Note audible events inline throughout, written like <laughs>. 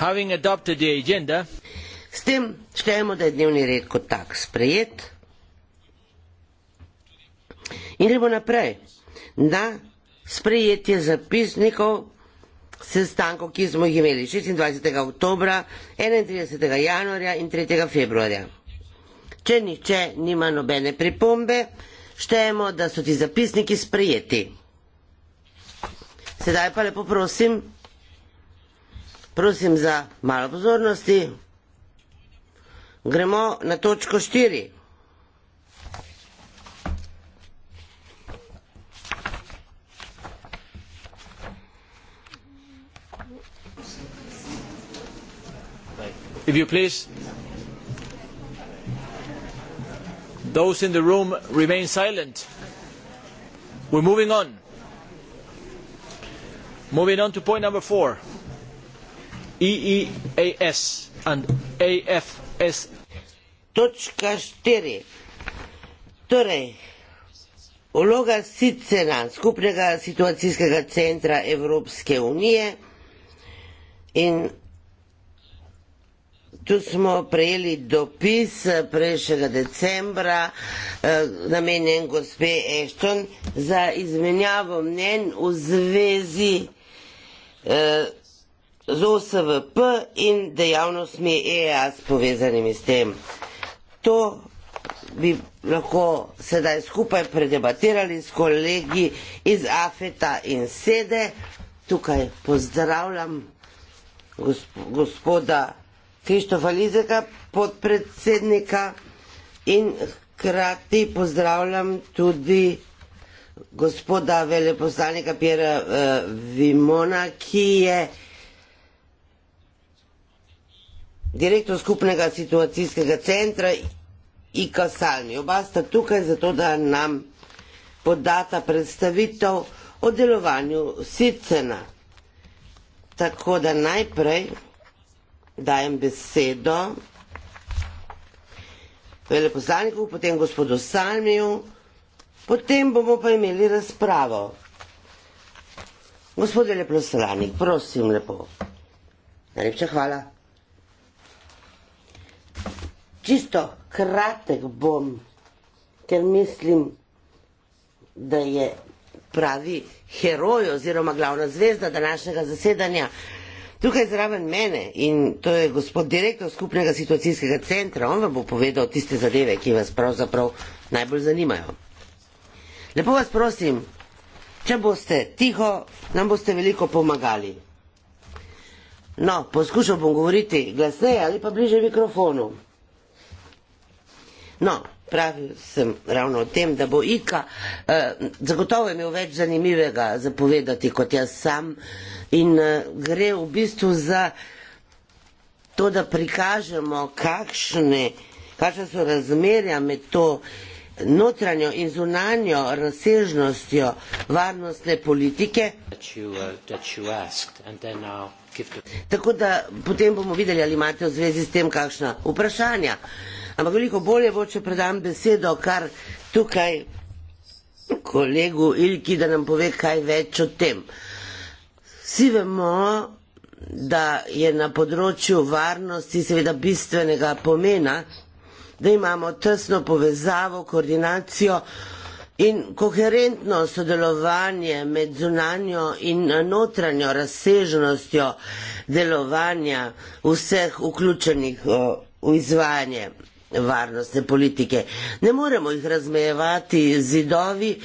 having adopted the agenda, s tem štejemo, da je dnevni red kot tak sprejet. In gremo naprej na sprejetje zapisnikov sestankov, ki smo jih imeli 26. oktober, 31. januarja in 3. februarja. Če nihče nima nobene pripombe, štejemo, da so ti zapisniki sprejeti. Sedaj pa lepo prosim, prosim za malo pozornosti. Gremo na točko štiri. If you please, those in the room remain silent. We're moving on. Moving on to point number four. EEAS and AFS. Točka 4. Torej, vloga SICENA, skupnega situacijskega centra Evropske unije in Tu smo prejeli dopis prejšnjega decembra eh, namenjen gospe Ešton za izmenjavo mnen v zvezi eh, z OSVP in dejavnostmi EAS povezanimi s tem. To bi lahko sedaj skupaj predebatirali s kolegi iz AFETA in SEDE. Tukaj pozdravljam gosp gospoda Krištofa Lizeka, podpredsednika in krati pozdravljam tudi gospoda veleposlanika Pjera uh, Vimona, ki je direktor skupnega situacijskega centra in Kasalni. Oba sta tukaj zato, da nam podata predstavitev o delovanju Sicena. Tako da najprej dajem besedo veleposlaniku, potem gospodu Salmiju, potem bomo pa imeli razpravo. Gospod veleposlanik, prosim lepo. Najlepša hvala čisto kratek bom, ker mislim, da je pravi heroj oziroma glavna zvezda današnjega zasedanja. Tukaj zraven mene in to je gospod direktor skupnega situacijskega centra, on vam bo povedal tiste zadeve, ki vas pravzaprav najbolj zanimajo. Lepo vas prosim, če boste tiho, nam boste veliko pomagali. No, poskušal bom govoriti glasneje ali pa bliže mikrofonu. No, pravil sem ravno o tem, da bo Ika eh, zagotovo imel več zanimivega zapovedati kot jaz sam in eh, gre v bistvu za to, da prikažemo, kakšne, kakšne so razmerja med to notranjo in zunanjo razsežnostjo varnostne politike. Uh, Tako da potem bomo videli, ali imate v zvezi s tem kakšna vprašanja ampak veliko bolje bo, če predam besedo kar tukaj kolegu Ilki, da nam pove kaj več o tem. Vsi vemo, da je na področju varnosti seveda bistvenega pomena, da imamo tesno povezavo, koordinacijo in koherentno sodelovanje med zunanjo in notranjo razsežnostjo delovanja vseh vključenih v izvajanje varnostne politike. Ne moremo jih razmejevati zidovi,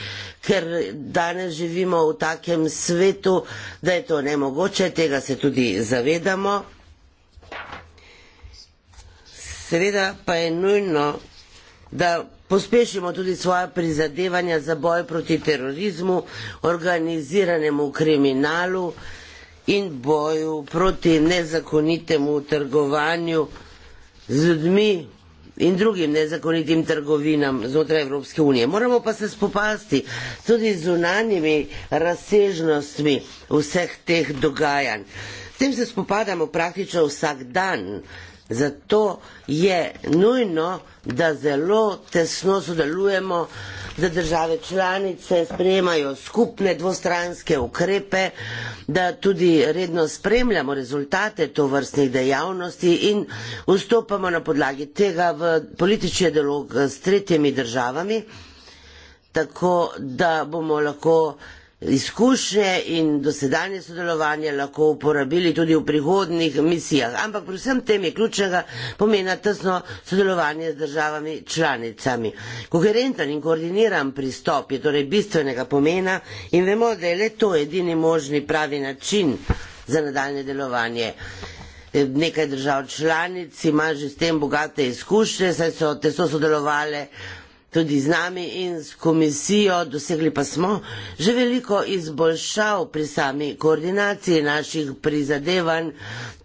ker danes živimo v takem svetu, da je to nemogoče, tega se tudi zavedamo. Seveda pa je nujno, da pospešimo tudi svoje prizadevanja za boj proti terorizmu, organiziranemu kriminalu in boju proti nezakonitemu trgovanju z ljudmi in drugim nezakonitim trgovinam znotraj Evropske unije. Moramo pa se spopasti tudi z zunanjimi razsežnostmi vseh teh dogajanj. S tem se spopadamo praktično vsak dan, Zato je nujno, da zelo tesno sodelujemo, da države članice sprejemajo skupne dvostranske ukrepe, da tudi redno spremljamo rezultate to vrstnih dejavnosti in vstopamo na podlagi tega v politični dialog s tretjimi državami, tako da bomo lahko izkušnje in dosedanje sodelovanje lahko uporabili tudi v prihodnih misijah. Ampak pri vsem tem je ključnega pomena tesno sodelovanje z državami članicami. Koherenten in koordiniran pristop je torej bistvenega pomena in vemo, da je le to edini možni pravi način za nadaljne delovanje. Nekaj držav članic ima že s tem bogate izkušnje, saj so tesno sodelovali tudi z nami in s komisijo, dosegli pa smo že veliko izboljšav pri sami koordinaciji naših prizadevanj,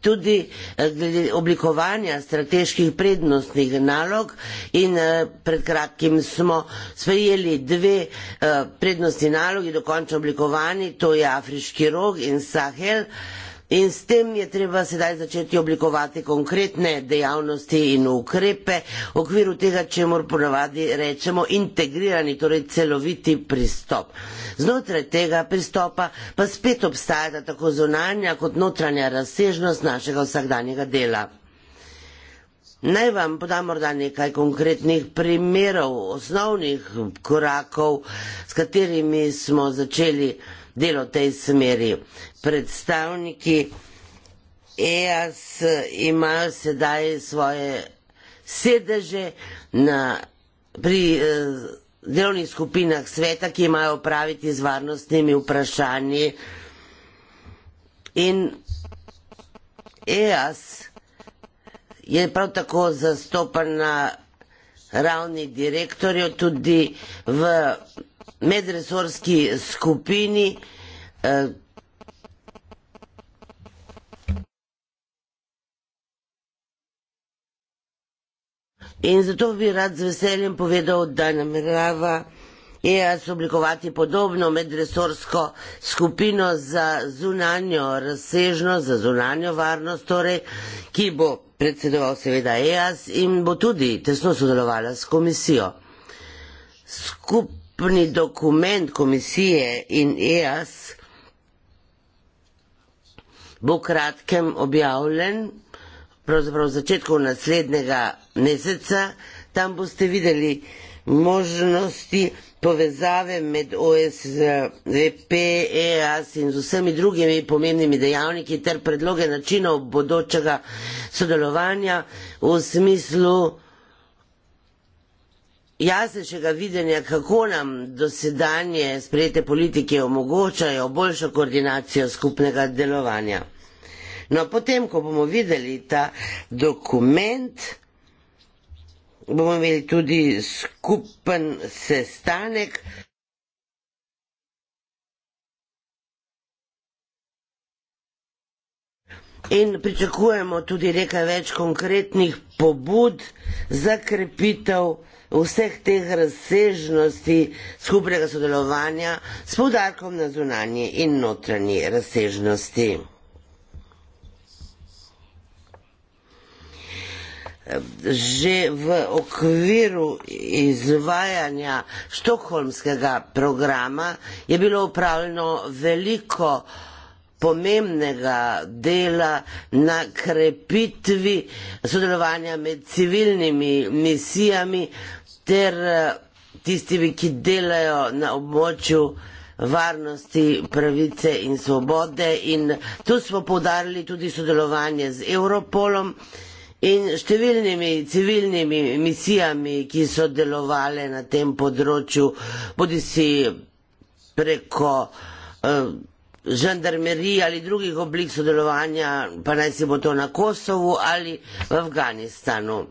tudi eh, glede oblikovanja strateških prednostnih nalog in eh, pred kratkim smo sprejeli dve eh, prednostni nalogi, dokončno oblikovani, to je Afriški rog in Sahel. In s tem je treba sedaj začeti oblikovati konkretne dejavnosti in ukrepe v okviru tega, če mor ponavadi rečemo integrirani, torej celoviti pristop. Znotraj tega pristopa pa spet obstajata tako zunanja kot notranja razsežnost našega vsakdanjega dela. Naj vam podam morda nekaj konkretnih primerov, osnovnih korakov, s katerimi smo začeli del v tej smeri. Predstavniki EAS imajo sedaj svoje sedeže na, pri eh, delovnih skupinah sveta, ki imajo opraviti z varnostnimi vprašanji. In EAS je prav tako zastopan na ravni direktorjev, tudi v medresorski skupini. Eh, in zato bi rad z veseljem povedal, da namerava EAS oblikovati podobno medresorsko skupino za zunanjo razsežnost, za zunanjo varnost, torej, ki bo predsedoval seveda EAS in bo tudi tesno sodelovala s komisijo. Skupina skupni dokument komisije in EAS bo kratkem objavljen, pravzaprav v začetku naslednjega meseca. Tam boste videli možnosti povezave med OSVP, EAS in z vsemi drugimi pomembnimi dejavniki ter predloge načinov bodočega sodelovanja v smislu jasnejšega videnja, kako nam dosedanje sprejete politike omogočajo boljšo koordinacijo skupnega delovanja. No, potem, ko bomo videli ta dokument, bomo imeli tudi skupen sestanek. In pričakujemo tudi nekaj več konkretnih pobud za krepitev vseh teh razsežnosti skupnega sodelovanja s podarkom na zunanje in notranje razsežnosti. Že v okviru izvajanja štokholmskega programa je bilo upravljeno veliko pomembnega dela na krepitvi sodelovanja med civilnimi misijami, ter eh, tistimi, ki delajo na območju varnosti, pravice in svobode. In tu smo povdarili tudi sodelovanje z Europolom in številnimi civilnimi misijami, ki so delovale na tem področju, bodi si preko uh, žandarmerij ali drugih oblik sodelovanja, pa naj si bo to na Kosovu ali v Afganistanu.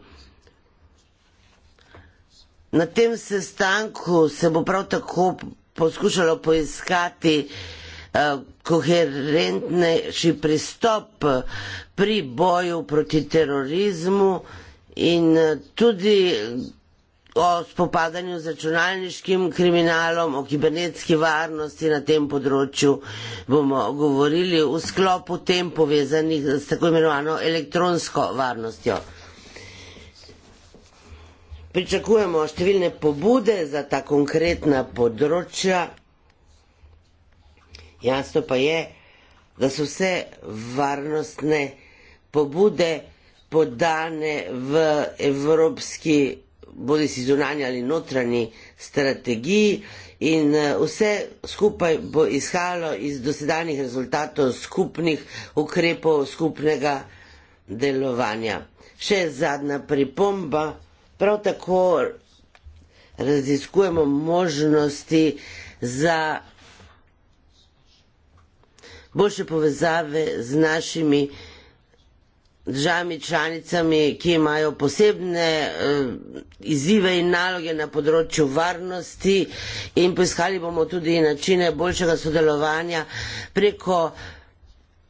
Na tem sestanku se bo prav tako poskušalo poiskati eh, koherentnejši pristop pri boju proti terorizmu in eh, tudi o spopadanju z računalniškim kriminalom, o kibernetski varnosti na tem področju bomo govorili v sklopu tem povezanih s tako imenovano elektronsko varnostjo. Pričakujemo številne pobude za ta konkretna področja. Jasno pa je, da so vse varnostne pobude podane v evropski, bodi si zunanji ali notranji strategiji in eh, vse skupaj bo izhajalo iz dosedanjih rezultatov skupnih ukrepov, skupnega delovanja. Še zadnja pripomba. Prav tako raziskujemo možnosti za boljše povezave z našimi državami članicami, ki imajo posebne eh, izzive in naloge na področju varnosti in poiskali bomo tudi načine boljšega sodelovanja preko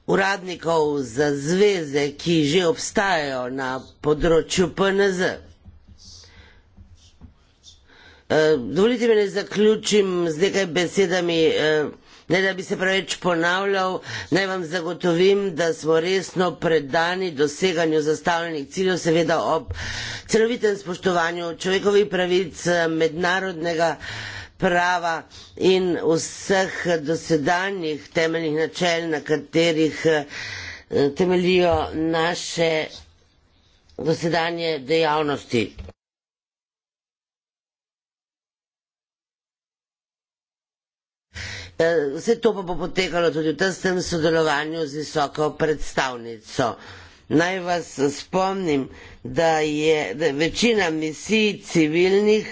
uradnikov za zveze, ki že obstajajo na področju PNZ. Eh, dovolite mi, da zaključim z nekaj besedami, eh, ne da bi se preveč ponavljal, naj vam zagotovim, da smo resno predani doseganju zastavljenih ciljev, seveda ob celovitem spoštovanju človekovih pravic eh, mednarodnega prava in vseh dosedanjih temeljnih načel, na katerih temeljijo naše dosedanje dejavnosti. Vse to pa bo potekalo tudi v tesnem sodelovanju z visoko predstavnico. Naj vas spomnim, da je da večina misij civilnih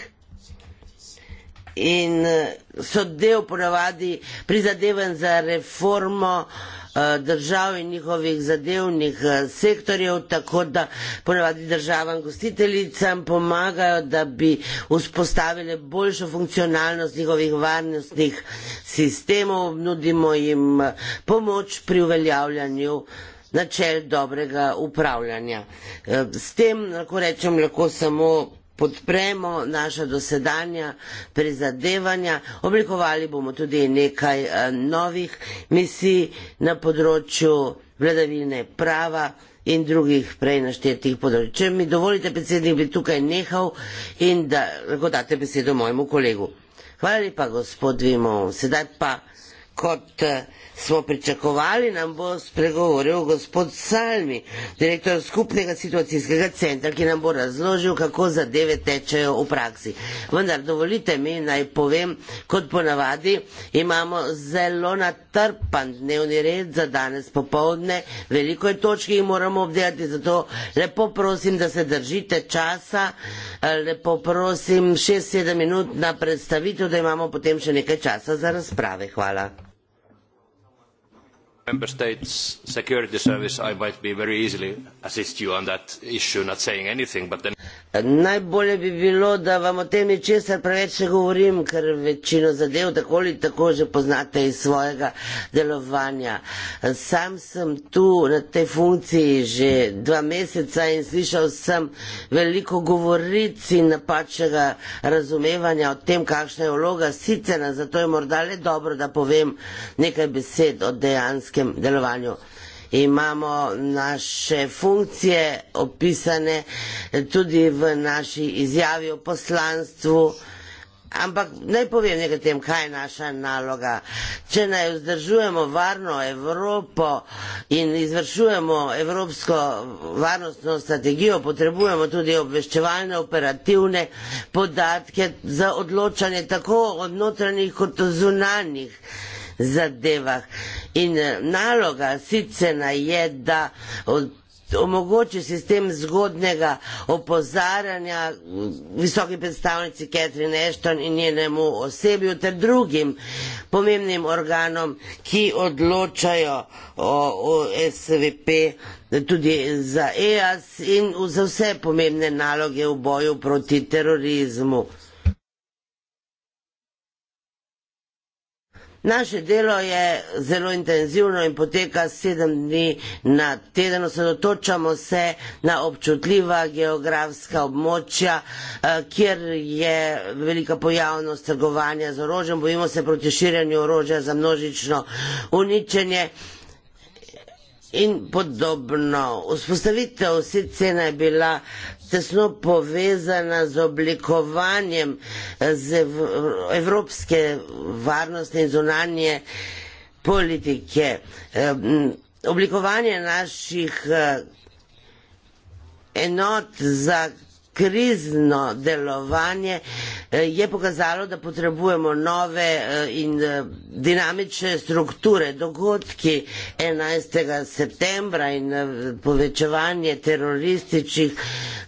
in eh, so del ponavadi prizadeven za reformo Eh, držav in njihovih zadevnih eh, sektorjev, tako da ponavadi državam gostiteljicam pomagajo, da bi vzpostavile boljšo funkcionalnost njihovih varnostnih sistemov, nudimo jim eh, pomoč pri uveljavljanju načel dobrega upravljanja. S tem lahko rečem lahko samo podpremo naša dosedanja prizadevanja, oblikovali bomo tudi nekaj eh, novih misij na področju vladavine prava in drugih prej naštetih področij. Če mi dovolite, predsednik, bi tukaj nehal in da lahko date besedo mojemu kolegu. Hvala lepa, gospod Vimov. Sedaj pa kot uh, smo pričakovali, nam bo spregovoril gospod Salmi, direktor skupnega situacijskega centra, ki nam bo razložil, kako zadeve tečejo v praksi. Vendar dovolite mi naj povem, kot ponavadi imamo zelo natrpan dnevni red za danes popovdne, veliko je točki in moramo obdelati, zato lepo prosim, da se držite časa, lepo prosim 6-7 minut na predstavitev, da imamo potem še nekaj časa za razprave. Hvala member state's security service i might be very easily assist you on that issue not saying anything but then. Najbolje bi bilo, da vam o tem ničesar preveč ne govorim, ker večino zadev tako ali tako že poznate iz svojega delovanja. Sam sem tu na tej funkciji že dva meseca in slišal sem veliko govoric in napačnega razumevanja o tem, kakšna je vloga sicena, zato je morda le dobro, da povem nekaj besed o dejanskem delovanju imamo naše funkcije opisane tudi v naši izjavi o poslanstvu. Ampak naj povem nekaj tem, kaj je naša naloga. Če naj vzdržujemo varno Evropo in izvršujemo evropsko varnostno strategijo, potrebujemo tudi obveščevalne operativne podatke za odločanje tako od notranjih kot od zunanjih zadevah. In eh, naloga sicena je, da omogoči sistem zgodnega opozarjanja mm, visoki predstavnici Catherine Ashton in njenemu osebju ter drugim pomembnim organom, ki odločajo o, o SVP, tudi za EAS in za vse pomembne naloge v boju proti terorizmu. Naše delo je zelo intenzivno in poteka sedem dni na teden. Osredotočamo se na občutljiva geografska območja, eh, kjer je velika pojavnost trgovanja z orožjem. Bojimo se proti širjenju orožja za množično uničenje. In podobno. Vzpostavitev vse cene je bila tesno povezana z oblikovanjem z evropske varnostne in zunanje politike. Oblikovanje naših eh, enot za krizno delovanje eh, je pokazalo, da potrebujemo nove eh, in eh, dinamične strukture. Dogodki 11. septembra in povečevanje terorističnih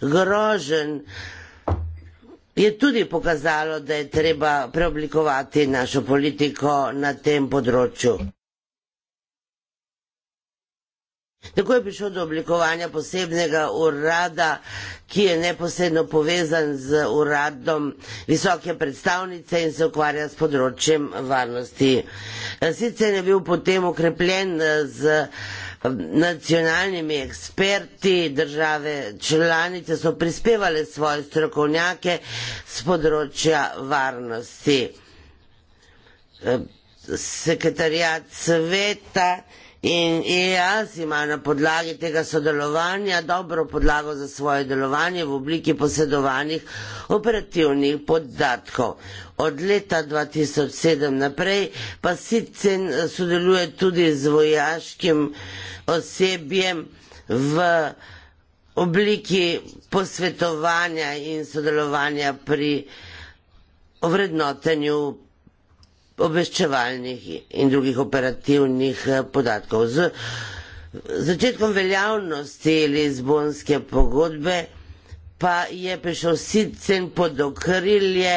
grožen je tudi pokazalo, da je treba preoblikovati našo politiko na tem področju. Tako je prišlo do oblikovanja posebnega urada, ki je neposredno povezan z uradom visoke predstavnice in se ukvarja s področjem varnosti. Sicer je bil potem ukrepljen z eh, nacionalnimi eksperti države članice, so prispevali svoje strokovnjake z področja varnosti. Eh, Sekretarjat sveta In jaz e imam na podlagi tega sodelovanja dobro podlago za svoje delovanje v obliki posedovanih operativnih podatkov. Od leta 2007 naprej pa SITCEN eh, sodeluje tudi z vojaškim osebjem v obliki posvetovanja in sodelovanja pri ovrednotenju obveščevalnih in drugih operativnih eh, podatkov. Z začetkom veljavnosti Lizbonske pogodbe pa je prišel sicer pod okrilje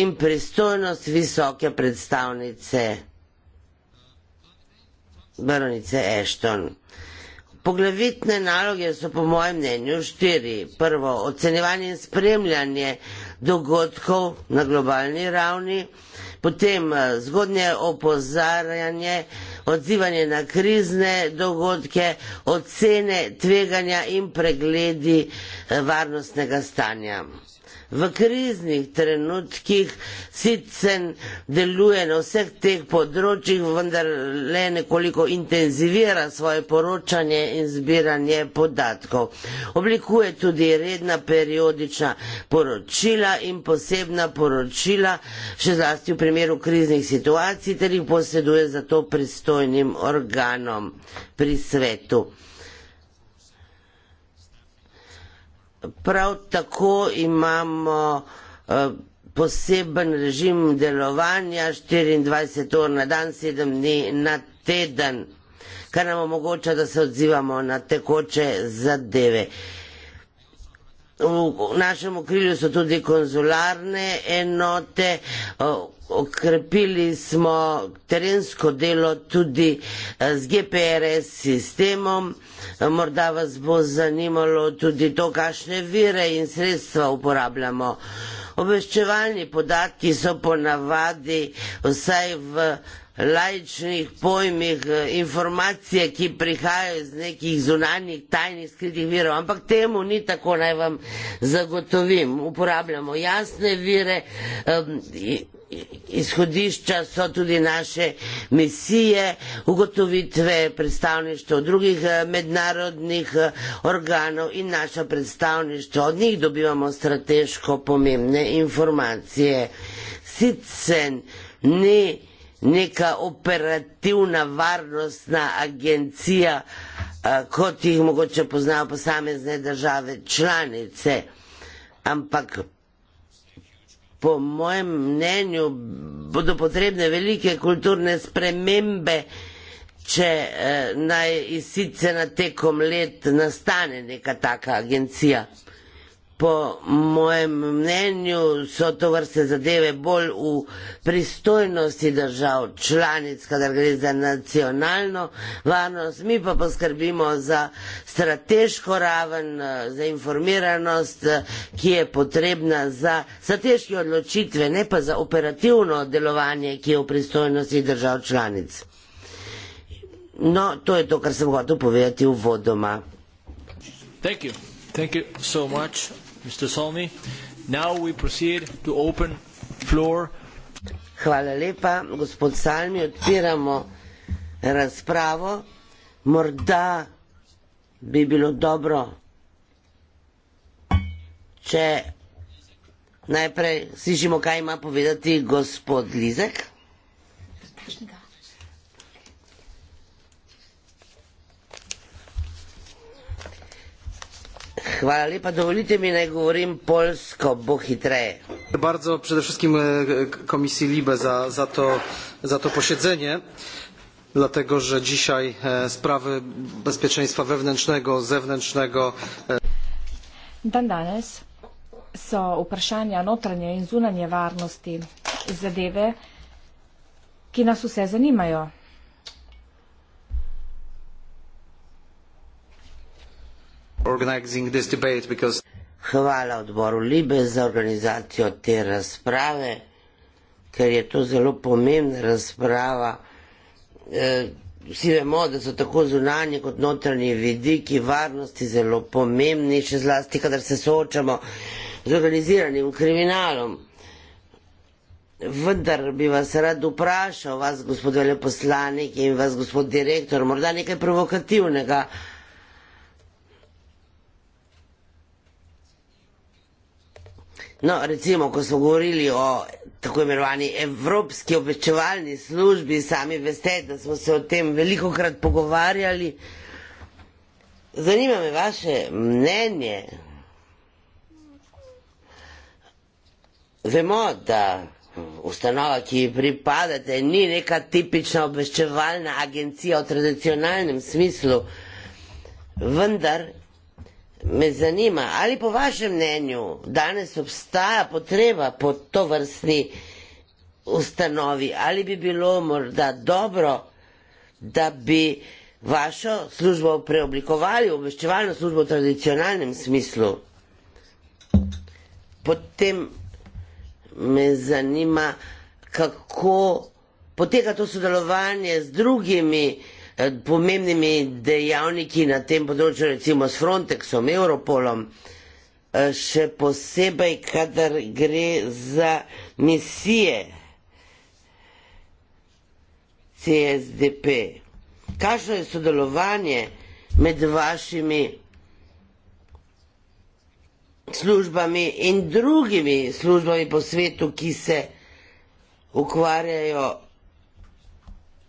in pristojnost visoke predstavnice baronice Ashton. Poglavitne naloge so po mojem mnenju štiri. Prvo, ocenjevanje in spremljanje dogodkov na globalni ravni. Potem eh, zgodnje opozarjanje, odzivanje na krizne dogodke, ocene tveganja in pregledi eh, varnostnega stanja v kriznih trenutkih sicer deluje na vseh teh področjih, vendar le nekoliko intenzivira svoje poročanje in zbiranje podatkov. Oblikuje tudi redna periodična poročila in posebna poročila, še zlasti v primeru kriznih situacij, ter jih poseduje za to pristojnim organom pri svetu. Prav tako imamo uh, poseben režim delovanja 24 ur na dan, 7 dni na teden, kar nam omogoča, da se odzivamo na tekoče zadeve. Uh, v našem okrilju so tudi konzularne enote, okrepili smo terensko delo tudi e, z GPRS sistemom. E, morda vas bo zanimalo tudi to, kakšne vire in sredstva uporabljamo. Obveščevalni podatki so po navadi vsaj v lajičnih pojmih eh, informacije, ki prihajajo iz nekih zunanjih tajnih skritih virov, ampak temu ni tako, naj vam zagotovim. Uporabljamo jasne vire, izhodišča so tudi naše misije, ugotovitve predstavništva drugih eh, mednarodnih eh, organov in naša predstavništva. Od njih dobivamo strateško pomembne informacije. Sicen ni neka operativna varnostna agencija, eh, kot jih mogoče poznajo posamezne države članice. Ampak po mojem mnenju bodo potrebne velike kulturne spremembe, če eh, naj sicer na tekom let nastane neka taka agencija po mojem mnenju so to vrste zadeve bolj v pristojnosti držav članic, kadar gre za nacionalno varnost, mi pa poskrbimo za strateško raven, za informiranost, ki je potrebna za strateške odločitve, ne pa za operativno delovanje, ki je v pristojnosti držav članic. No, to je to, kar sem hotel povedati uvodoma. Thank you. Thank you so much. Thank you. Mr. Salmi. Now we proceed to open floor. Hvala lepa, gospod Salmi. Odpiramo razpravo. Morda bi bilo dobro, če najprej slišimo, kaj ima povedati gospod Lizek. Prišnika. Hvala lepa, dovolite mi, naj govorim polsko, bo hitreje. Bardzo przede wszystkim e, Komisji Libe za, za, to, za to posiedzenie, dlatego że dzisiaj e, sprawy bezpieczeństwa wewnętrznego, zewnętrznego. E, Dan danes są uprzeszania notranie i zunanie warności zadewe, które nas wszystkich zanimają. organizing this debate because Hvala odboru Libe za organizacijo te razprave, ker je to zelo pomembna razprava. E, vsi vemo, da so tako zunanje kot notranje vidiki varnosti zelo pomembni, še zlasti, kadar se soočamo z organiziranim kriminalom. Vendar bi vas rad vprašal, vas gospod veleposlanik in vas gospod direktor, morda nekaj provokativnega. No, recimo, ko smo govorili o tako imenovani Evropski obveščevalni službi, sami veste, da smo se o tem veliko krat pogovarjali. Zanima me vaše mnenje. Vemo, da ustanova, ki ji pripadate, ni neka tipična obveščevalna agencija v tradicionalnem smislu, vendar me zanima, ali po vašem mnenju danes obstaja potreba po to vrstni ustanovi, ali bi bilo morda dobro, da bi vašo službo preoblikovali v obveščevalno službo v tradicionalnem smislu. Potem me zanima, kako poteka to sodelovanje z drugimi Eh, pomembnimi dejavniki na tem področju, recimo s Frontexom, Europolom, eh, še posebej, kadar gre za misije CSDP. Kakšno je sodelovanje med vašimi službami in drugimi službami po svetu, ki se ukvarjajo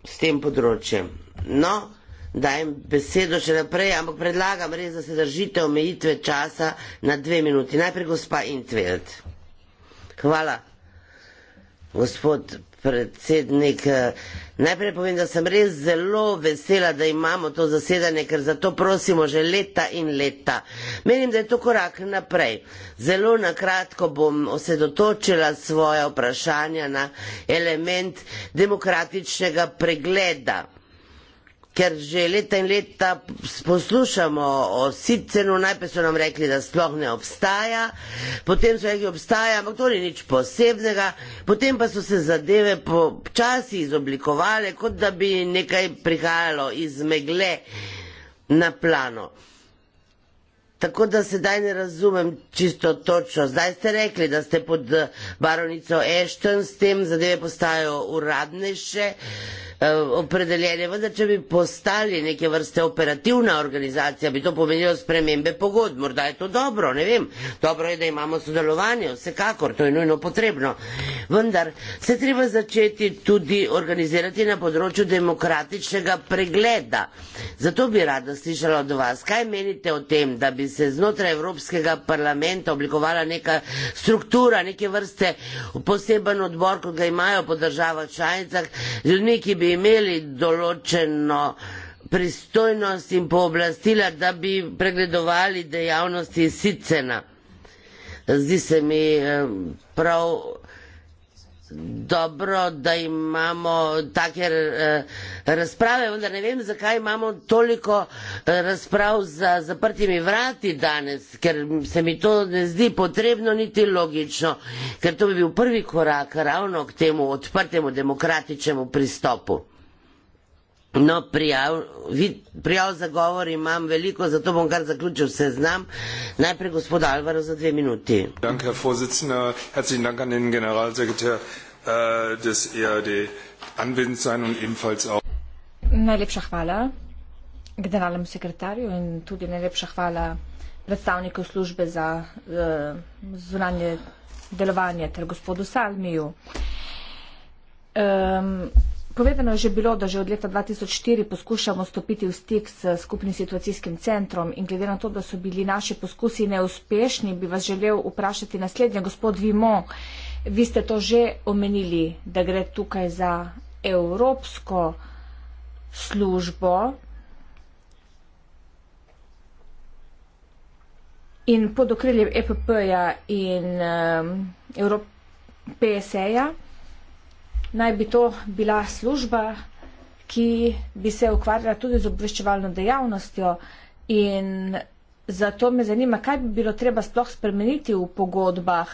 s tem področjem? No, dajem besedo še naprej, ampak predlagam res, da se držite omejitve časa na dve minuti. Najprej gospa Intveld. Hvala, gospod predsednik. Najprej povem, da sem res zelo vesela, da imamo to zasedanje, ker za to prosimo že leta in leta. Menim, da je to korak naprej. Zelo na kratko bom osredotočila svoja vprašanja na element demokratičnega pregleda ker že leta in leta poslušamo o Sipcenu, najprej so nam rekli, da sploh ne obstaja, potem so rekli, da obstaja, ampak to ni nič posebnega, potem pa so se zadeve počasi izoblikovale, kot da bi nekaj prihajalo iz megle na plano. Tako da sedaj ne razumem čisto točno. Zdaj ste rekli, da ste pod eh, baronico Ashton, s tem zadeve postajajo uradnejše, eh, opredeljene. Vendar, če bi postali neke vrste operativna organizacija, bi to pomenilo spremembe pogod. Morda je to dobro, ne vem. Dobro je, da imamo sodelovanje, vsekakor, to je nujno potrebno. Vendar se treba začeti tudi organizirati na področju demokratičnega pregleda. Zato bi rada slišala od vas, kaj menite o tem, da bi se znotraj Evropskega parlamenta oblikovala neka struktura, neke vrste poseben odbor, kot ga imajo po državah članicah, z ljudmi, ki bi imeli določeno pristojnost in pooblastila, da bi pregledovali dejavnosti sicena. Zdi se mi eh, prav dobro, da imamo take eh, razprave, vendar ne vem, zakaj imamo toliko eh, razprav za zaprtimi vrati danes, ker se mi to ne zdi potrebno niti logično, ker to bi bil prvi korak ravno k temu odprtemu demokratičnemu pristopu. No, prijav, vid, prijav za govor imam veliko, zato bom kar zaključil se znam. Najprej gospod Alvaro za dve minuti. Dank, herr Vorsitzender, herzlichen Dank an den Generalsekretär uh, des ERD anwesend sein und ebenfalls auch. Najlepša hvala generalnemu sekretarju in tudi najlepša hvala predstavniku službe za uh, zunanje delovanje ter gospodu Salmiju. Um, Povedano je že bilo, da že od leta 2004 poskušamo stopiti v stik s skupnim situacijskim centrom in glede na to, da so bili naši poskusi neuspešni, bi vas želel vprašati naslednje. Gospod Vimo, vi ste to že omenili, da gre tukaj za evropsko službo in pod okriljem EPP-ja in um, eh, PSE-ja naj bi to bila služba, ki bi se ukvarjala tudi z obveščevalno dejavnostjo in zato me zanima, kaj bi bilo treba sploh spremeniti v pogodbah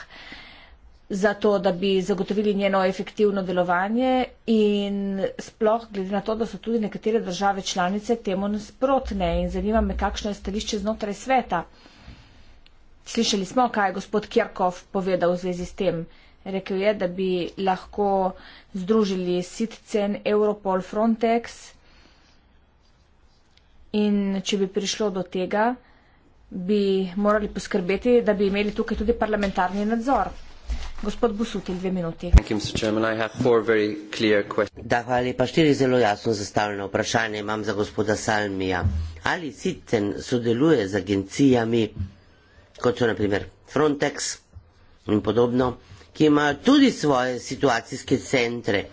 za to, da bi zagotovili njeno efektivno delovanje in sploh glede na to, da so tudi nekatere države članice temu nasprotne in zanima me, kakšno je stališče znotraj sveta. Slišali smo, kaj je gospod Kjerkov povedal v zvezi s tem. Rekl je, da bi lahko združili SITCEN, Europol, Frontex in če bi prišlo do tega, bi morali poskrbeti, da bi imeli tukaj tudi parlamentarni nadzor. Gospod Busuti, dve minuti. Da, hvala lepa. Štiri zelo jasno zastavljene vprašanje imam za gospoda Salmija. Ali SITCEN sodeluje z agencijami, kot so naprimer Frontex in podobno? ki ima tudi svoje situacijske centre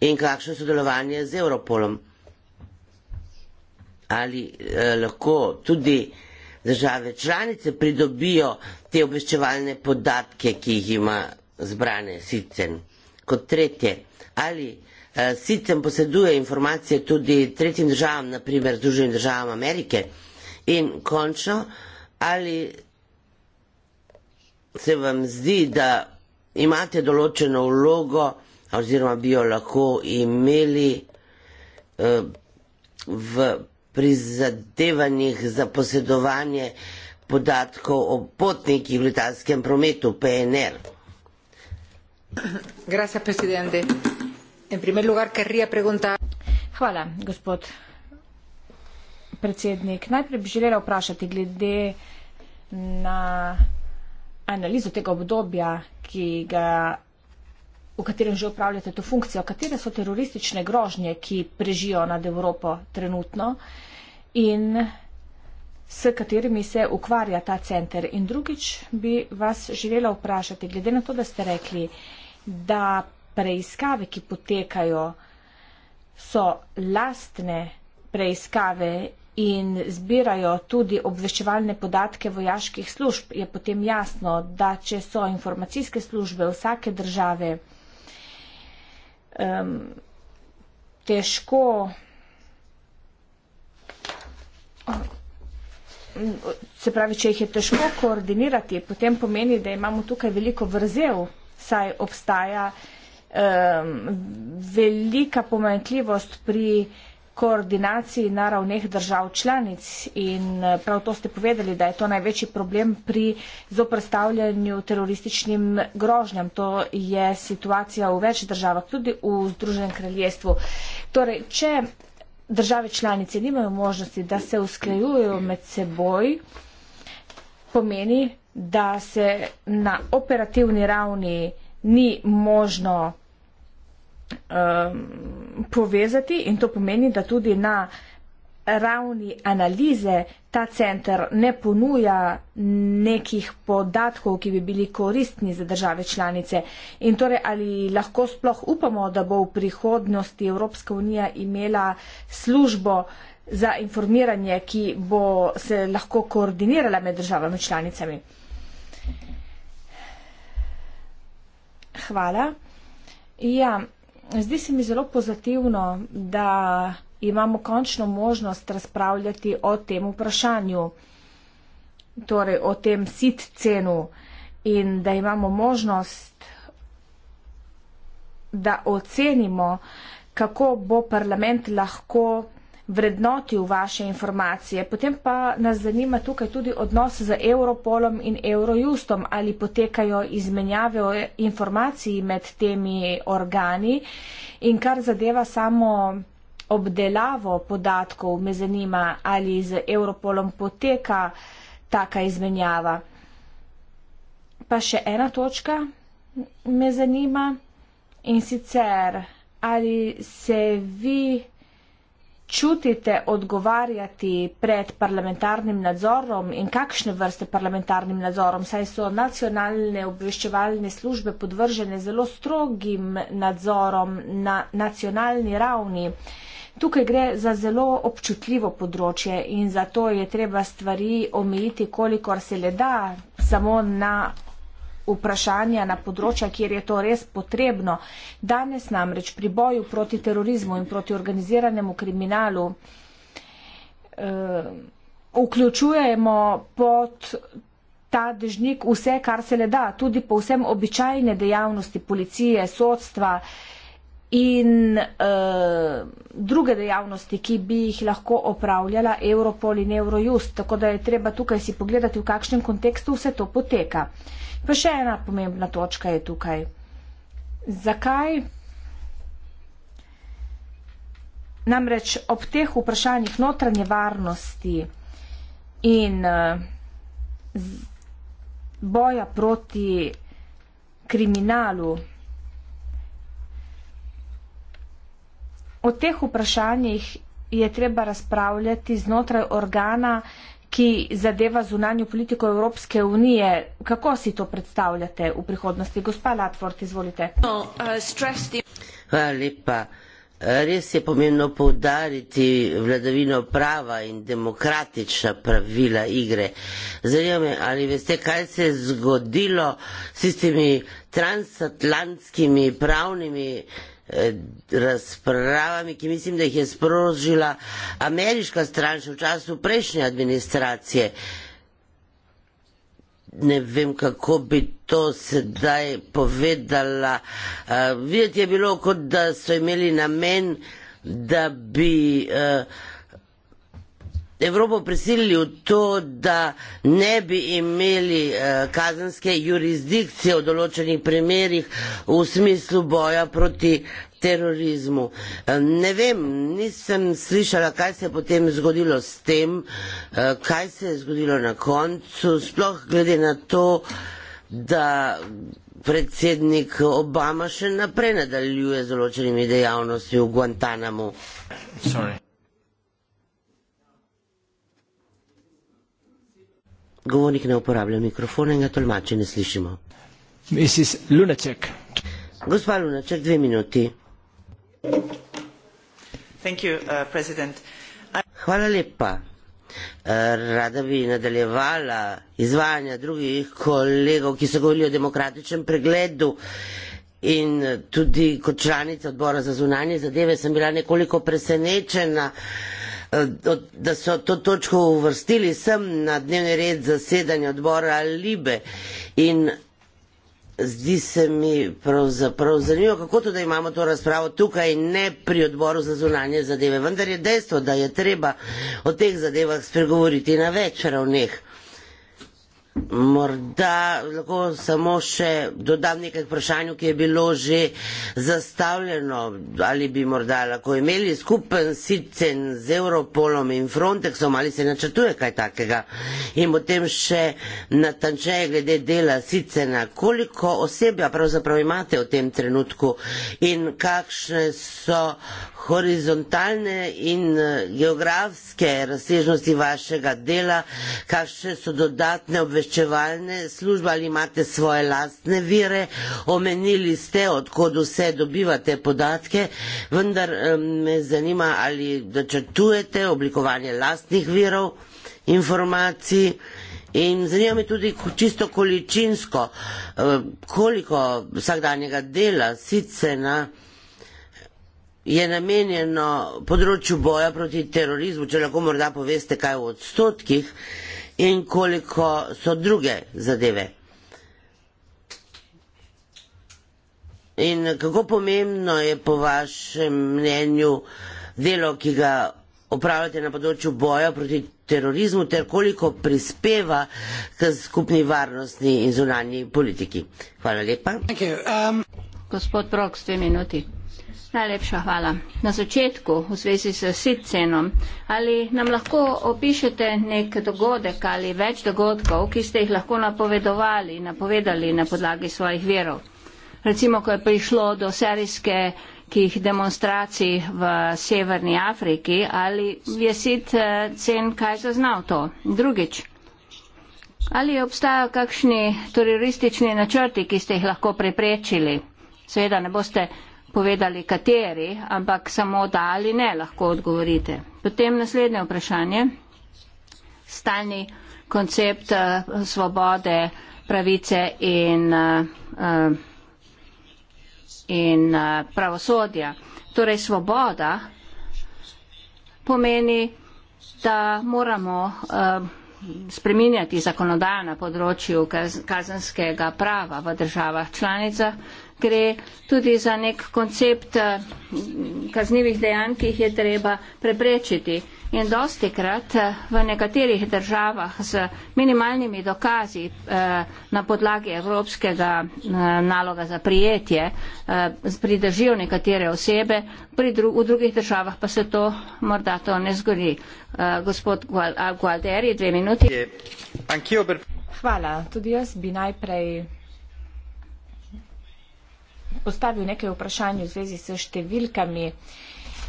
in kakšno sodelovanje z Europolom. Ali eh, lahko tudi države članice pridobijo te obveščevalne podatke, ki jih ima zbrane SICEN. Kot tretje, ali eh, SICEN poseduje informacije tudi tretjim državam, naprimer Združenim državam Amerike. In končno, ali se vam zdi, da imate določeno vlogo, oziroma bi jo lahko imeli eh, v prizadevanjih za posedovanje podatkov o potnikih v letalskem prometu, PNR. Hvala, gospod predsednik. Najprej bi želela vprašati glede na analizo tega obdobja, ga, v katerem že upravljate to funkcijo, katere so teroristične grožnje, ki prežijo nad Evropo trenutno in s katerimi se ukvarja ta center. In drugič bi vas želela vprašati, glede na to, da ste rekli, da preiskave, ki potekajo, so lastne preiskave in zbirajo tudi obveščevalne podatke vojaških služb, je potem jasno, da če so informacijske službe vsake države um, težko. Se pravi, če jih je težko koordinirati, potem pomeni, da imamo tukaj veliko vrzel, saj obstaja um, velika pomanjkljivost pri uh, koordinaciji na ravneh držav članic in eh, prav to ste povedali, da je to največji problem pri zoprstavljanju terorističnim grožnjam. To je situacija v več državah, tudi v Združenem kraljestvu. Torej, če države članice nimajo možnosti, da se usklajujejo med seboj, pomeni, da se na operativni ravni ni možno um, povezati in to pomeni, da tudi na ravni analize ta center ne ponuja nekih podatkov, ki bi bili koristni za države članice. In torej, ali lahko sploh upamo, da bo v prihodnosti Evropska unija imela službo za informiranje, ki bo se lahko koordinirala med državami članicami. Hvala. Ja zdi se mi zelo pozitivno, da imamo končno možnost razpravljati o tem vprašanju, torej o tem sit cenu in da imamo možnost, da ocenimo, kako bo parlament lahko vrednotil vaše informacije. Potem pa nas zanima tukaj tudi odnos z Europolom in Eurojustom, ali potekajo izmenjave informacij med temi organi in kar zadeva samo obdelavo podatkov, me zanima, ali z Europolom poteka taka izmenjava. Pa še ena točka me zanima in sicer ali se vi čutite odgovarjati pred parlamentarnim nadzorom in kakšne vrste parlamentarnim nadzorom? Saj so nacionalne obveščevalne službe podvržene zelo strogim nadzorom na nacionalni ravni. Tukaj gre za zelo občutljivo področje in zato je treba stvari omejiti, kolikor se le da, samo na vprašanja, na področja, kjer je to res potrebno. Danes namreč pri boju proti terorizmu in proti organiziranemu kriminalu eh, vključujemo pod ta dežnik vse, kar se le da, tudi povsem običajne dejavnosti policije, sodstva in uh, druge dejavnosti, ki bi jih lahko opravljala Europol in Eurojust. Tako da je treba tukaj si pogledati, v kakšnem kontekstu vse to poteka. Uh, Pa še ena pomembna točka je tukaj. Zakaj? Namreč ob teh vprašanjih notranje varnosti in eh, boja proti kriminalu, o teh vprašanjih je treba razpravljati znotraj organa, ki ki zadeva zunanjo politiko Evropske unije. Kako si to predstavljate v prihodnosti? Gospa Latvort, izvolite. No, uh, Hvala lepa. Res je pomembno poudariti vladavino prava in demokratična pravila igre. Zanima me, ali veste, kaj se je zgodilo s tistimi transatlantskimi pravnimi Eh, razpravami, ki mislim, da jih je sprožila ameriška stran še v času prejšnje administracije. Ne vem, kako bi to sedaj povedala. Eh, videti je bilo, kot da so imeli namen, da bi. Uh, Evropo prisilili v to, da ne bi imeli eh, kazenske jurisdikcije v določenih primerjih v smislu boja proti terorizmu. Eh, ne vem, nisem slišala, kaj se je potem zgodilo s tem, eh, kaj se je zgodilo na koncu, sploh glede na to, da predsednik Obama še naprej nadaljuje z določenimi dejavnostmi v Guantanamu. Sorry. Govornik ne uporablja mikrofona in ga tolmači ne slišimo. Mrs. Lunaček. Gospa Lunaček, dve minuti. You, uh, Hvala lepa. Eh, rada bi nadaljevala izvajanja drugih kolegov, ki so govorili o demokratičnem pregledu in eh, tudi kot članica odbora za zunanje zadeve sem bila nekoliko presenečena. Uh, Eh, da so to točko uvrstili sem na dnevni red zasedanja odbora Libe. In zdi se mi pravzaprav zanimivo, kako to, da imamo to razpravo tukaj in ne pri odboru za zunanje zadeve. Vendar je dejstvo, da je treba o teh zadevah spregovoriti na več ravneh. Morda lahko samo še dodam nekaj vprašanju, ki je bilo že zastavljeno, ali bi morda lahko imeli skupen sicen z Europolom in Frontexom, ali se načrtuje kaj takega. In potem še natančeje glede dela sicena, koliko osebja pravzaprav imate v tem trenutku in kakšne so horizontalne in eh, geografske razsežnosti vašega dela, kakšne so dodatne obveščanje obveščevalne službe ali imate svoje lastne vire, omenili ste, odkud vse dobivate podatke, vendar me zanima, ali načrtujete oblikovanje lastnih virov informacij. In zanima me tudi čisto količinsko, koliko vsakdanjega dela sicer na, je namenjeno področju boja proti terorizmu, če lahko morda poveste kaj v odstotkih in koliko so druge zadeve. In kako pomembno je po vašem mnenju delo, ki ga opravljate na področju boja proti terorizmu, ter koliko prispeva k skupni varnostni in zunanji politiki. Hvala lepa. Um, Gospod Prok, dve minuti. Najlepša hvala. Na začetku, v zvezi s sitcenom, ali nam lahko opišete nek dogodek ali več dogodkov, ki ste jih lahko napovedovali, napovedali na podlagi svojih verov? Recimo, ko je prišlo do serijske kih demonstracij v Severni Afriki, ali je sitcen eh, kaj zaznal to? Drugič, ali obstajajo kakšni teroristični načrti, ki ste jih lahko preprečili? Seveda ne boste povedali kateri, ampak samo da ali ne lahko odgovorite. Potem naslednje vprašanje. Stalni koncept uh, svobode, pravice in, uh, in uh, pravosodja. Torej, svoboda pomeni, da moramo uh, spreminjati zakonodajo na področju kazenskega prava v državah članicah, uh, gre tudi za nek koncept eh, kaznjivih dejanj, ki jih je treba preprečiti. In dosti krat eh, v nekaterih državah z minimalnimi dokazi eh, na podlagi evropskega naloga za prijetje pridržijo nekatere osebe, v drugih državah pa se to morda to ne zgodi. Gospod Gualderi, dve minuti. Hvala. Tudi jaz bi najprej postavil nekaj vprašanj v zvezi s številkami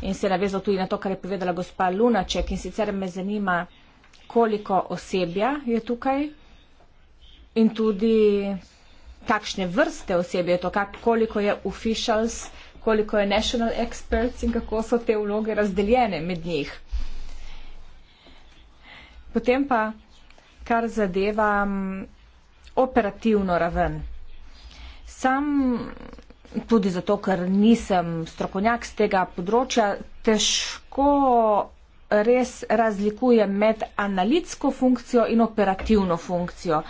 in se navezal tudi na to, kar je povedala gospa Lunaček in sicer me zanima, koliko osebja je tukaj in tudi kakšne vrste osebje je to, koliko je officials, koliko je national experts in kako so te vloge razdeljene med njih. Potem pa, kar zadeva mm, operativno raven. Sam tudi zato, ker nisem strokovnjak z tega področja, težko res razlikujem med analitsko funkcijo in operativno funkcijo.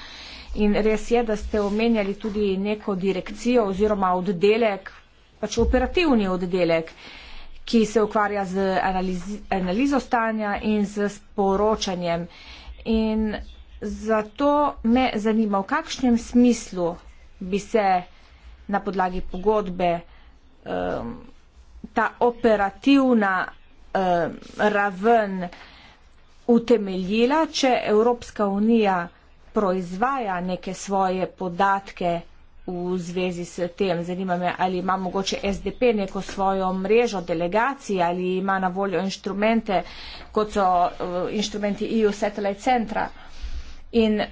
In res je, da ste omenjali tudi neko direkcijo oziroma oddelek, pač operativni oddelek, ki se ukvarja z analizi, analizo stanja in z poročanjem. In zato me zanima, v kakšnem smislu bi se na podlagi pogodbe um, ta operativna um, raven utemeljila, če Evropska unija proizvaja neke svoje podatke v zvezi s tem. Zanima me, ali ima mogoče SDP neko svojo mrežo delegacij ali ima na voljo inštrumente, kot so uh, inštrumenti EU Satellite Centra. In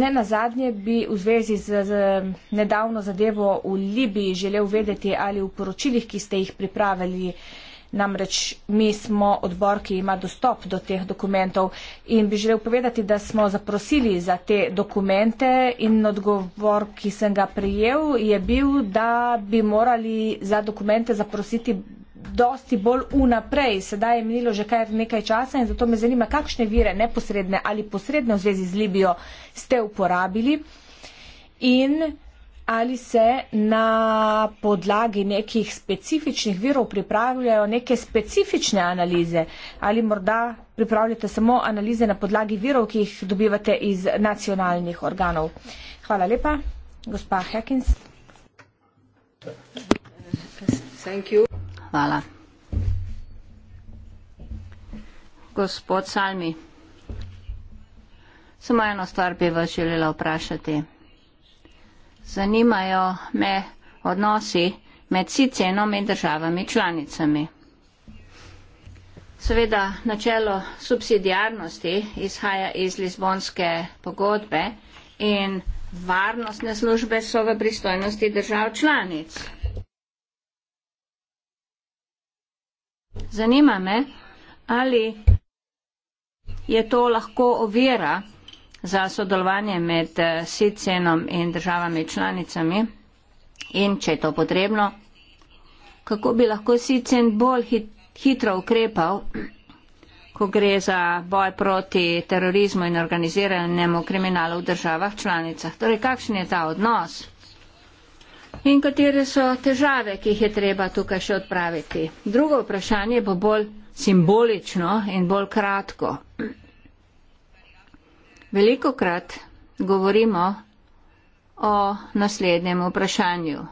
Ne na zadnje bi v zvezi z, z nedavno zadevo v Libiji želel vedeti, ali v poročilih, ki ste jih pripravili, namreč mi smo odbor, ki ima dostop do teh dokumentov in bi želel povedati, da smo zaprosili za te dokumente in odgovor, ki sem ga prijel, je bil, da bi morali za dokumente zaprositi dosti bolj unaprej, sedaj je minilo že kar nekaj časa in zato me zanima, kakšne vire neposredne ali posredne v zvezi z Libijo ste uporabili in ali se na podlagi nekih specifičnih virov pripravljajo neke specifične analize ali morda pripravljate samo analize na podlagi virov, ki jih dobivate iz nacionalnih organov. Hvala lepa, gospa Hekins. Thank you hvala. Gospod Salmi, samo eno stvar bi vas želela vprašati. Zanimajo me odnosi med Sicenom in državami članicami. Seveda, načelo subsidijarnosti izhaja iz Lizbonske pogodbe in varnostne službe so v pristojnosti držav članic. Zanima me, ali je to lahko ovira za sodelovanje med eh, SICENom in državami članicami in če je to potrebno, kako bi lahko SICEN bolj hitro ukrepal, ko gre za boj proti terorizmu in organiziranemu kriminalu v državah članicah. Torej, kakšen je ta odnos? In katere so težave, ki jih je treba tukaj še odpraviti? Drugo vprašanje bo bolj simbolično in bolj kratko. Veliko krat govorimo o naslednjem vprašanju.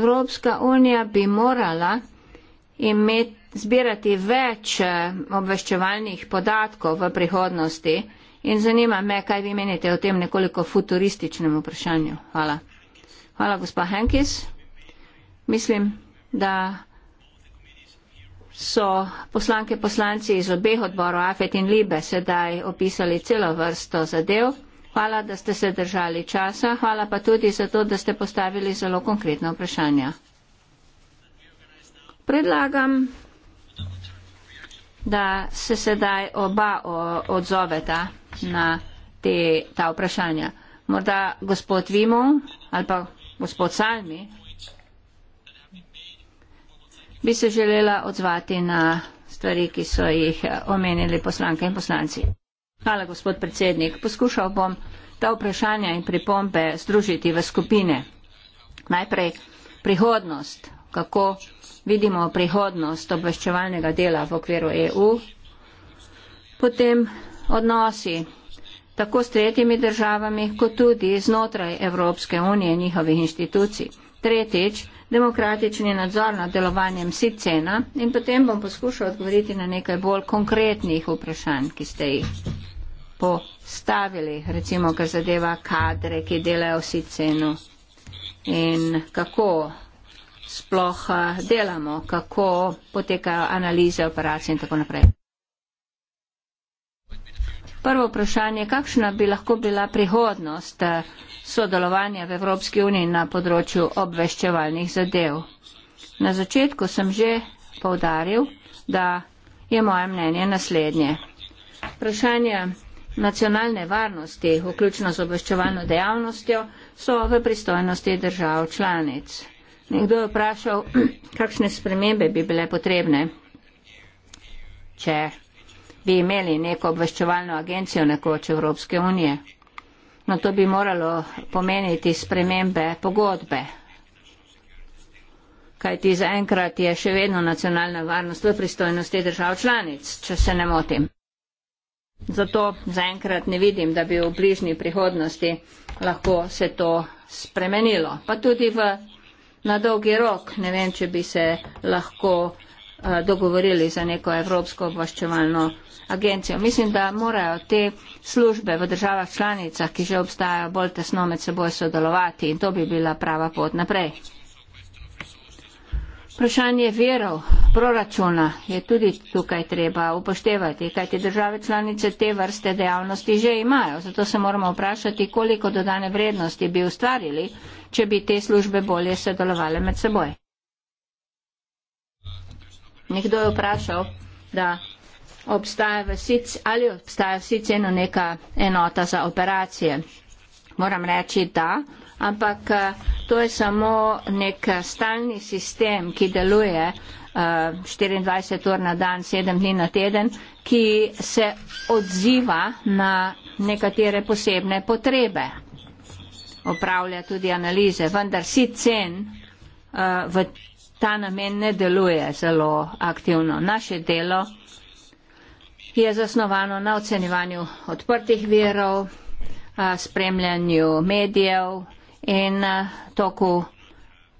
Evropska unija bi morala imet, zbirati več eh, obveščevalnih podatkov v prihodnosti in zanima me, kaj vi menite o tem nekoliko futurističnem vprašanju. Hvala. Hvala, gospa Henkis. Mislim, da so poslanke poslanci iz obeh odborov AFET in LIBE sedaj opisali celo vrsto zadev. Hvala, da ste se držali časa. Hvala pa tudi za to, da ste postavili zelo konkretna vprašanja. Predlagam, da se sedaj oba odzoveta na te, ta vprašanja. Morda gospod Vimo ali pa Gospod Salmi, bi se želela odzvati na stvari, ki so jih eh, omenili poslanke in poslanci. Hvala, gospod predsednik. Poskušal bom ta vprašanja in pripombe združiti v skupine. Najprej prihodnost, kako vidimo prihodnost obveščevalnega dela v okviru EU, potem odnosi tako s tretjimi državami, kot tudi znotraj Evropske unije in njihovih inštitucij. Tretjič, demokratični nadzor nad delovanjem SICENA in potem bom poskušal odgovoriti na nekaj bolj konkretnih vprašanj, ki ste jih postavili, recimo, kar zadeva kadre, ki delajo v SICENu in kako sploh eh, delamo, kako potekajo analize operacije in tako naprej prvo vprašanje, kakšna bi lahko bila prihodnost eh, sodelovanja v Evropski uniji na področju obveščevalnih zadev. Na začetku sem že povdaril, da je moje mnenje naslednje. Vprašanja nacionalne varnosti, vključno z obveščevalno dejavnostjo, so v pristojnosti držav članic. Nekdo je vprašal, <clears throat> kakšne spremembe bi bile potrebne, če bi imeli neko obveščevalno agencijo nekoč Evropske unije. No, to bi moralo pomeniti spremembe pogodbe. Kaj ti zaenkrat je še vedno nacionalna varnost v pristojnosti držav članic, če se ne motim. Zato zaenkrat ne vidim, da bi v bližnji prihodnosti lahko se to spremenilo. Pa tudi v, na dolgi rok ne vem, če bi se lahko Eh, dogovorili za neko Evropsko obvaščevalno agencijo. Mislim, da morajo te službe v državah članicah, ki že obstajajo, bolj tesno med seboj sodelovati in to bi bila prava pot naprej. Vprašanje verov, proračuna je tudi tukaj treba upoštevati, kajti države članice te vrste dejavnosti že imajo. Zato se moramo vprašati, koliko dodane vrednosti bi ustvarili, če bi te službe bolje sodelovale med seboj. Nekdo je vprašal, da obstaja v SIC ali obstaja v SIC eno neka enota za operacije. Moram reči, da, ampak eh, to je samo nek stalni sistem, ki deluje uh, eh, 24 ur na dan, 7 dni na teden, ki se odziva na nekatere posebne potrebe. Opravlja tudi analize, vendar si cen uh, eh, v ta namen ne deluje zelo aktivno. Naše delo je zasnovano na ocenjevanju odprtih verov, spremljanju medijev in toku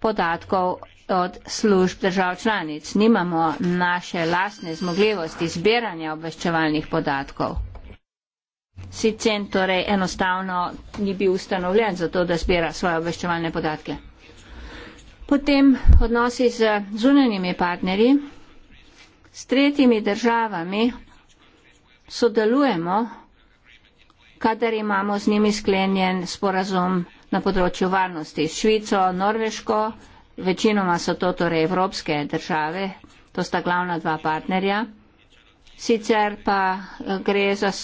podatkov od služb držav članic. Nimamo naše lastne zmogljivosti zbiranja obveščevalnih podatkov. Sicen torej enostavno ni bil ustanovljen za to, da zbira svoje obveščevalne podatke. Potem odnosi z zunanjimi partnerji, s tretjimi državami sodelujemo, kadar imamo z njimi sklenjen sporazum na področju varnosti s Švico, Norveško, večinoma so to torej evropske države, to sta glavna dva partnerja. Sicer pa eh, gre za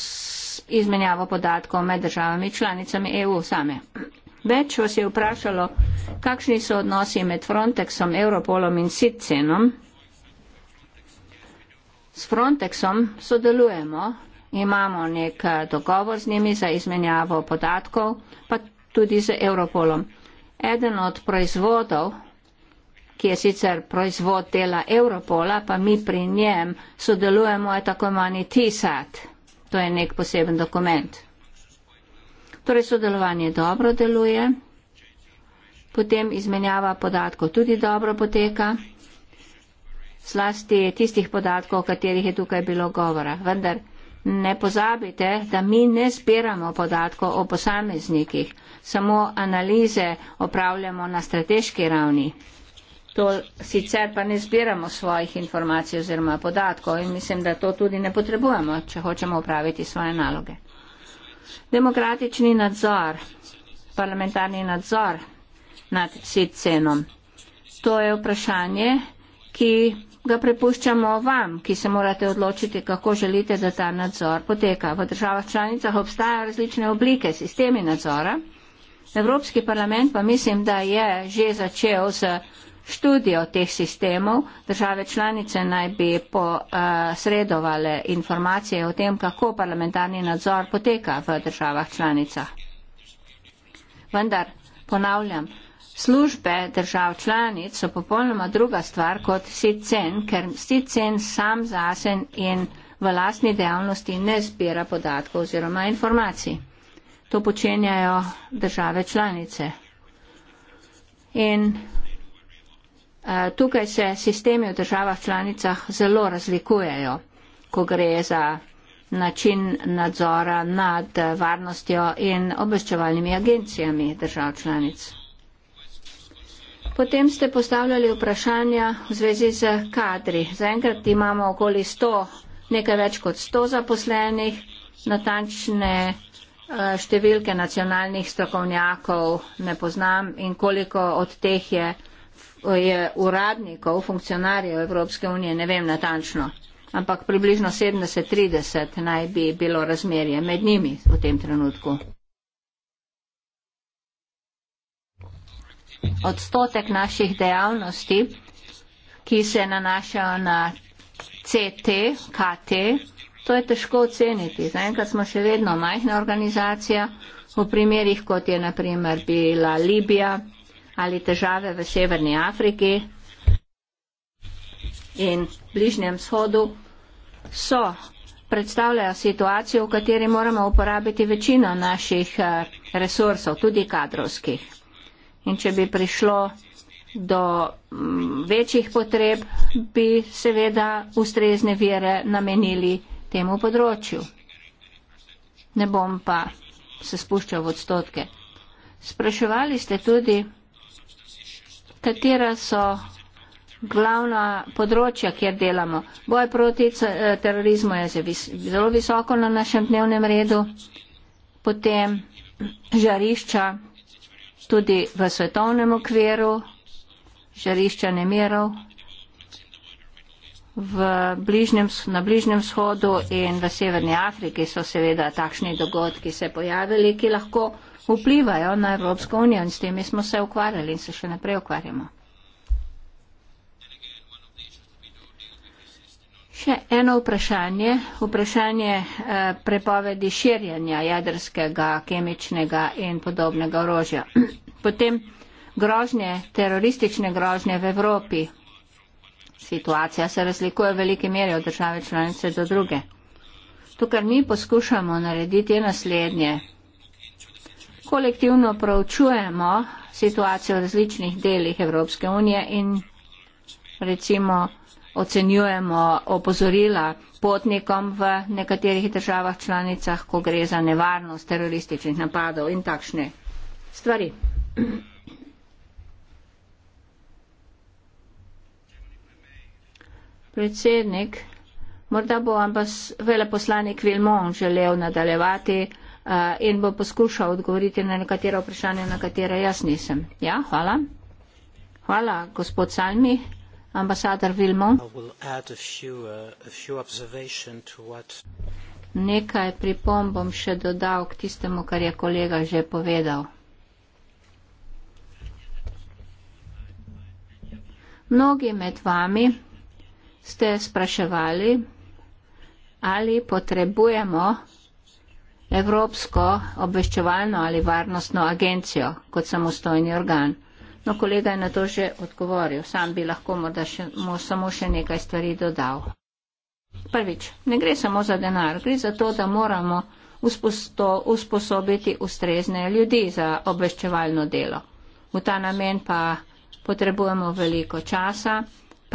izmenjavo podatkov med državami članicami EU same. Več vas je vprašalo, kakšni so odnosi med Frontexom, Europolom in Sitcenom. S Frontexom sodelujemo, imamo nek eh, dogovor z njimi za izmenjavo podatkov, pa tudi z Europolom. Eden od proizvodov, ki je sicer proizvod dela Europola, pa mi pri njem sodelujemo, je tako imani TISAT. To je nek poseben dokument. Torej sodelovanje dobro deluje, potem izmenjava podatkov tudi dobro poteka, zlasti tistih podatkov, o katerih je tukaj bilo govora. Vendar ne pozabite, da mi ne spiramo podatkov o posameznikih, samo analize opravljamo na strateški ravni. To sicer pa ne zbiramo svojih informacij oziroma podatkov in mislim, da to tudi ne potrebujemo, če hočemo upraviti svoje naloge demokratični nadzor, parlamentarni nadzor nad sitcenom. To je vprašanje, ki ga prepuščamo vam, ki se morate odločiti, kako želite, da ta nadzor poteka. V državah članicah obstajajo različne oblike, sistemi nadzora. Evropski parlament pa mislim, da je že začel s študijo teh sistemov. Države članice naj bi posredovale informacije o tem, kako parlamentarni nadzor poteka v državah članicah. Vendar, ponavljam, službe držav članic so popolnoma druga stvar kot SITCEN, ker SITCEN sam zasen in v lastni dejavnosti ne zbira podatkov oziroma informacij. To počenjajo države članice. In Eh, tukaj se sistemi v državah članicah zelo razlikujejo, ko gre za način nadzora nad varnostjo in obveščevalnimi agencijami držav članic. Potem ste postavljali vprašanja v zvezi z kadri. Zaenkrat imamo okoli 100, nekaj več kot 100 zaposlenih, natančne eh, številke nacionalnih strokovnjakov ne poznam in koliko od teh je je uradnikov, funkcionarjev Evropske unije, ne vem natančno, ampak približno 70-30 naj bi bilo razmerje med njimi v tem trenutku. Odstotek naših dejavnosti, ki se nanašajo na CT, KT, to je težko oceniti. Zaenkrat smo še vedno majhna organizacija, v primerih, kot je naprimer bila Libija, ali težave v Severni Afriki in Bližnjem shodu so, predstavljajo situacijo, v kateri moramo uporabiti večino naših eh, resursov, tudi kadrovskih. In če bi prišlo do mm, večjih potreb, bi seveda ustrezne vire namenili temu področju. Ne bom pa se spuščal v odstotke. Spraševali ste tudi, katera so glavna področja, kjer delamo. Boj proti eh, terorizmu je zelo visoko na našem dnevnem redu, potem žarišča tudi v svetovnem okviru, žarišča nemirov bližnjem, na Bližnjem vzhodu in v Severni Afriki so seveda takšni dogodki se pojavili, ki lahko vplivajo na Evropsko unijo in s temi smo se ukvarjali in se še naprej ukvarjamo. Še eno vprašanje, vprašanje eh, prepovedi širjanja jedrskega, kemičnega in podobnega orožja. <clears throat> Potem grožnje, teroristične grožnje v Evropi. Situacija se razlikuje v veliki meri od države članice do druge. Tukaj mi poskušamo narediti naslednje kolektivno proučujemo situacijo v različnih delih Evropske unije in recimo ocenjujemo opozorila potnikom v nekaterih državah članicah, ko gre za nevarnost terorističnih napadov in takšne stvari. Predsednik, morda bo ambas veleposlanik Vilmon želel nadaljevati in bo poskušal odgovoriti na nekatera vprašanja, na katera jaz nisem. Ja, hvala. Hvala, gospod Salmi, ambasador Vilmo. Uh, Nekaj pripomb bom še dodal k tistemu, kar je kolega že povedal. Mnogi med vami ste spraševali, ali potrebujemo Evropsko obveščevalno ali varnostno agencijo kot samostojni organ. No, kolega je na to že odgovoril, sam bi lahko morda še, mu samo še nekaj stvari dodal. Prvič, ne gre samo za denar, gre za to, da moramo usposto, usposobiti ustrezne ljudi za obveščevalno delo. V ta namen pa potrebujemo veliko časa,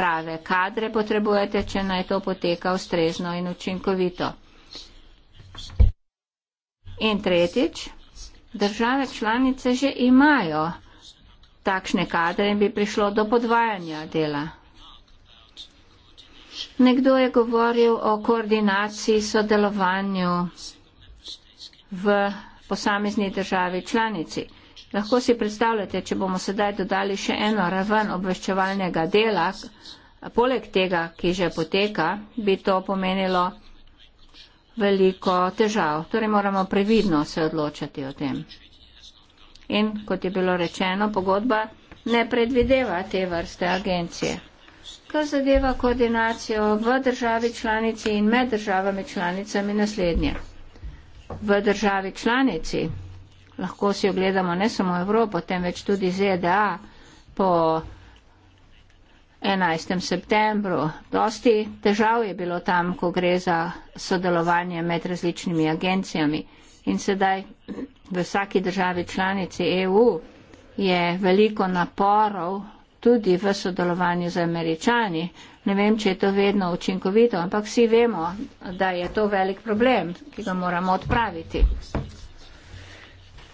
prave kadre potrebujete, če naj to poteka ustrezno in učinkovito. In tretjič, države članice že imajo takšne kadre in bi prišlo do podvajanja dela. Nekdo je govoril o koordinaciji sodelovanju v posamezni državi članici. Lahko si predstavljate, če bomo sedaj dodali še eno raven obveščevalnega dela, poleg tega, ki že poteka, bi to pomenilo veliko težav. Torej moramo previdno se odločati o tem. In kot je bilo rečeno, pogodba ne predvideva te vrste agencije. Kar zadeva koordinacijo v državi članici in med državami članicami naslednje. V državi članici lahko si ogledamo ne samo Evropo, temveč tudi ZDA po 11. septembru. Dosti težav je bilo tam, ko gre za sodelovanje med različnimi agencijami. In sedaj v vsaki državi članici EU je veliko naporov tudi v sodelovanju z američani. Ne vem, če je to vedno učinkovito, ampak vsi vemo, da je to velik problem, ki ga moramo odpraviti.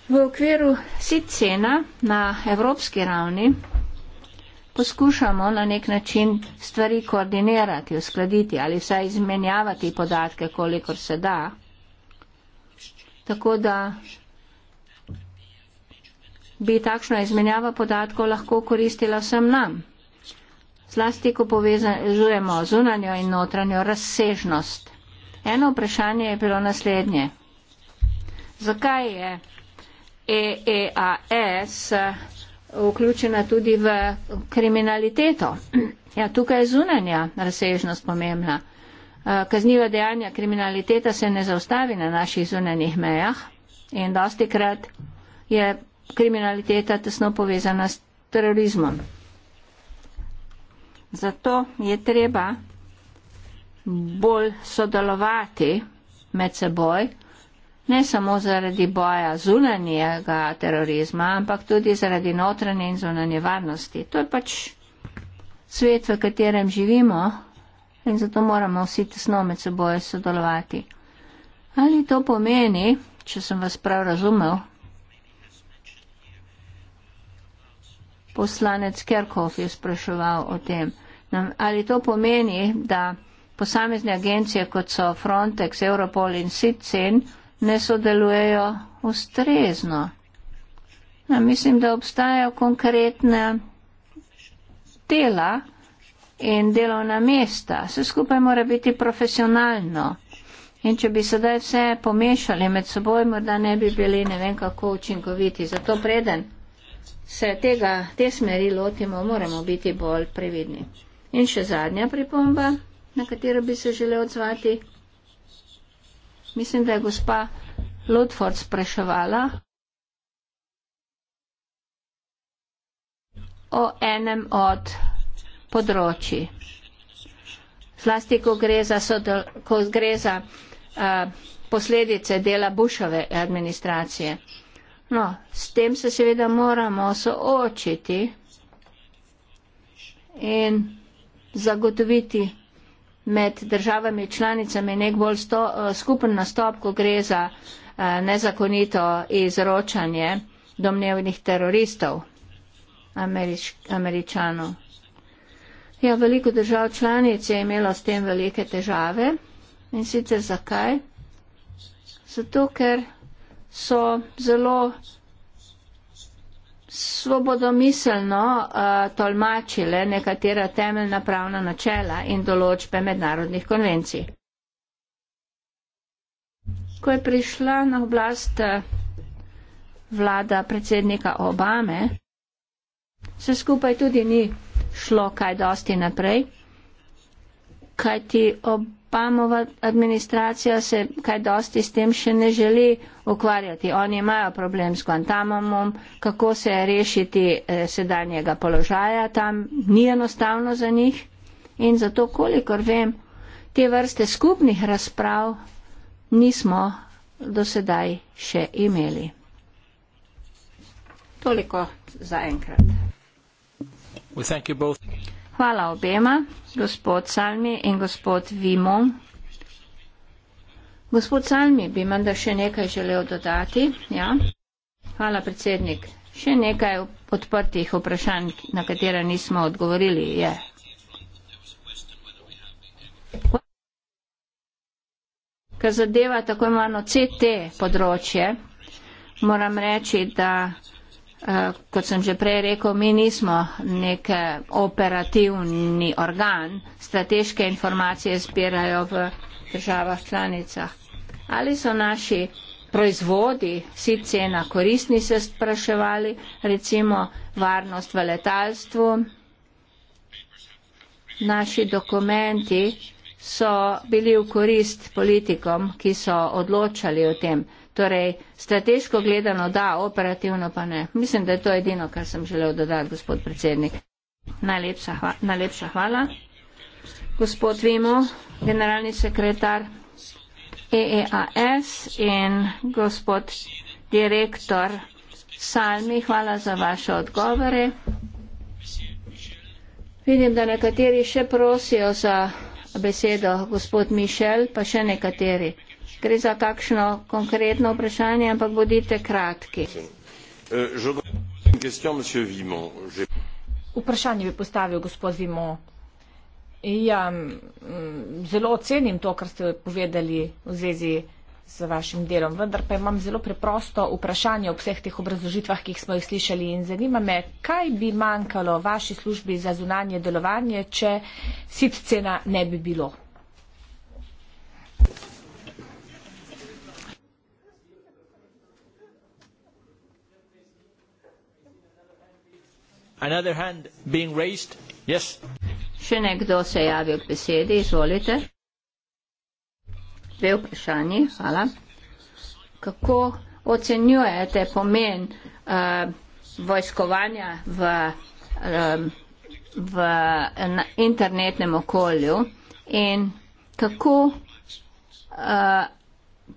V okviru SIT cena na evropski ravni poskušamo na nek način stvari koordinirati, uskladiti ali vsaj izmenjavati podatke, kolikor se da. Tako da bi takšna izmenjava podatkov lahko koristila vsem nam. Zlasti, ko povezujemo zunanjo in notranjo razsežnost. Eno vprašanje je bilo naslednje. Zakaj je EEAS vključena tudi v kriminaliteto. Ja, tukaj je zunanja razsežnost pomembna. Eh, kazniva dejanja kriminaliteta se ne zaustavi na naših zunanjih mejah in dosti krat je kriminaliteta tesno povezana s terorizmom. Zato je treba bolj sodelovati med seboj, ne samo zaradi boja zunanjega terorizma, ampak tudi zaradi notranje in zunanje varnosti. To je pač svet, v katerem živimo in zato moramo vsi tesno med seboj sodelovati. Ali to pomeni, če sem vas prav razumel, poslanec Kerkov je spraševal o tem, ali to pomeni, da posamezne agencije, kot so Frontex, Europol in SITCEN, ne sodelujejo ustrezno. Ja, mislim, da obstajajo konkretne dela in delovna mesta. Vse skupaj mora biti profesionalno. In če bi sedaj vse pomešali med seboj, morda ne bi bili ne vem kako učinkoviti. Zato preden se tega, te smeri lotimo, moramo biti bolj previdni. In še zadnja pripomba, na katero bi se želel odzvati. Mislim, da je gospa Ludford spraševala o enem od področji. Zlasti, ko gre za, sodel, ko gre za uh, posledice dela Bušove administracije. No, s tem se seveda moramo soočiti in zagotoviti med državami članicami nek bolj sto, eh, skupen nastop, ko gre za eh, nezakonito izročanje domnevnih teroristov američ, američanov. Ja, veliko držav članic je imelo s tem velike težave in sicer zakaj? Zato, ker so zelo svobodomiselno uh, tolmačile nekatera temeljna pravna načela in določbe mednarodnih konvencij. Ko je prišla na oblast eh, vlada predsednika Obame, se skupaj tudi ni šlo kaj dosti naprej kajti Obamova administracija se kaj dosti s tem še ne želi ukvarjati. Oni imajo problem s Guantanamom, kako se rešiti eh, sedanjega položaja tam, ni enostavno za njih in zato, kolikor vem, te vrste skupnih razprav nismo dosedaj še imeli. Toliko za enkrat. We thank you both. Hvala obema, gospod Salmi in gospod Vimon. Gospod Salmi, bi manj da še nekaj želel dodati. Ja? Hvala, predsednik. Še nekaj odprtih vprašanj, na katera nismo odgovorili, je. Kar zadeva tako imano CT področje, moram reči, da Eh, kot sem že prej rekel, mi nismo nek operativni organ, strateške informacije zbirajo v državah članicah. Ali so naši proizvodi, si cena koristni, se spraševali, recimo varnost v letalstvu. Naši dokumenti so bili v korist politikom, ki so odločali o tem. Torej, strateško gledano da, operativno pa ne. Mislim, da je to edino, kar sem želel dodati, gospod predsednik. Najlepša, hva, najlepša hvala. Gospod Vimo, generalni sekretar EEAS in gospod direktor Salmi, hvala za vaše odgovore. Vidim, da nekateri še prosijo za besedo, gospod Mišel, pa še nekateri gre za kakšno konkretno vprašanje, ampak bodite kratki. E, vprašanje bi postavil gospod Vimo. Ja, zelo ocenim to, kar ste povedali v zvezi z vašim delom, vendar pa imam zelo preprosto vprašanje o vseh teh obrazložitvah, ki smo jih slišali in zanima me, kaj bi manjkalo vaši službi za zunanje delovanje, če sitcena ne bi bilo. Another hand being raised. Yes. Še nekdo se je javil k besedi, izvolite. Dve vprašanji, hvala. Kako ocenjujete pomen uh, vojskovanja v, um, v internetnem okolju in kako uh,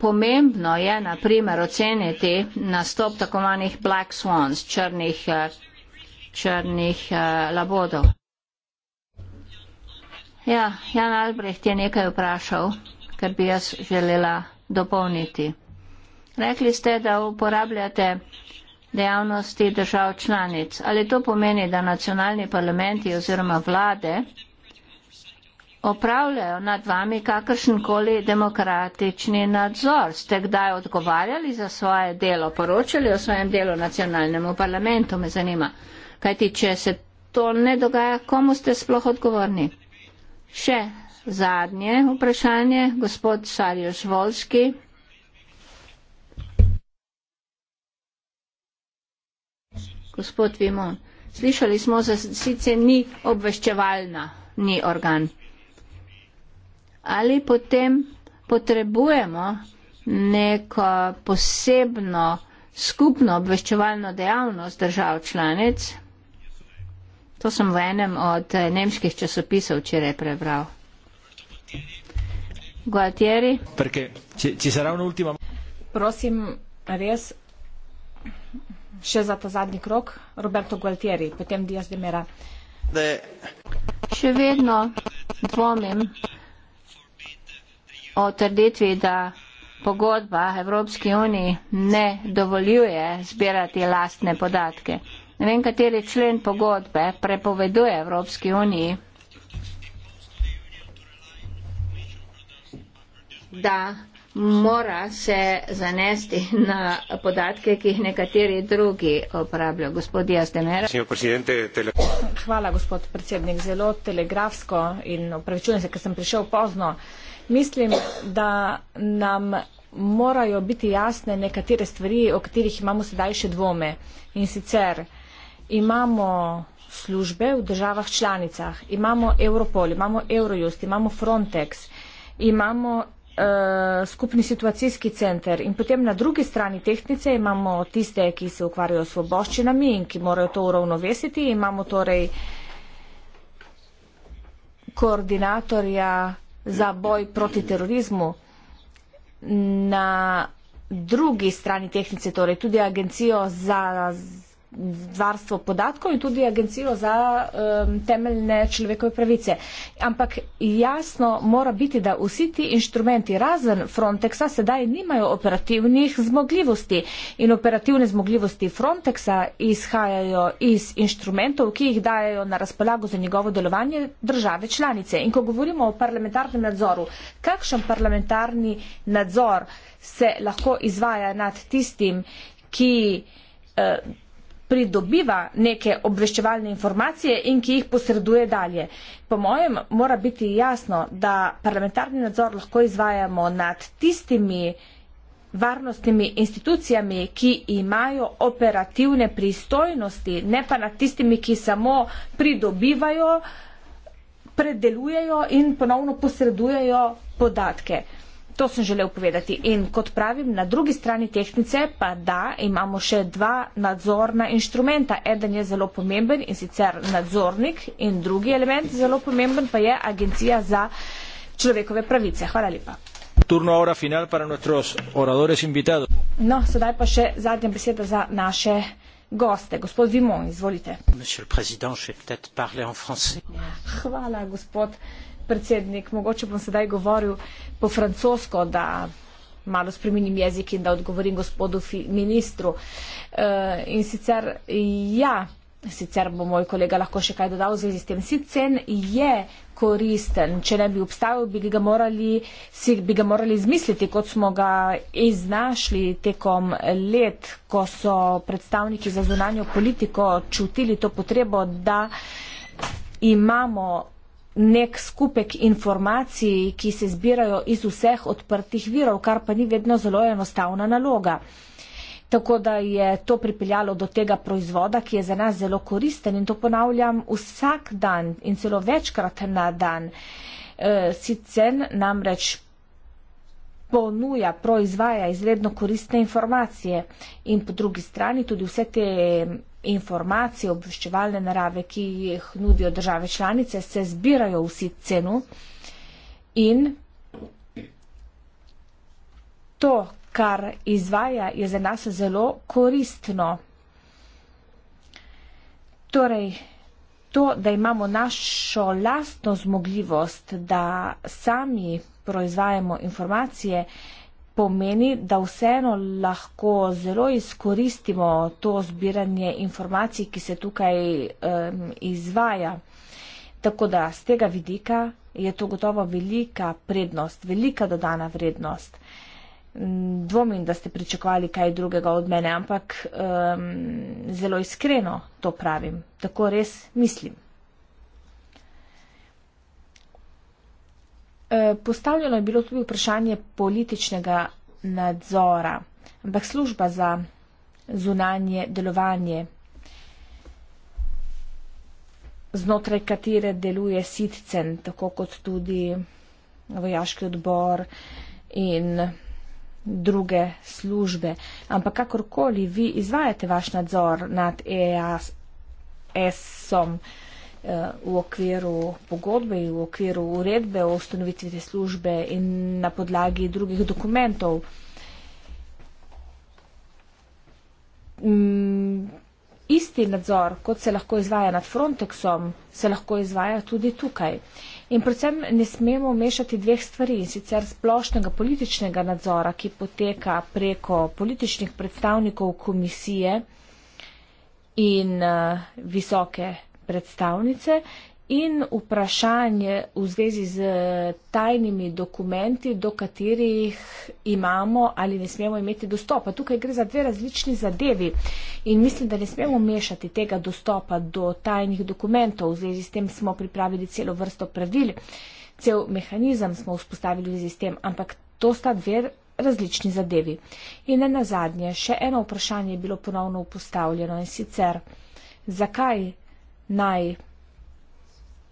pomembno je, na primer, oceniti nastop tako manjih black swans, črnih. Uh, črnih uh, labodov. Ja, Jan Albrecht je nekaj vprašal, kar bi jaz želela dopolniti. Rekli ste, da uporabljate dejavnosti držav članic. Ali to pomeni, da nacionalni parlamenti oziroma vlade opravljajo nad vami kakršenkoli demokratični nadzor? Ste kdaj odgovarjali za svoje delo, poročali o svojem delu nacionalnemu parlamentu, me zanima. Kajti, če se to ne dogaja, komu ste sploh odgovorni? Še zadnje vprašanje, gospod Sarjoš Volski. Gospod Vimo, slišali smo, da sice ni obveščevalna, ni organ. Ali potem potrebujemo neko posebno skupno obveščevalno dejavnost držav članic, To sem v enem od eh, nemških časopisov včeraj prebral. Gualtieri. Perché, ci, ci sarà un'ultima. Prosim, res, še za ta zadnji krok, Roberto Gualtieri, potem Dias de Mera. De. Še vedno dvomim o trditvi, da pogodba Evropski uniji ne dovoljuje zbirati lastne podatke ne vem kateri člen pogodbe, prepoveduje Evropski uniji, da mora se zanesti na podatke, ki jih nekateri drugi uporabljajo. Gospod Jaz Demer. Hvala, gospod predsednik. Zelo telegrafsko in opravičujem se, ker sem prišel pozno. Mislim, da nam morajo biti jasne nekatere stvari, o katerih imamo sedaj še dvome. In sicer, imamo službe v državah članicah, imamo Europol, imamo Eurojust, imamo Frontex, imamo uh, skupni situacijski center in potem na drugi strani tehnice imamo tiste, ki se ukvarjajo s svoboščinami in ki morajo to uravnovesiti. Imamo torej koordinatorja za boj proti terorizmu na drugi strani tehnice, torej tudi agencijo za varstvo podatkov in tudi agencijo za um, temeljne človekove pravice. Ampak jasno mora biti, da vsi ti inštrumenti razen Frontexa sedaj nimajo operativnih zmogljivosti in operativne zmogljivosti Frontexa izhajajo iz inštrumentov, ki jih dajo na razpolago za njegovo delovanje države članice. In ko govorimo o parlamentarnem nadzoru, kakšen parlamentarni nadzor se lahko izvaja nad tistim, ki uh, pridobiva neke obveščevalne informacije in ki jih posreduje dalje. Po mojem mora biti jasno, da parlamentarni nadzor lahko izvajamo nad tistimi varnostnimi institucijami, ki imajo operativne pristojnosti, ne pa nad tistimi, ki samo pridobivajo, predelujejo in ponovno posredujejo podatke. To sem želel povedati. In kot pravim, na drugi strani tehnice pa da imamo še dva nadzorna inštrumenta. Eden je zelo pomemben in sicer nadzornik in drugi element zelo pomemben pa je Agencija za človekove pravice. Hvala lepa. Turno ora final para nuestros oradores invitados. No, sedaj pa še zadnja beseda za naše goste. Gospod Vimon, izvolite. Monsieur le Président, je peut-être parler en français. Hvala, gospod predsednik, mogoče bom sedaj govoril po francosko, da malo spremenim jezik in da odgovorim gospodu ministru. Eh, in sicer ja, sicer bo moj kolega lahko še kaj dodal v zvezi s tem. Sicen je koristen, če ne bi obstajal, bi ga morali, si, bi ga morali izmisliti, kot smo ga iznašli tekom let, ko so predstavniki za zunanjo politiko čutili to potrebo, da imamo nek skupek informacij, ki se zbirajo iz vseh odprtih virov, kar pa ni vedno zelo enostavna naloga. Tako da je to pripeljalo do tega proizvoda, ki je za nas zelo koristen in to ponavljam vsak dan in celo večkrat na dan. E, sicer namreč ponuja, proizvaja izredno koristne informacije in po drugi strani tudi vse te informacije obveščevalne narave, ki jih nudijo države članice, se zbirajo v SIT-cenu in to, kar izvaja, je za nas zelo koristno. Torej, to, da imamo našo lastno zmogljivost, da sami povedamo, proizvajamo informacije, pomeni, da vseeno lahko zelo izkoristimo to zbiranje informacij, ki se tukaj um, izvaja. Tako da z tega vidika je to gotovo velika prednost, velika dodana vrednost. Dvomim, da ste pričakovali kaj drugega od mene, ampak um, zelo iskreno to pravim. Tako res mislim. Eh, Postavljeno je bilo tudi vprašanje političnega nadzora, ampak služba za zunanje delovanje, znotraj katere deluje SITCEN, tako kot tudi vojaški odbor in druge službe. Ampak kakorkoli vi izvajate vaš nadzor nad EAS-om, EAS Eh, v okviru pogodbe in v okviru uredbe o ustanovitvi te službe in na podlagi drugih dokumentov. Mm, isti nadzor, kot se lahko izvaja nad Frontexom, se lahko izvaja tudi tukaj. In predvsem ne smemo mešati dveh stvari in sicer splošnega političnega nadzora, ki poteka preko političnih predstavnikov komisije in uh, visoke predstavnice in vprašanje v zvezi z tajnimi dokumenti, do katerih imamo ali ne smemo imeti dostopa. Tukaj gre za dve različni zadevi in mislim, da ne smemo mešati tega dostopa do tajnih dokumentov. V zvezi s tem smo pripravili celo vrsto pravil, cel mehanizem smo vzpostavili v zvezi s tem, ampak to sta dve različni zadevi. In ne na zadnje, še eno vprašanje je bilo ponovno upostavljeno in sicer, zakaj naj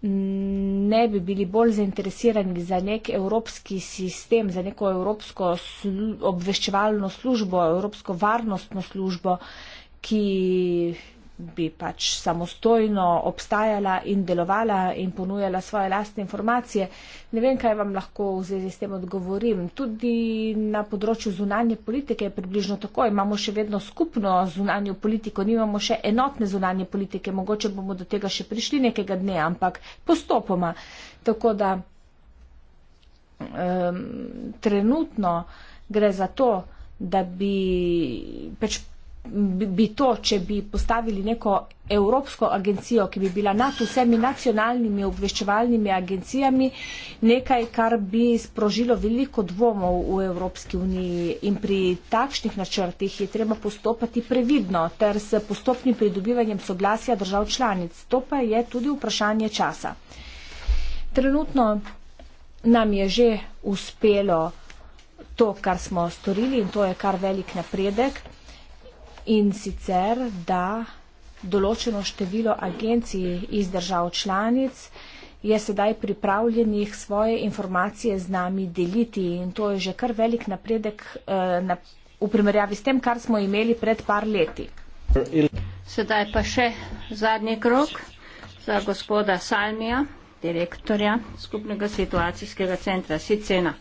ne bi bili bolj zainteresirani za nek evropski sistem, za neko evropsko slu obveščevalno službo, evropsko varnostno službo, ki bi pač samostojno obstajala in delovala in ponujala svoje lastne informacije. Ne vem, kaj vam lahko v zvezi s tem odgovorim. Tudi na področju zunanje politike je približno tako. Imamo še vedno skupno zunanjo politiko, nimamo še enotne zunanje politike. Mogoče bomo do tega še prišli nekega dne, ampak postopoma. Tako da um, trenutno gre za to, da bi pač bi to, če bi postavili neko evropsko agencijo, ki bi bila nad vsemi nacionalnimi obveščevalnimi agencijami, nekaj, kar bi sprožilo veliko dvomov v Evropski uniji. In pri takšnih načrtih je treba postopati previdno ter s postopnim pridobivanjem soglasja držav članic. To pa je tudi vprašanje časa. Trenutno nam je že uspelo to, kar smo storili in to je kar velik napredek in sicer, da določeno število agencij iz držav članic je sedaj pripravljenih svoje informacije z nami deliti in to je že kar velik napredek eh, na, v primerjavi s tem, kar smo imeli pred par leti. Sedaj pa še zadnji krok za gospoda Salmija, direktorja skupnega situacijskega centra Sicena.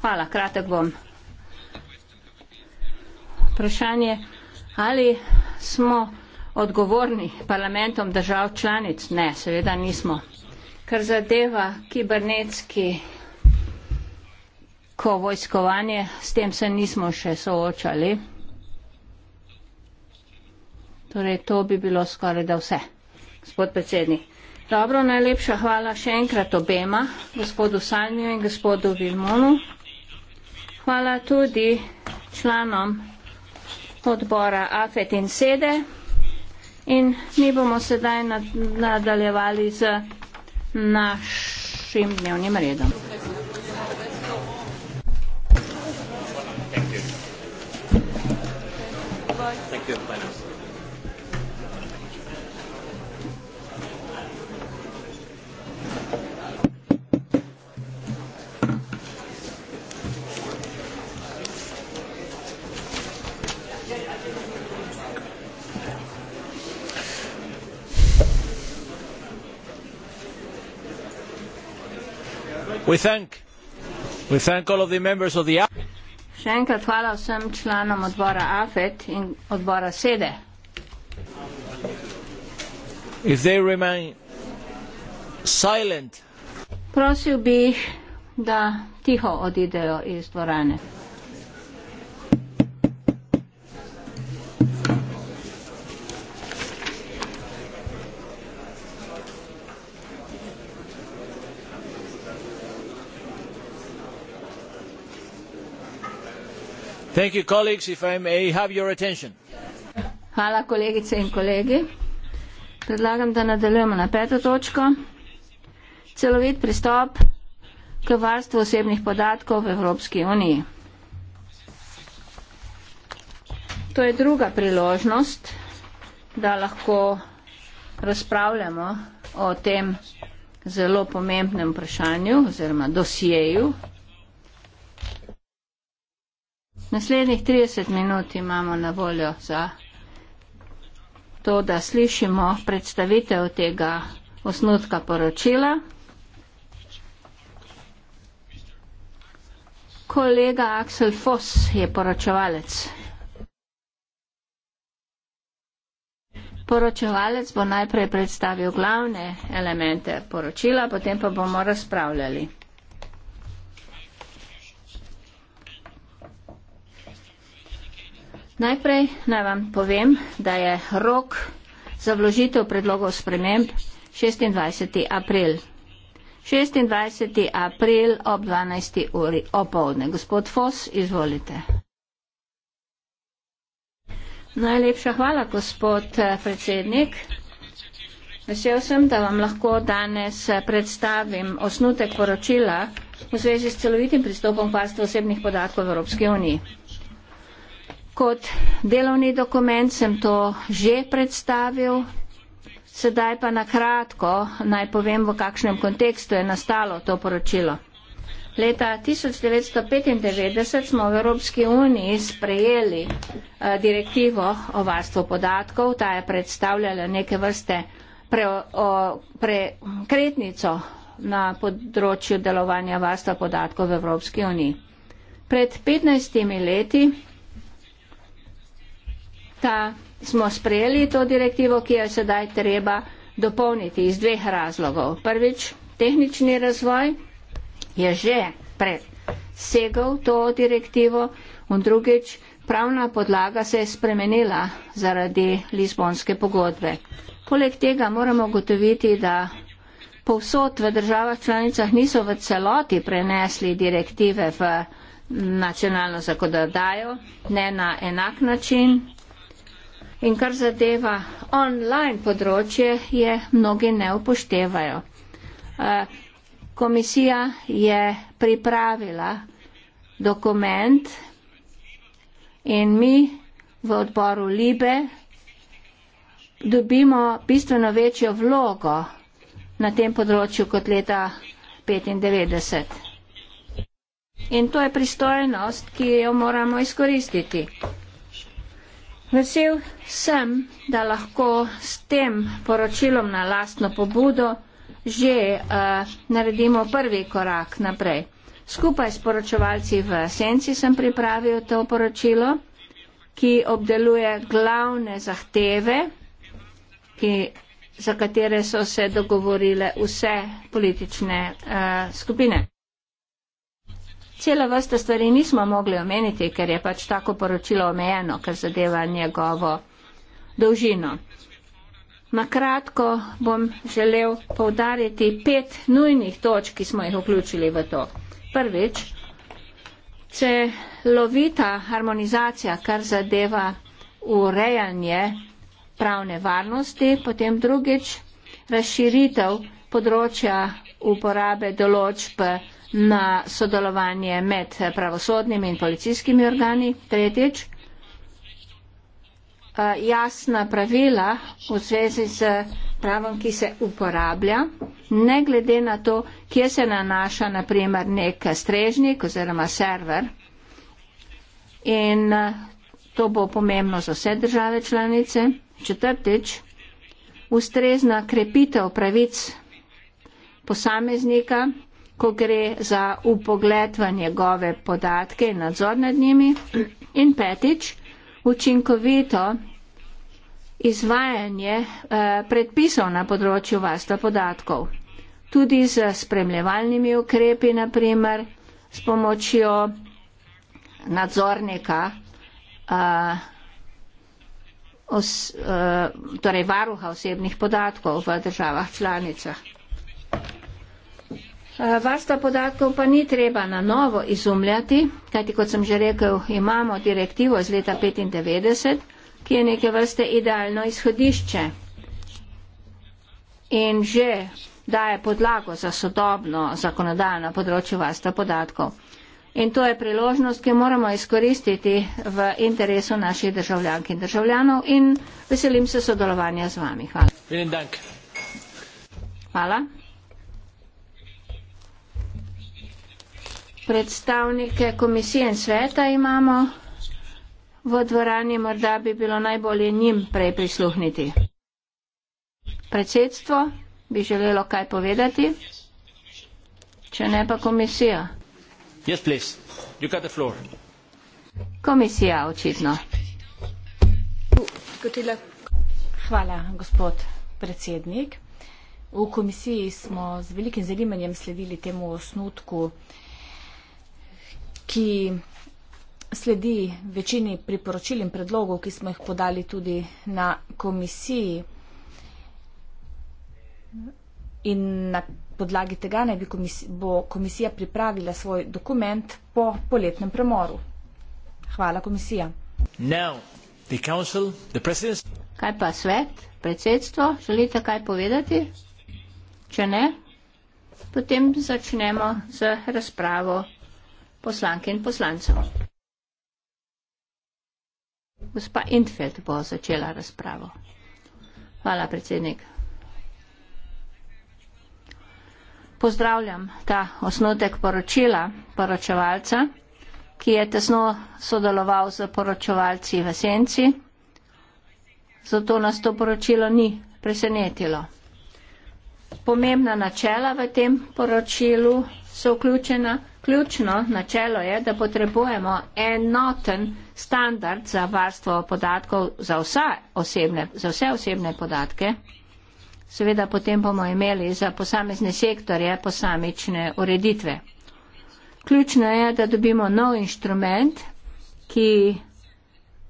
Hvala, kratek bom vprašanje, ali smo odgovorni parlamentom držav članic. Ne, seveda nismo. Kar zadeva kibernetski ko vojskovanje, s tem se nismo še soočali. Torej, to bi bilo skoraj da vse, gospod predsednik. Dobro, najlepša hvala še enkrat obema, gospodu Salmiju in gospodu Vilmonu. Hvala tudi članom odbora AFET in SEDE in mi bomo sedaj nadaljevali z našim dnevnim redom. Thank you. Thank you. Še enkrat hvala vsem članom odbora AFET in odbora SEDE. If they remain silent. Prosil bi, da tiho odidejo iz dvorane. Hvala kolegice in kolegi. Predlagam, da nadaljujemo na peto točko. Celovit pristop k varstvu osebnih podatkov v Evropski uniji. To je druga priložnost, da lahko razpravljamo o tem zelo pomembnem vprašanju oziroma dosjeju Naslednjih 30 minut imamo na voljo za to, da slišimo predstavitev tega osnutka poročila. Kolega Aksel Foss je poročevalec. Poročevalec bo najprej predstavil glavne elemente poročila, potem pa bomo razpravljali. Najprej naj vam povem, da je rok za vložitev predlogov sprememb 26. april. 26. april ob 12. uri opoldne. Gospod Fos, izvolite. Najlepša hvala, gospod eh, predsednik. Vesel sem, da vam lahko danes eh, predstavim osnutek poročila v zvezi s celovitim pristopom k varstvu osebnih podatkov v Evropski uniji kot delovni dokument sem to že predstavil. Sedaj pa na kratko naj povem, v kakšnem kontekstu je nastalo to poročilo. Leta 1995 smo v Evropski uniji sprejeli eh, direktivo o varstvu podatkov. Ta je predstavljala neke vrste pre, o, pre, kretnico na področju delovanja varstva podatkov v Evropski uniji. Pred 15 leti ta, smo sprejeli to direktivo, ki jo je sedaj treba dopolniti iz dveh razlogov. Prvič, tehnični razvoj je že presegal to direktivo in drugič, pravna podlaga se je spremenila zaradi Lizbonske pogodbe. Poleg tega moramo gotoviti, da povsod v državah članicah niso v celoti prenesli direktive v nacionalno zakonodajo, ne na enak način, In kar zadeva online področje, je mnogi ne upoštevajo. Komisija je pripravila dokument in mi v odboru Libe dobimo bistveno večjo vlogo na tem področju kot leta 1995. In to je pristojnost, ki jo moramo izkoristiti. Vesel sem, da lahko s tem poročilom na lastno pobudo že uh, naredimo prvi korak naprej. Skupaj s poročevalci v Senci sem pripravil to poročilo, ki obdeluje glavne zahteve, ki, za katere so se dogovorile vse politične uh, skupine. Cela vrsta stvari nismo mogli omeniti, ker je pač tako poročilo omejeno, kar zadeva njegovo dolžino. Na kratko bom želel povdariti pet nujnih točk, ki smo jih vključili v to. Prvič, celovita harmonizacija, kar zadeva urejanje pravne varnosti, potem drugič, razširitev področja uporabe določb na sodelovanje med pravosodnimi in policijskimi organi. Tretjič, eh, jasna pravila v zvezi z pravom, ki se uporablja, ne glede na to, kje se nanaša naprimer nek strežnik oziroma server. In eh, to bo pomembno za vse države članice. Četrtič, ustrezna krepitev pravic posameznika, ko gre za upogled v njegove podatke in nadzor nad njimi. In petič, učinkovito izvajanje eh, predpisov na področju varstva podatkov. Tudi z spremljevalnimi ukrepi, naprimer s pomočjo nadzornika, eh, os, eh, torej varuha osebnih podatkov v državah članicah. Eh, varstva podatkov pa ni treba na novo izumljati, kajti kot sem že rekel, imamo direktivo iz leta 1995, ki je neke vrste idealno izhodišče in že daje podlago za sodobno zakonodajno področje varstva podatkov. In to je priložnost, ki jo moramo izkoristiti v interesu naših državljank in državljanov in veselim se sodelovanja z vami. Hvala. Hvala. predstavnike komisije in sveta imamo v dvorani, morda bi bilo najbolje njim prej prisluhniti. Predsedstvo bi želelo kaj povedati, če ne pa komisija. Yes, komisija očitno. Hvala, gospod predsednik. V komisiji smo z velikim zanimanjem sledili temu osnutku ki sledi večini priporočil in predlogov, ki smo jih podali tudi na komisiji. In na podlagi tega naj bi komisija, bo komisija pripravila svoj dokument po poletnem premoru. Hvala, komisija. Now, the council, the kaj pa svet, predsedstvo, želite kaj povedati? Če ne, potem začnemo z razpravo poslanke in poslancev. Gospa Intfeld bo začela razpravo. Hvala, predsednik. Pozdravljam ta osnotek poročila poročevalca, ki je tesno sodeloval z poročevalci v Senci. Zato nas to poročilo ni presenetilo. Pomembna načela v tem poročilu so vključena. Ključno načelo je, da potrebujemo enoten standard za varstvo podatkov za, osebne, za vse osebne podatke. Seveda potem bomo imeli za posamezne sektorje posamične ureditve. Ključno je, da dobimo nov inštrument, ki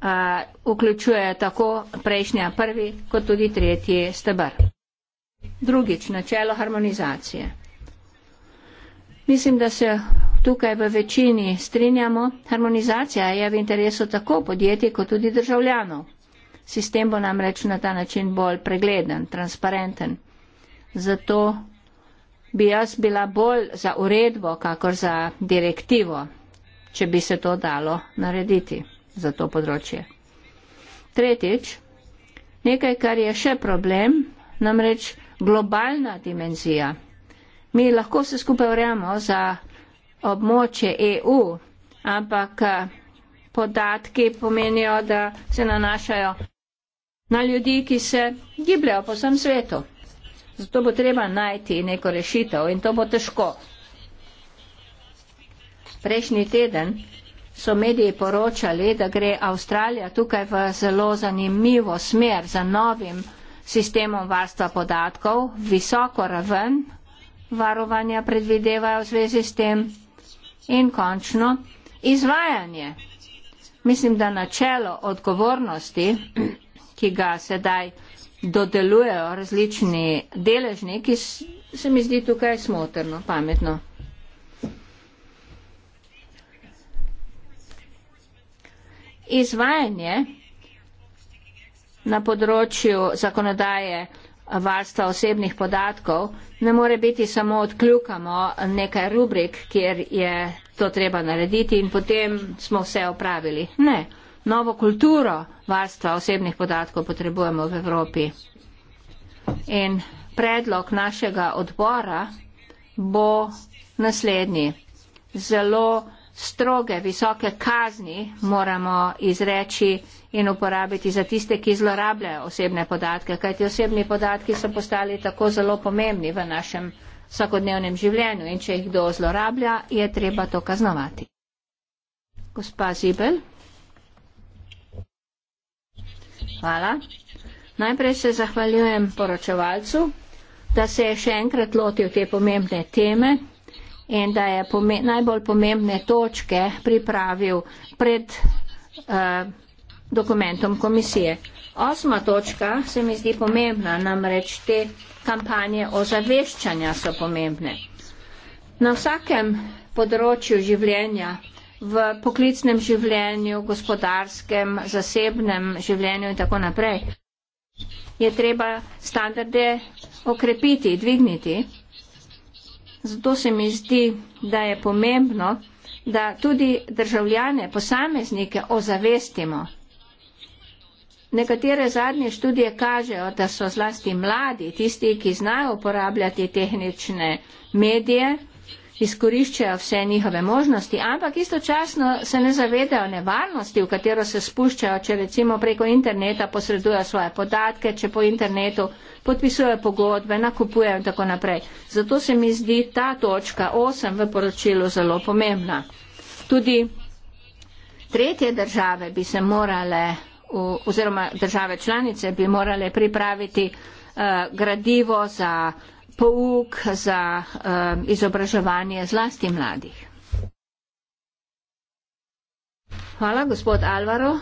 a, vključuje tako prejšnja prvi kot tudi tretji stebr. Drugič, načelo harmonizacije. Mislim, da se tukaj v večini strinjamo, harmonizacija je v interesu tako podjetij kot tudi državljanov. Sistem bo namreč na ta način bolj pregleden, transparenten. Zato bi jaz bila bolj za uredbo, kakor za direktivo, če bi se to dalo narediti za to področje. Tretjič, nekaj, kar je še problem, namreč globalna dimenzija. Mi lahko se skupaj urejamo za območje EU, ampak eh, podatki pomenijo, da se nanašajo na ljudi, ki se gibljajo po vsem svetu. Zato bo treba najti neko rešitev in to bo težko. Prejšnji teden so mediji poročali, da gre Avstralija tukaj v zelo zanimivo smer za novim sistemom varstva podatkov, visoko raven varovanja predvidevajo v zvezi s tem. In končno, izvajanje. Mislim, da načelo odgovornosti, <clears throat> ki ga sedaj dodelujejo različni deležniki, se mi zdi tukaj smotrno, pametno. Izvajanje na področju zakonodaje varstva osebnih podatkov, ne more biti samo odkljukamo nekaj rubrik, kjer je to treba narediti in potem smo vse opravili. Ne, novo kulturo varstva osebnih podatkov potrebujemo v Evropi. In predlog našega odbora bo naslednji. Zelo stroge, visoke kazni moramo izreči in uporabiti za tiste, ki zlorabljajo osebne podatke, kajti osebni podatki so postali tako zelo pomembni v našem vsakodnevnem življenju in če jih kdo zlorablja, je treba to kaznovati. Gospa Zibel. Hvala. Najprej se zahvaljujem poročevalcu, da se je še enkrat lotil te pomembne teme, in da je pome najbolj pomembne točke pripravil pred eh, dokumentom komisije. Osma točka se mi zdi pomembna, namreč te kampanje ozaveščanja so pomembne. Na vsakem področju življenja, v poklicnem življenju, gospodarskem, zasebnem življenju in tako naprej, je treba standarde okrepiti, dvigniti. Zato se mi zdi, da je pomembno, da tudi državljane, posameznike ozavestimo. Nekatere zadnje študije kažejo, da so zlasti mladi, tisti, ki znajo uporabljati tehnične medije, izkoriščajo vse njihove možnosti, ampak istočasno se ne zavedajo nevarnosti, v katero se spuščajo, če recimo preko interneta posredujejo svoje podatke, če po internetu podpisujejo pogodbe, nakupujejo in tako naprej. Zato se mi zdi ta točka 8 v poročilu zelo pomembna. Tudi tretje države bi se morale, oziroma države članice bi morale pripraviti uh, gradivo za uh, pouk, za um, izobraževanje zlasti mladih. Hvala, gospod Alvaro.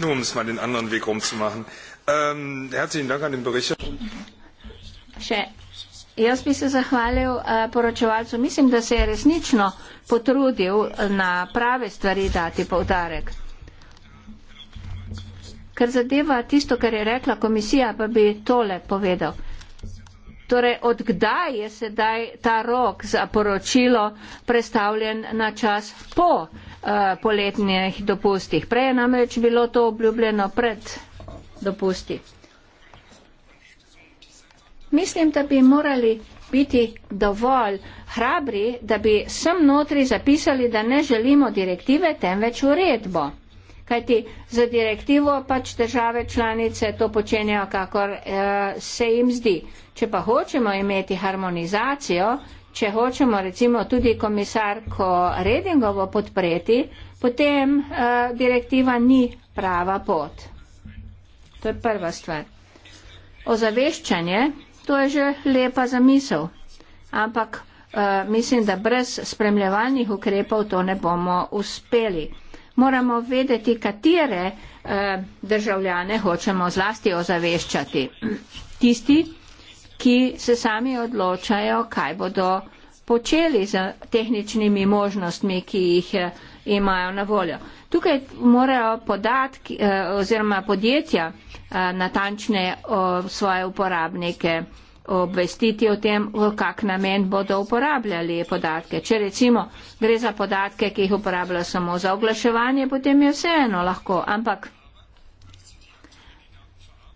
No, um es mal den anderen Weg rumzumachen. Ähm, herzlichen Dank an den Berichterstatter. Eh, Ker zadeva tisto, kar je rekla komisija, pa bi tole povedal. Torej, odkdaj je sedaj ta rok za poročilo predstavljen na čas po uh, poletnih dopustih? Prej je namreč bilo to obljubljeno pred dopusti. Mislim, da bi morali biti dovolj hrabri, da bi sem notri zapisali, da ne želimo direktive, temveč uredbo kajti z direktivo pač države članice to počenjajo, kakor eh, se jim zdi. Če pa hočemo imeti harmonizacijo, če hočemo recimo tudi komisarko Redingovo podpreti, potem eh, direktiva ni prava pot. To je prva stvar. Ozaveščanje, to je že lepa zamisel, ampak eh, mislim, da brez spremljevalnih ukrepov to ne bomo uspeli moramo vedeti, katere eh, državljane hočemo zlasti ozaveščati. Tisti, ki se sami odločajo, kaj bodo počeli z tehničnimi možnostmi, ki jih eh, imajo na voljo. Tukaj morajo podatki eh, oziroma podjetja natančne svoje uporabnike obvestiti o tem, v kak namen bodo uporabljali podatke. Če recimo gre za podatke, ki jih uporabljajo samo za oglaševanje, potem je vseeno lahko. Ampak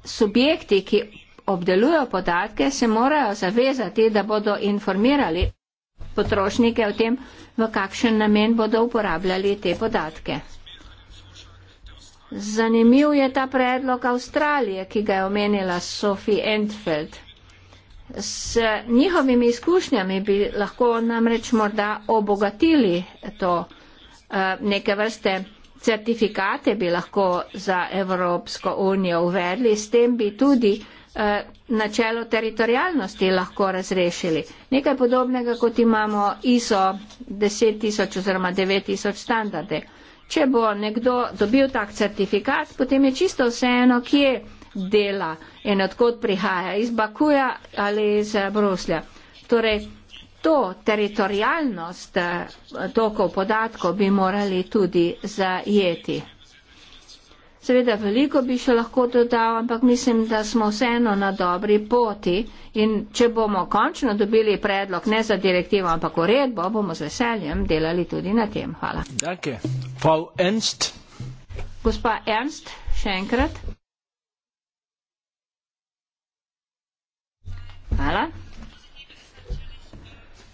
subjekti, ki obdelujo podatke, se morajo zavezati, da bodo informirali potrošnike o tem, v kakšen namen bodo uporabljali te podatke. Zanimiv je ta predlog Avstralije, ki ga je omenila Sophie Entfeld. S njihovimi izkušnjami bi lahko namreč morda obogatili to eh, neke vrste certifikate, bi lahko za Evropsko unijo uvedli, s tem bi tudi eh, načelo teritorijalnosti lahko razrešili. Nekaj podobnega, kot imamo ISO 10000 oziroma 9000 standarde. Če bo nekdo dobil tak certifikat, potem je čisto vseeno, kje je dela in odkot prihaja, iz Bakuja ali iz eh, Bruslja. Torej, to teritorijalnost eh, tokov podatkov bi morali tudi zajeti. Seveda, veliko bi še lahko dodal, ampak mislim, da smo vseeno na dobri poti in če bomo končno dobili predlog ne za direktivo, ampak uredbo, bomo z veseljem delali tudi na tem. Hvala. Gospa Ernst, še enkrat. Hvala.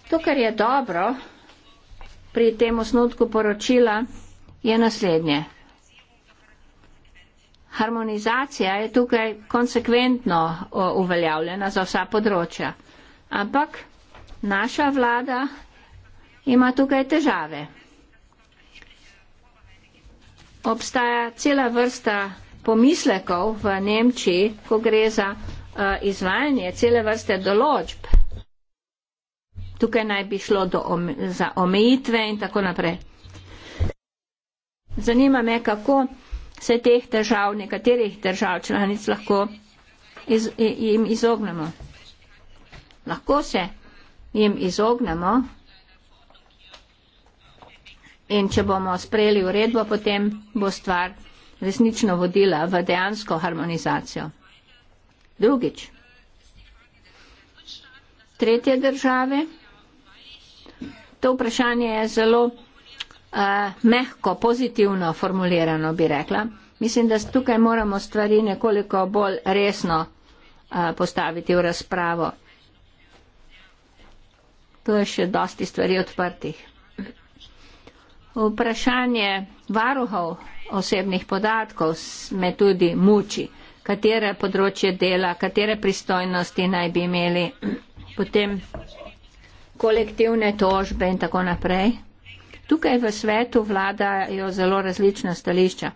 To, kar je dobro pri tem osnutku poročila, je naslednje. Harmonizacija je tukaj konsekventno uveljavljena za vsa področja, ampak naša vlada ima tukaj težave. Obstaja cela vrsta pomislekov v Nemčiji, ko gre za Eh, izvajanje cele vrste določb. Tukaj naj bi šlo do, za omejitve in tako naprej. Zanima me, kako se teh držav, nekaterih držav članic lahko iz, jim izognemo. Lahko se jim izognemo in če bomo sprejeli uredbo, potem bo stvar resnično vodila v dejansko harmonizacijo. Drugič. Tretje države. To vprašanje je zelo uh, mehko, pozitivno formulirano, bi rekla. Mislim, da tukaj moramo stvari nekoliko bolj resno uh, postaviti v razpravo. Tu je še dosti stvari odprtih. Vprašanje varuhov osebnih podatkov me tudi muči katere področje dela, katere pristojnosti naj bi imeli, <clears throat> potem kolektivne tožbe in tako naprej. Tukaj v svetu vladajo zelo različna stališča.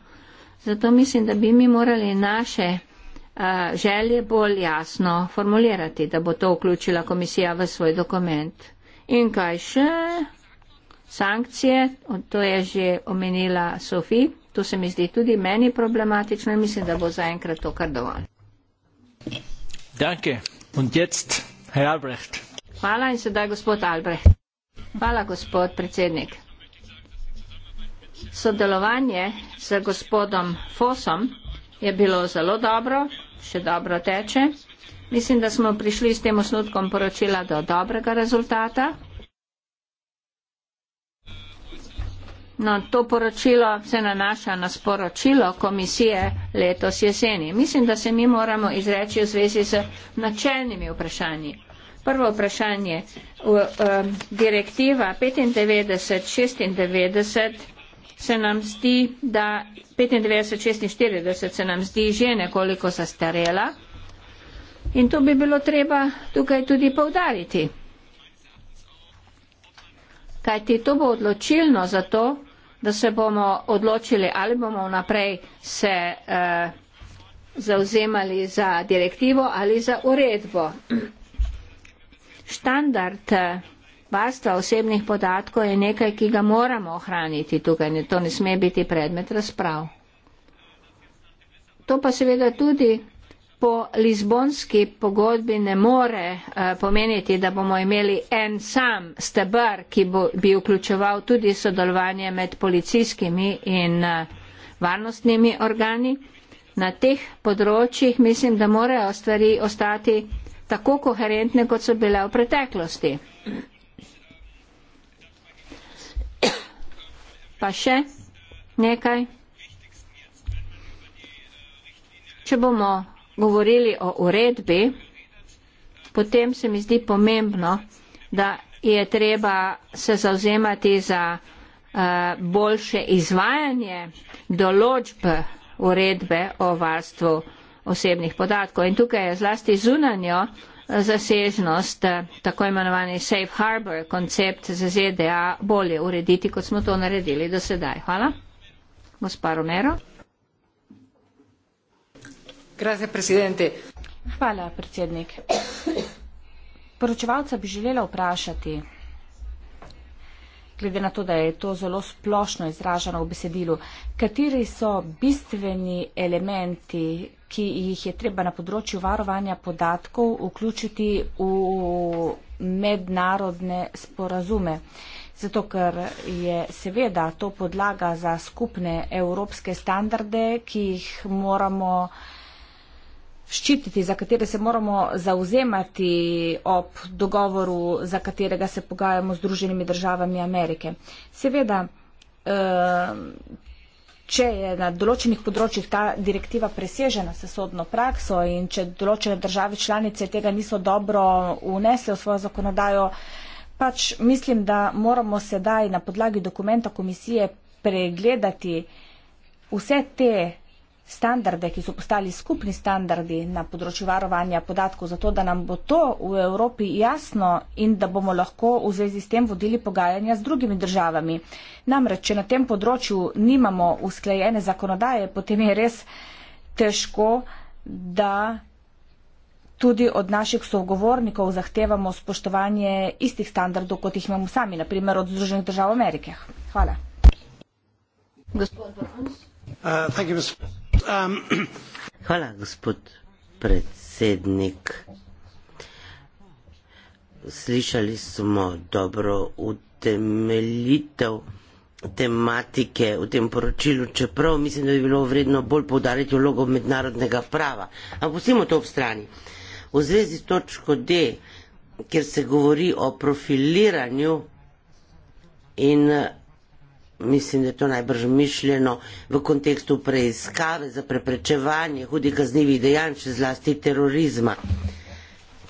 Zato mislim, da bi mi morali naše uh, želje bolj jasno formulirati, da bo to vključila komisija v svoj dokument. In kaj še? Sankcije, to je že omenila Sofija. To se mi zdi tudi meni problematično in mislim, da bo zaenkrat to kar dovolj. Danke. Und jetzt, Herr Albrecht. Hvala in sedaj gospod Albrecht. Hvala gospod predsednik. Sodelovanje z gospodom Fosom je bilo zelo dobro, še dobro teče. Mislim, da smo prišli s tem osnutkom poročila do dobrega rezultata. No, to poročilo se nanaša na sporočilo komisije letos jeseni. Mislim, da se mi moramo izreči v zvezi z načelnimi vprašanji. Prvo vprašanje. V, um, direktiva 95-96 se nam zdi, da 95-46 se nam zdi že nekoliko zastarela in to bi bilo treba tukaj tudi povdariti. Kajti to bo odločilno za to, da se bomo odločili, ali bomo naprej se eh, zauzemali za direktivo ali za uredbo. Standard eh, varstva osebnih podatkov je nekaj, ki ga moramo ohraniti tukaj. To ne sme biti predmet razprav. To pa seveda tudi po Lizbonski pogodbi ne more uh, pomeniti, da bomo imeli en sam stebr, ki bo, bi vključeval tudi sodelovanje med policijskimi in uh, varnostnimi organi. Na teh področjih mislim, da morajo stvari ostati tako koherentne, kot so bile v preteklosti. Pa še nekaj. Če bomo govorili o uredbi, potem se mi zdi pomembno, da je treba se zauzemati za uh, boljše izvajanje določb uredbe o varstvu osebnih podatkov. In tukaj je zlasti zunanjo eh, zasežnost, eh, tako imenovani safe harbor koncept za ZDA bolje urediti, kot smo to naredili do sedaj. Hvala. Gospa Romero. Hvala, predsednik. Poročevalca bi želela vprašati, glede na to, da je to zelo splošno izraženo v besedilu, kateri so bistveni elementi, ki jih je treba na področju varovanja podatkov vključiti v mednarodne sporazume. Zato, ker je seveda to podlaga za skupne evropske standarde, ki jih moramo vključiti ščititi, za katere se moramo zauzemati ob dogovoru, za katerega se pogajamo z druženimi državami Amerike. Seveda, eh, če je na določenih področjih ta direktiva presežena s sodno prakso in če določene države članice tega niso dobro unesle v svojo zakonodajo, pač mislim, da moramo sedaj na podlagi dokumenta komisije pregledati vse te standarde, ki so postali skupni standardi na področju varovanja podatkov, zato da nam bo to v Evropi jasno in da bomo lahko v zvezi s tem vodili pogajanja z drugimi državami. Namreč, če na tem področju nimamo usklajene zakonodaje, potem je res težko, da tudi od naših sogovornikov zahtevamo spoštovanje istih standardov, kot jih imamo sami, naprimer od Združenih držav Amerike. Hvala. Gospod Borhuns. Uh, thank you, Mr. President. Um, <clears throat> Hvala, gospod predsednik. Slišali smo dobro utemeljitev tematike v tem poročilu, čeprav mislim, da bi bilo vredno bolj povdariti vlogo mednarodnega prava. Ampak pustimo to ob strani. V zvezi s točko D, ker se govori o profiliranju in mislim, da je to najbrž mišljeno v kontekstu preiskave za preprečevanje hudih kaznjivih dejanj, še zlasti terorizma.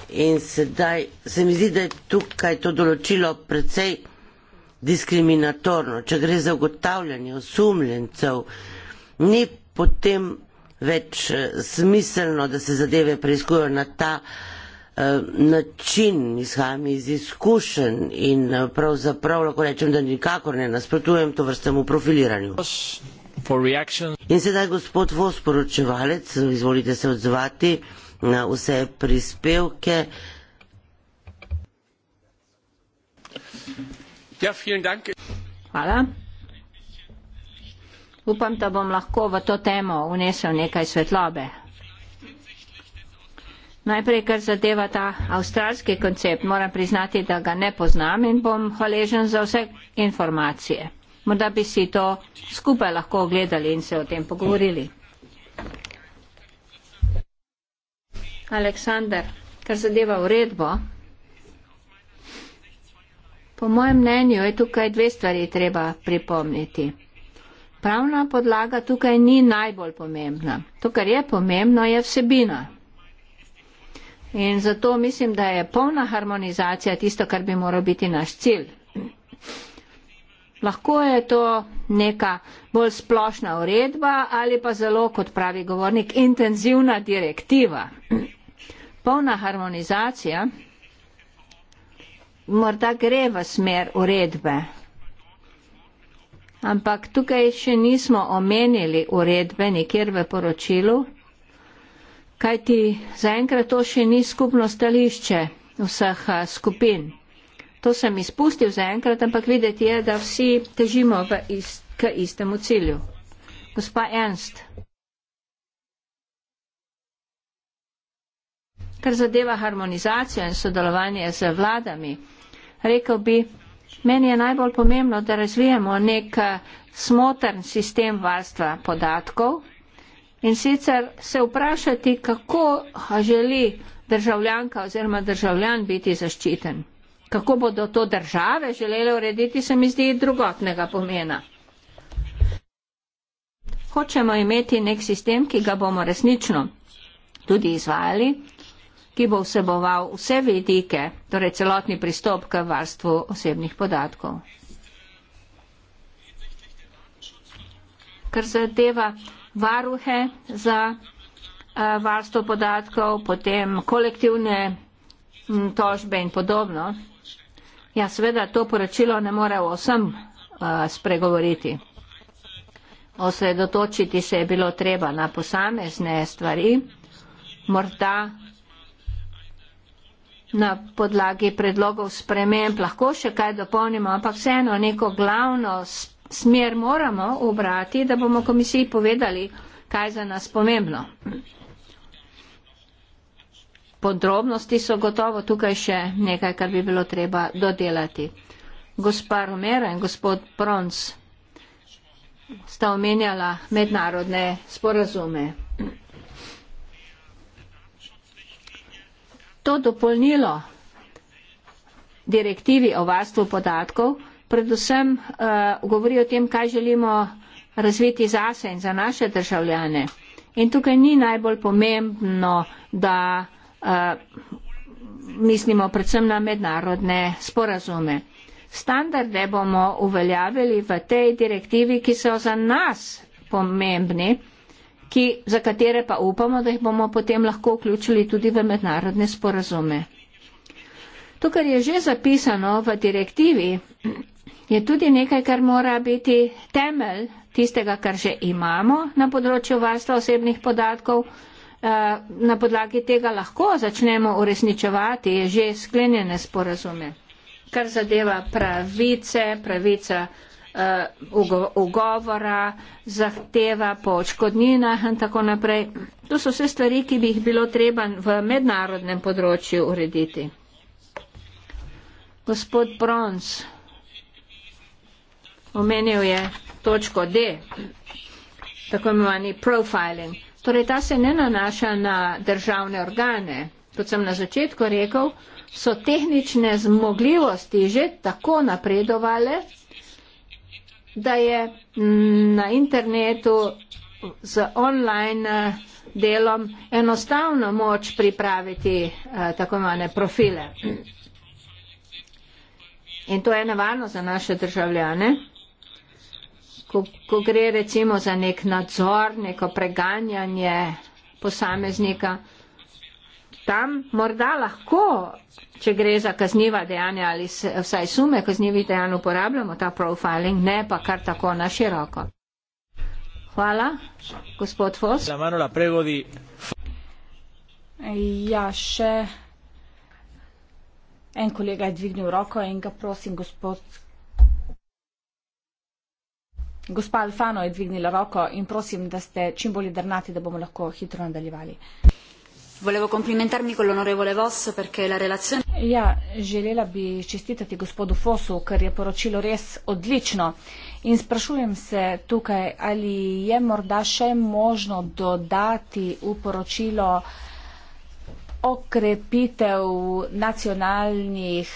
In sedaj se mi zdi, da je tukaj to določilo precej diskriminatorno. Če gre za ugotavljanje osumljencev, ni potem več eh, smiselno, da se zadeve preizkujejo na ta način. Eh, način izhajam iz izkušenj in eh, pravzaprav lahko rečem, da nikakor ne nasprotujem to vrstemu profiliranju. In sedaj gospod Vos, poročevalec, izvolite se odzvati na vse prispevke. Ja, Hvala. Upam, da bom lahko v to temo vnesel nekaj svetlobe. Najprej, kar zadeva ta avstralski koncept, moram priznati, da ga ne poznam in bom hvaležen za vse informacije. Morda bi si to skupaj lahko ogledali in se o tem pogovorili. Aleksandar, kar zadeva uredbo, po mojem mnenju je tukaj dve stvari treba pripomniti. Pravna podlaga tukaj ni najbolj pomembna. To, kar je pomembno, je vsebina. In zato mislim, da je polna harmonizacija tisto, kar bi moral biti naš cilj. Lahko je to neka bolj splošna uredba ali pa zelo, kot pravi govornik, intenzivna direktiva. Polna harmonizacija morda gre v smer uredbe. Ampak tukaj še nismo omenili uredbe nikjer v poročilu kajti zaenkrat to še ni skupno stališče vseh skupin. To sem izpustil zaenkrat, ampak videti je, da vsi težimo ist, k istemu cilju. Gospa Ernst. Kar zadeva harmonizacijo in sodelovanje z vladami, rekel bi, meni je najbolj pomembno, da razvijemo nek smotrn sistem varstva podatkov in sicer se vprašati, kako želi državljanka oziroma državljan biti zaščiten. Kako bodo to države želele urediti, se mi zdi drugotnega pomena. Hočemo imeti nek sistem, ki ga bomo resnično tudi izvajali, ki bo vseboval vse vidike, torej celotni pristop k varstvu osebnih podatkov. Kar zadeva varuhe za eh, varstvo podatkov, potem kolektivne tožbe in podobno. Ja, seveda to poročilo ne more o vsem eh, spregovoriti. Osredotočiti se je bilo treba na posamezne stvari, morda na podlagi predlogov sprememb lahko še kaj dopolnimo, ampak vseeno neko glavno sprememb smer moramo obrati, da bomo komisiji povedali, kaj je za nas pomembno. Podrobnosti so gotovo tukaj še nekaj, kar bi bilo treba dodelati. Gospa Romero in gospod Prons sta omenjala mednarodne sporazume. To dopolnilo direktivi o varstvu podatkov predvsem uh, govori o tem, kaj želimo razviti zase in za naše državljane. In tukaj ni najbolj pomembno, da uh, mislimo predvsem na mednarodne sporazume. Standarde bomo uveljavili v tej direktivi, ki so za nas pomembni, ki, za katere pa upamo, da jih bomo potem lahko vključili tudi v mednarodne sporazume. To, kar je že zapisano v direktivi, je tudi nekaj, kar mora biti temelj tistega, kar že imamo na področju varstva osebnih podatkov. Eh, na podlagi tega lahko začnemo uresničevati že sklenjene sporazume, kar zadeva pravice, pravica eh, ugovora, zahteva po očkodninah in tako naprej. To so vse stvari, ki bi jih bilo treba v mednarodnem področju urediti. Gospod Bronz omenil je točko D, tako imenovani profiling. Torej, ta se ne nanaša na državne organe. Kot sem na začetku rekel, so tehnične zmogljivosti že tako napredovale, da je na internetu z online eh, delom enostavno moč pripraviti eh, tako imenovane profile. In to je nevarno za naše državljane ko, ko gre recimo za nek nadzor, neko preganjanje posameznika, tam morda lahko, če gre za kazniva dejanja ali se, vsaj sume kaznivih dejanj, uporabljamo ta profiling, ne pa kar tako na široko. Hvala, gospod Fos. Ja, še en kolega je dvignil roko in ga prosim, gospod Gospa Alfano je dvignila roko in prosim, da ste čim bolj drnati, da bomo lahko hitro nadaljevali. Volevo komplimentarmi con l'onorevole Voss perché la relazione... Ja, želela bi čestitati gospodu Fosu, ker je poročilo res odlično. In sprašujem se tukaj, ali je morda še možno dodati v poročilo okrepitev nacionalnih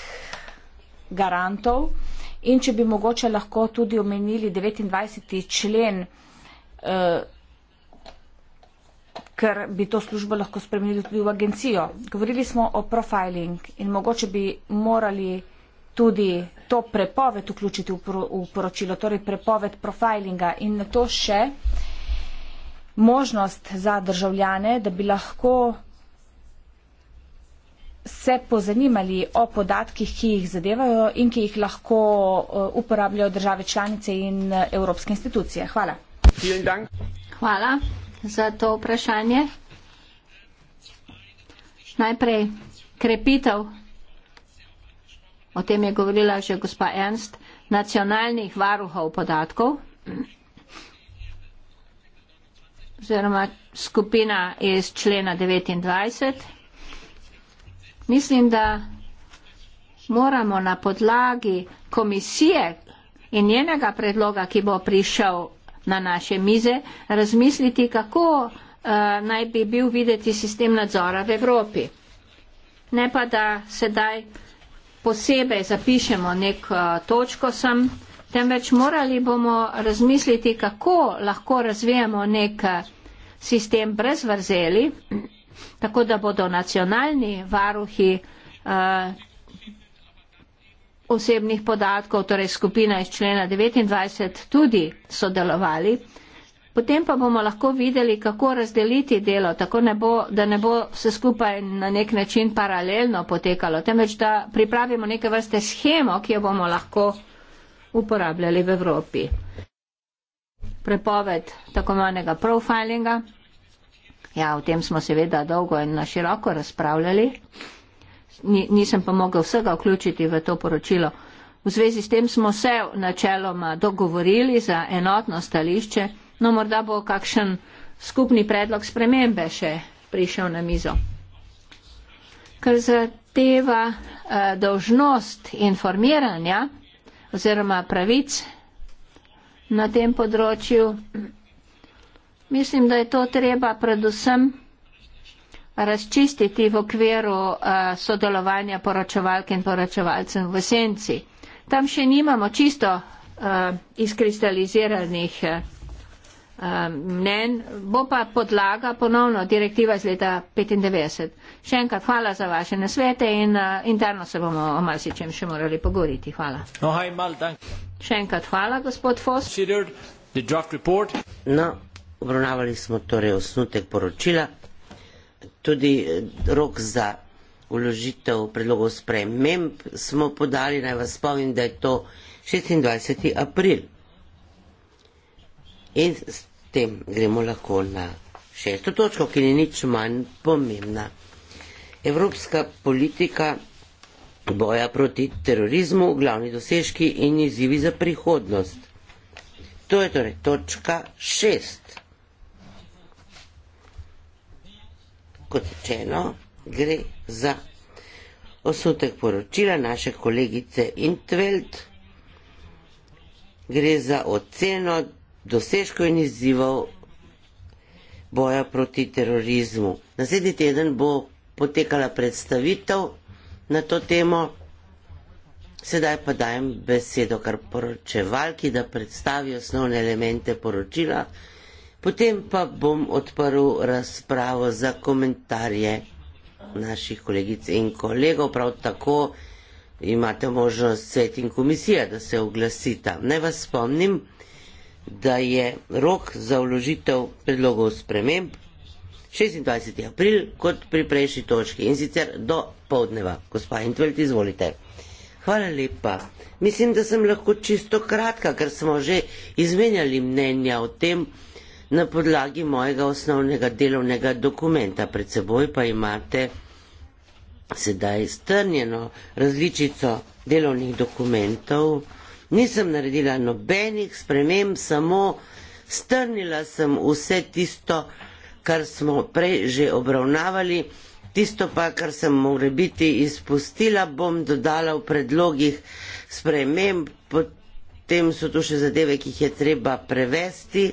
garantov, In če bi mogoče lahko tudi omenili 29. člen, eh, ker bi to službo lahko spremenili tudi v agencijo. Govorili smo o profiling in mogoče bi morali tudi to prepoved vključiti v, pro, v poročilo, torej prepoved profilinga in na to še možnost za državljane, da bi lahko se pozanimali o podatkih, ki jih zadevajo in ki jih lahko eh, uporabljajo države članice in eh, evropske institucije. Hvala. Hvala za to vprašanje. Najprej krepitev, o tem je govorila že gospa Ernst, nacionalnih varuhov podatkov oziroma skupina iz člena 29. Mislim, da moramo na podlagi komisije in njenega predloga, ki bo prišel na naše mize, razmisliti, kako uh, naj bi bil videti sistem nadzora v Evropi. Ne pa, da sedaj posebej zapišemo nek uh, točko sem, temveč morali bomo razmisliti, kako lahko razvijamo nek uh, sistem brez vrzeli tako da bodo nacionalni varuhi eh, osebnih podatkov, torej skupina iz člena 29, tudi sodelovali. Potem pa bomo lahko videli, kako razdeliti delo, tako ne bo, da ne bo vse skupaj na nek način paralelno potekalo, temveč da pripravimo neke vrste schemo, ki jo bomo lahko uporabljali v Evropi. Prepoved tako manjega profilinga. Ja, o tem smo seveda dolgo in na široko razpravljali. Ni, nisem pa mogel vsega vključiti v to poročilo. V zvezi s tem smo se načeloma dogovorili za enotno stališče, no morda bo kakšen skupni predlog spremembe še prišel na mizo. Ker zateva eh, dožnost informiranja oziroma pravic na tem področju. Mislim, da je to treba predvsem razčistiti v okviru uh, sodelovanja poročevalk in poročevalcev v senci. Tam še nimamo čisto uh, izkristaliziranih uh, eh, mnen, bo pa podlaga ponovno direktiva iz leta 95. Še enkrat hvala za vaše nasvete in uh, interno se bomo o marsičem še morali pogovoriti. Hvala. No, še enkrat hvala, gospod Fos. No obravnavali smo torej osnutek poročila, tudi eh, rok za uložitev predlogov sprememb smo podali, naj vas spomnim, da je to 26. april. In s tem gremo lahko na šesto točko, ki ni nič manj pomembna. Evropska politika boja proti terorizmu, glavni dosežki in izzivi za prihodnost. To je torej točka šest. kot rečeno, gre za osnutek poročila naše kolegice Intveld, gre za oceno dosežkov in izzivov boja proti terorizmu. Naslednji teden bo potekala predstavitev na to temo. Sedaj pa dajem besedo kar poročevalki, da predstavi osnovne elemente poročila. Potem pa bom odprl razpravo za komentarje naših kolegic in kolegov. Prav tako imate možnost svet in komisija, da se oglasita. Naj vas spomnim, da je rok za vložitev predlogov sprememb 26. april kot pri prejšnji točki in sicer do povdneva. Gospa Intvelt, izvolite. Hvala lepa. Mislim, da sem lahko čisto kratka, ker smo že izmenjali mnenja o tem, Na podlagi mojega osnovnega delovnega dokumenta pred seboj pa imate sedaj strnjeno različico delovnih dokumentov. Nisem naredila nobenih sprememb, samo strnila sem vse tisto, kar smo prej že obravnavali. Tisto pa, kar sem mogla biti izpustila, bom dodala v predlogih sprememb, potem so tu še zadeve, ki jih je treba prevesti.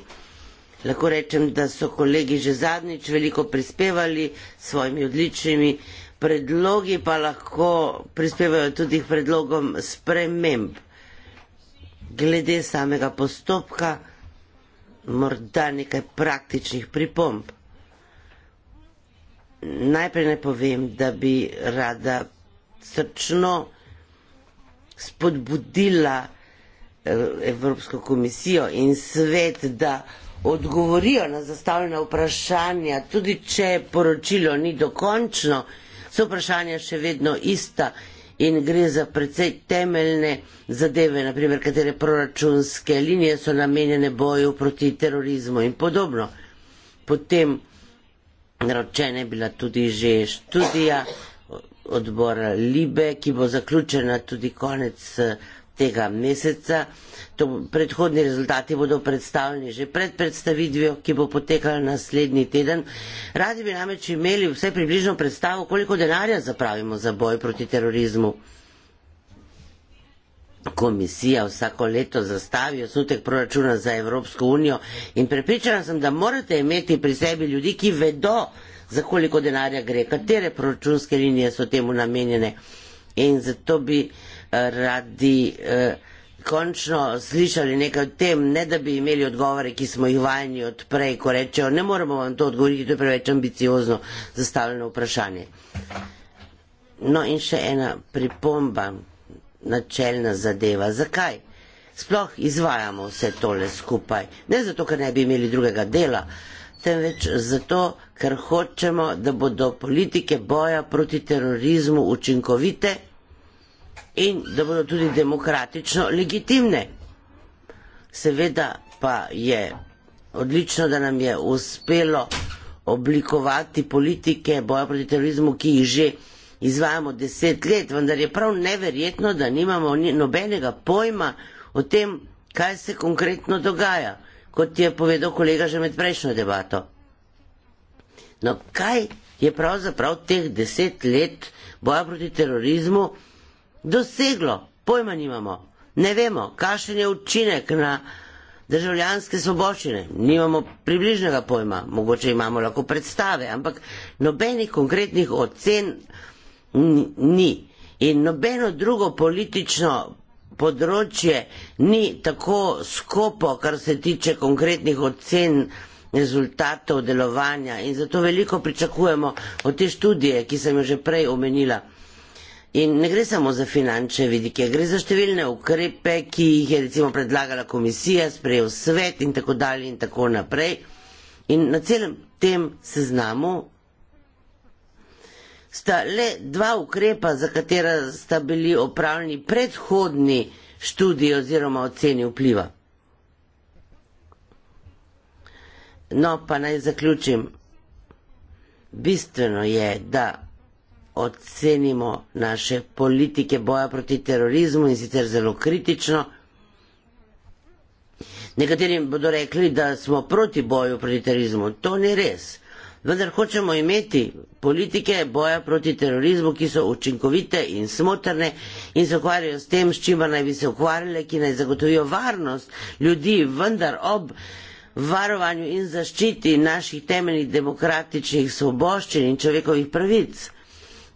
Lahko rečem, da so kolegi že zadnjič veliko prispevali s svojimi odličnimi predlogi, pa lahko prispevajo tudi k predlogom sprememb. Glede samega postopka, morda nekaj praktičnih pripomb. Najprej ne povem, da bi rada srčno spodbudila eh, Evropsko komisijo in svet, da odgovorijo na zastavljena vprašanja, tudi če poročilo ni dokončno, so vprašanja še vedno ista in gre za precej temeljne zadeve, naprimer katere proračunske linije so namenjene boju proti terorizmu in podobno. Potem naročene bila tudi že študija odbora Libe, ki bo zaključena tudi konec eh, tega meseca. To, predhodni rezultati bodo predstavljeni že pred predstavitvijo, ki bo potekala naslednji teden. Radi bi namreč imeli vse približno predstavo, koliko denarja zapravimo za boj proti terorizmu. Komisija vsako leto zastavi osnutek proračuna za Evropsko unijo in prepričana sem, da morate imeti pri sebi ljudi, ki vedo, za koliko denarja gre, katere proračunske linije so temu namenjene. In zato bi uh, radi eh, končno slišali nekaj o tem, ne da bi imeli odgovore, ki smo jih vajeni od prej, ko rečejo, ne moramo vam to odgovoriti, to je preveč ambiciozno zastavljeno vprašanje. No in še ena pripomba, načelna zadeva. Zakaj? Sploh izvajamo vse tole skupaj. Ne zato, ker ne bi imeli drugega dela, temveč zato, ker hočemo, da bodo politike boja proti terorizmu učinkovite in da bodo tudi demokratično legitimne. Seveda pa je odlično, da nam je uspelo oblikovati politike boja proti terorizmu, ki jih že izvajamo deset let, vendar je prav neverjetno, da nimamo nobenega pojma o tem, kaj se konkretno dogaja, kot je povedal kolega že med prejšnjo debato. No, kaj je pravzaprav teh deset let boja proti terorizmu? doseglo, pojma nimamo. Ne vemo, kakšen je učinek na državljanske svobočine. Nimamo približnega pojma, mogoče imamo lahko predstave, ampak nobenih konkretnih ocen ni. In nobeno drugo politično področje ni tako skopo, kar se tiče konkretnih ocen rezultatov delovanja. In zato veliko pričakujemo od te študije, ki sem jo že prej omenila. In ne gre samo za finančne vidike, gre za številne ukrepe, ki jih je recimo predlagala komisija, sprejel svet in tako dalje in tako naprej. In na celem tem seznamu sta le dva ukrepa, za katera sta bili opravljeni predhodni študiji oziroma oceni vpliva. No, pa naj zaključim. Bistveno je, da ocenimo naše politike boja proti terorizmu in sicer zelo kritično. Nekateri bodo rekli, da smo proti boju proti terorizmu. To ni res. Vendar hočemo imeti politike boja proti terorizmu, ki so učinkovite in smotrne in se ukvarjajo s tem, s čimer naj bi se ukvarjale, ki naj zagotovijo varnost ljudi, vendar ob varovanju in zaščiti naših temeljnih demokratičnih svoboščin in človekovih pravic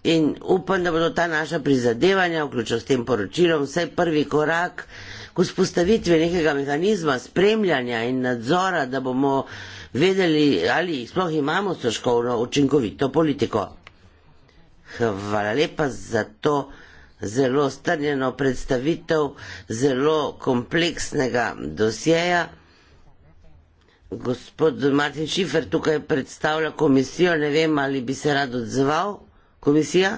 in upam, da bodo ta naša prizadevanja, vključno s tem poročilom, vsaj prvi korak k vzpostavitvi nekega mehanizma spremljanja in nadzora, da bomo vedeli, ali sploh imamo stroškovno učinkovito politiko. Hvala lepa za to zelo strnjeno predstavitev zelo kompleksnega dosjeja. Gospod Martin Šifer tukaj predstavlja komisijo, ne vem, ali bi se rad odzval komisija?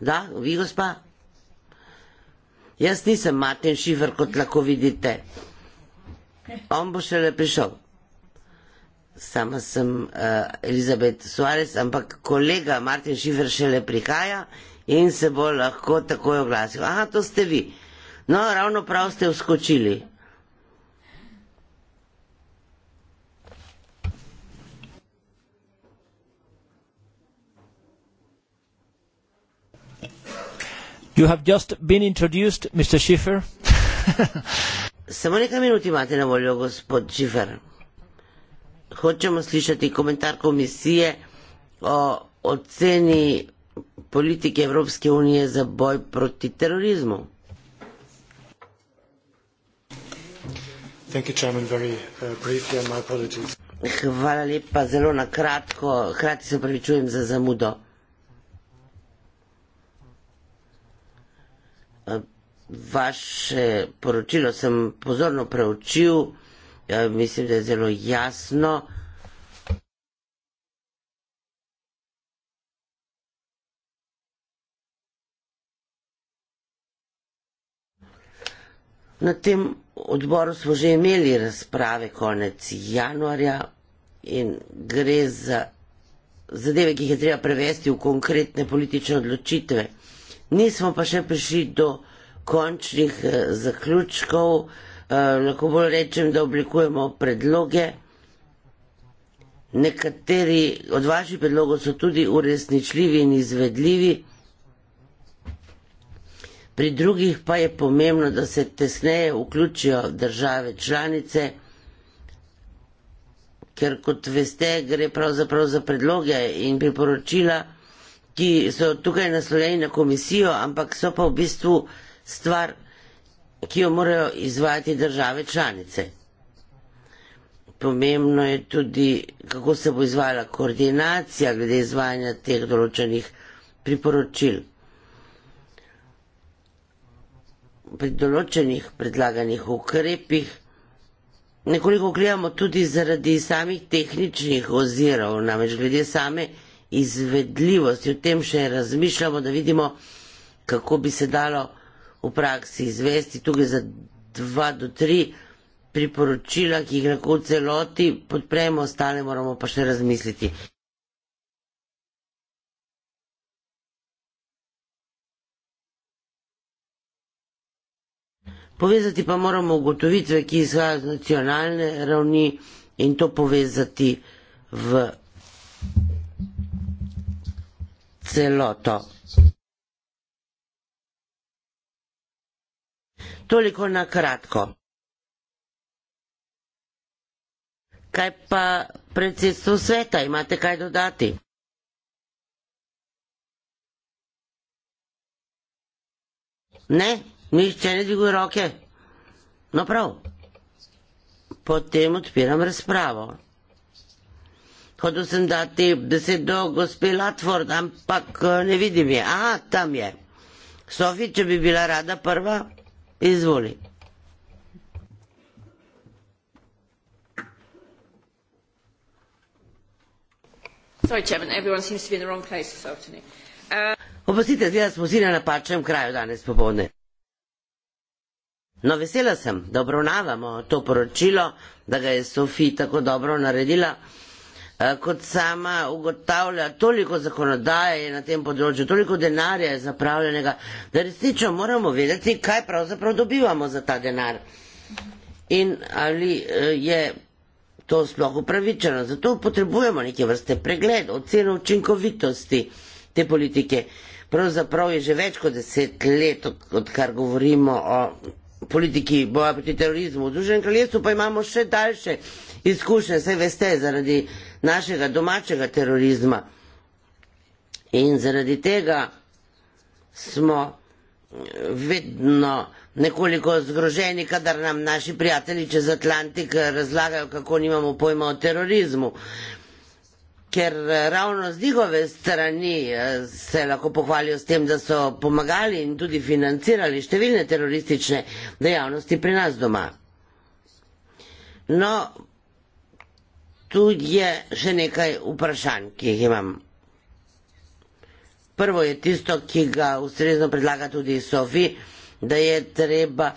Da, vi gospa? Jaz nisem Martin Šifr, kot lahko vidite. On bo še le prišel. Sama sem uh, Elizabet Suarez, ampak kolega Martin Šifr še le prihaja in se bo lahko takoj oglasil. Aha, to ste vi. No, ravno prav ste vskočili. You have just been introduced, Mr. Schiffer. <laughs> Samo nekaj minut imate na voljo, gospod Schiffer. Hočemo slišati komentar komisije o oceni politike Evropske unije za boj proti terorizmu. Thank you, Chairman, very, uh, briefly, and my apologies. Hvala lepa, zelo na kratko. Hrati se pravičujem za zamudo. vaše poročilo sem pozorno preučil, ja, mislim, da je zelo jasno. Na tem odboru smo že imeli razprave konec januarja in gre za zadeve, ki jih je treba prevesti v konkretne politične odločitve. Nismo pa še prišli do končnih eh, zaključkov, eh, lahko bolj rečem, da oblikujemo predloge. Nekateri od vaših predlogov so tudi uresničljivi in izvedljivi, pri drugih pa je pomembno, da se tesneje vključijo države članice, ker kot veste, gre pravzaprav za predloge in priporočila, ki so tukaj naslovljeni na komisijo, ampak so pa v bistvu stvar, ki jo morajo izvajati države članice. Pomembno je tudi, kako se bo izvajala koordinacija glede izvajanja teh določenih priporočil. Pri določenih predlaganih ukrepih nekoliko gledamo tudi zaradi samih tehničnih ozirov, namreč glede same izvedljivosti. O tem še razmišljamo, da vidimo, kako bi se dalo v praksi izvesti. Tukaj za dva do tri priporočila, ki jih lahko v celoti podpremo, ostale moramo pa še razmisliti. Povezati pa moramo ugotovitve, ki izhajajo z nacionalne ravni in to povezati v celoto. Toliko na kratko. Kaj pa predsedstvo sveta, imate kaj dodati? Ne, nišče ne dviguje roke. No prav, potem odpiram razpravo. Hodil sem dati besedo gospe Latford, ampak eh, ne vidim je. Aha, tam je. Sofi, če bi bila rada prva. Izvoli. Uh, Oprostite, zdaj smo vsi na napačnem kraju danes popovdne. No, vesela sem, da obravnavamo to poročilo, da ga je Sofi tako dobro naredila. Eh, kot sama ugotavlja, toliko zakonodaje je na tem področju, toliko denarja je zapravljenega, da resnično moramo vedeti, kaj pravzaprav dobivamo za ta denar. In ali eh, je to sploh upravičeno. Zato potrebujemo neke vrste pregled, oceno učinkovitosti te politike. Pravzaprav je že več kot deset let, odkar govorimo o politiki boja proti terorizmu. V Združenem kraljestvu pa imamo še daljše izkušnje, vse veste, zaradi našega domačega terorizma. In zaradi tega smo vedno nekoliko zgroženi, kadar nam naši prijatelji čez Atlantik razlagajo, kako nimamo pojma o terorizmu. Ker eh, ravno z njihove strani eh, se lahko pohvalijo s tem, da so pomagali in tudi financirali številne teroristične dejavnosti pri nas doma. No, tu je še nekaj vprašanj, ki jih imam. Prvo je tisto, ki ga ustrezno predlaga tudi Sofi, da je treba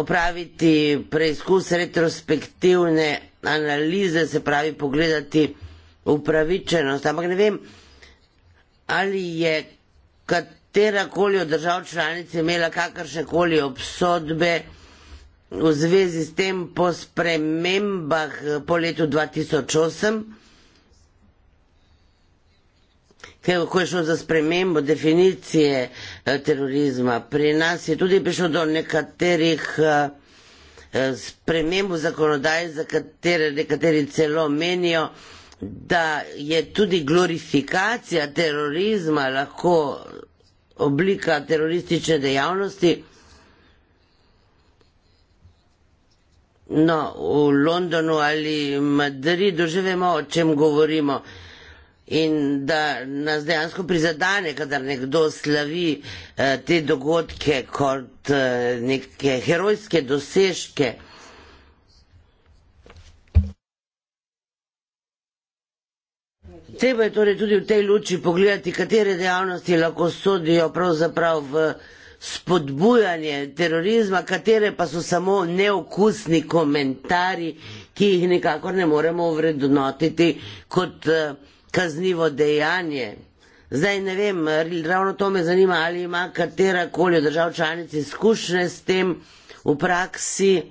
opraviti preizkus retrospektivne analize, se pravi pogledati upravičenost. Ampak ne vem, ali je katera koli od držav članic imela kakršne koli obsodbe, v zvezi s tem po spremembah eh, po letu 2008, ko je šlo za spremembo definicije eh, terorizma, pri nas je tudi prišlo do nekaterih eh, sprememb v zakonodaji, za katere nekateri celo menijo, da je tudi glorifikacija terorizma lahko oblika teroristične dejavnosti. No, v Londonu ali Madridu že vemo, o čem govorimo. In da nas dejansko prizadane, kadar nekdo slavi eh, te dogodke kot eh, neke herojske dosežke. Treba je torej tudi v tej luči pogledati, katere dejavnosti lahko sodijo pravzaprav v. Eh, spodbujanje terorizma, katere pa so samo neokusni komentarji, ki jih nikakor ne moremo vrednotiti kot eh, kaznivo dejanje. Zdaj ne vem, ravno to me zanima, ali ima katera koli držav članic izkušnje s tem v praksi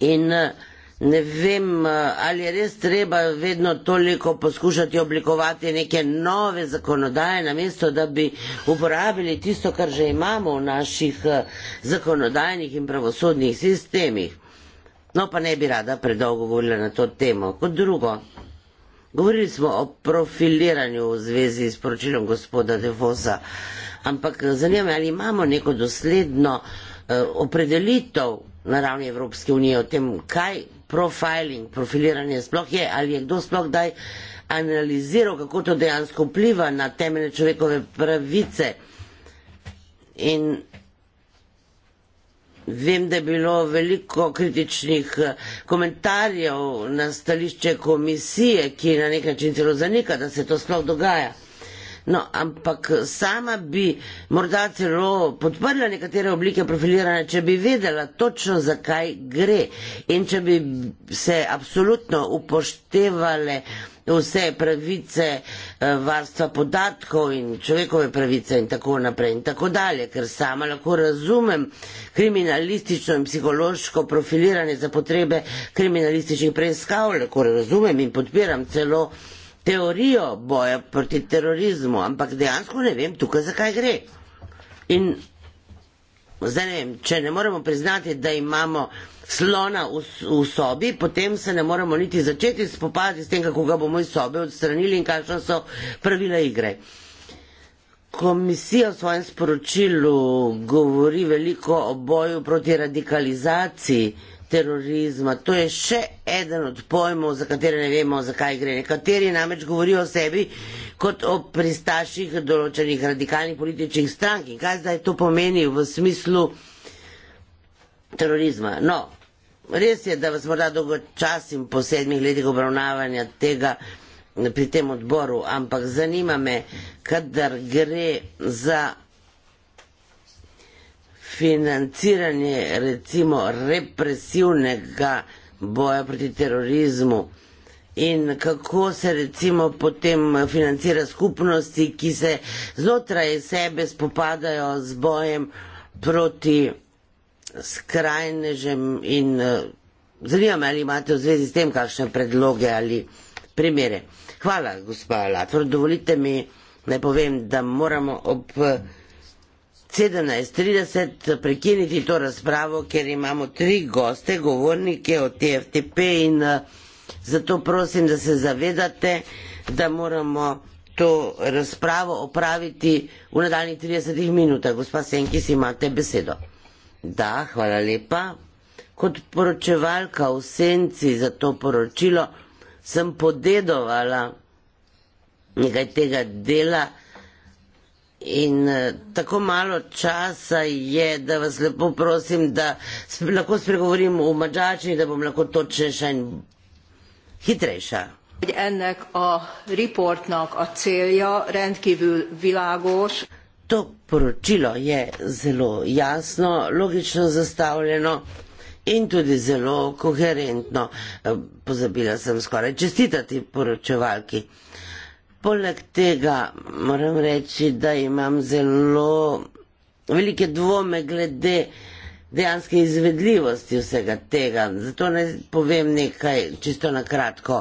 in uh, ne vem, ali je res treba vedno toliko poskušati oblikovati neke nove zakonodaje, namesto da bi uporabili tisto, kar že imamo v naših eh, zakonodajnih in pravosodnih sistemih. No, pa ne bi rada predolgo govorila na to temo. Kot drugo, govorili smo o profiliranju v zvezi s poročilom gospoda Devosa, ampak zanima me, ali imamo neko dosledno uh, opredelitev na ravni Evropske unije o tem, kaj profiling, profiliranje sploh je, ali je kdo sploh kdaj analiziral, kako to dejansko vpliva na temeljne človekove pravice. In vem, da je bilo veliko kritičnih eh, komentarjev na stališče komisije, ki na nek način celo zanika, da se to sploh dogaja. No, ampak sama bi morda celo podprla nekatere oblike profiliranja, če bi vedela točno, zakaj gre in če bi se absolutno upoštevale vse pravice eh, varstva podatkov in človekove pravice in tako naprej in tako dalje, ker sama lahko razumem kriminalistično in psihološko profiliranje za potrebe kriminalističnih preiskav, lahko razumem in podpiram celo teorijo boja proti terorizmu, ampak dejansko ne vem tukaj, zakaj gre. In zdaj ne vem, če ne moremo priznati, da imamo slona v, v sobi, potem se ne moremo niti začeti spopadati s tem, kako ga bomo iz sobe odstranili in kakšno so pravila igre. Komisija v svojem sporočilu govori veliko o boju proti radikalizaciji terorizma. To je še eden od pojmov, za katere ne vemo, zakaj gre. Nekateri namreč govorijo o sebi kot o pristaših določenih radikalnih političnih strank. In kaj zdaj to pomeni v smislu terorizma? No, res je, da vas morda dolgo čas in po sedmih letih obravnavanja tega pri tem odboru, ampak zanima me, kadar gre za financiranje recimo represivnega boja proti terorizmu in kako se recimo potem financira skupnosti, ki se znotraj sebe spopadajo z bojem proti skrajnežem in eh, zanima me, ali imate v zvezi s tem kakšne predloge ali primere. Hvala, gospa Latvor, dovolite mi, ne povem, da moramo ob. Mm. 17.30 prekiniti to razpravo, ker imamo tri goste, govornike od TFTP in zato prosim, da se zavedate, da moramo to razpravo opraviti v nadaljnjih 30 minutah. Gospa Senki, si imate besedo. Da, hvala lepa. Kot poročevalka v Senci za to poročilo sem podedovala nekaj tega dela, In eh, tako malo časa je, da vas lepo prosim, da lahko spregovorim v mačačni, da bom lahko točnejša in hitrejša. Ennek a reportnak a celja rendkívül világos. To poročilo je zelo jasno, logično zastavljeno in tudi zelo koherentno. Eh, pozabila sem skoraj čestitati poročevalki. Poleg tega moram reči, da imam zelo velike dvome glede dejanske izvedljivosti vsega tega. Zato naj povem nekaj čisto na kratko.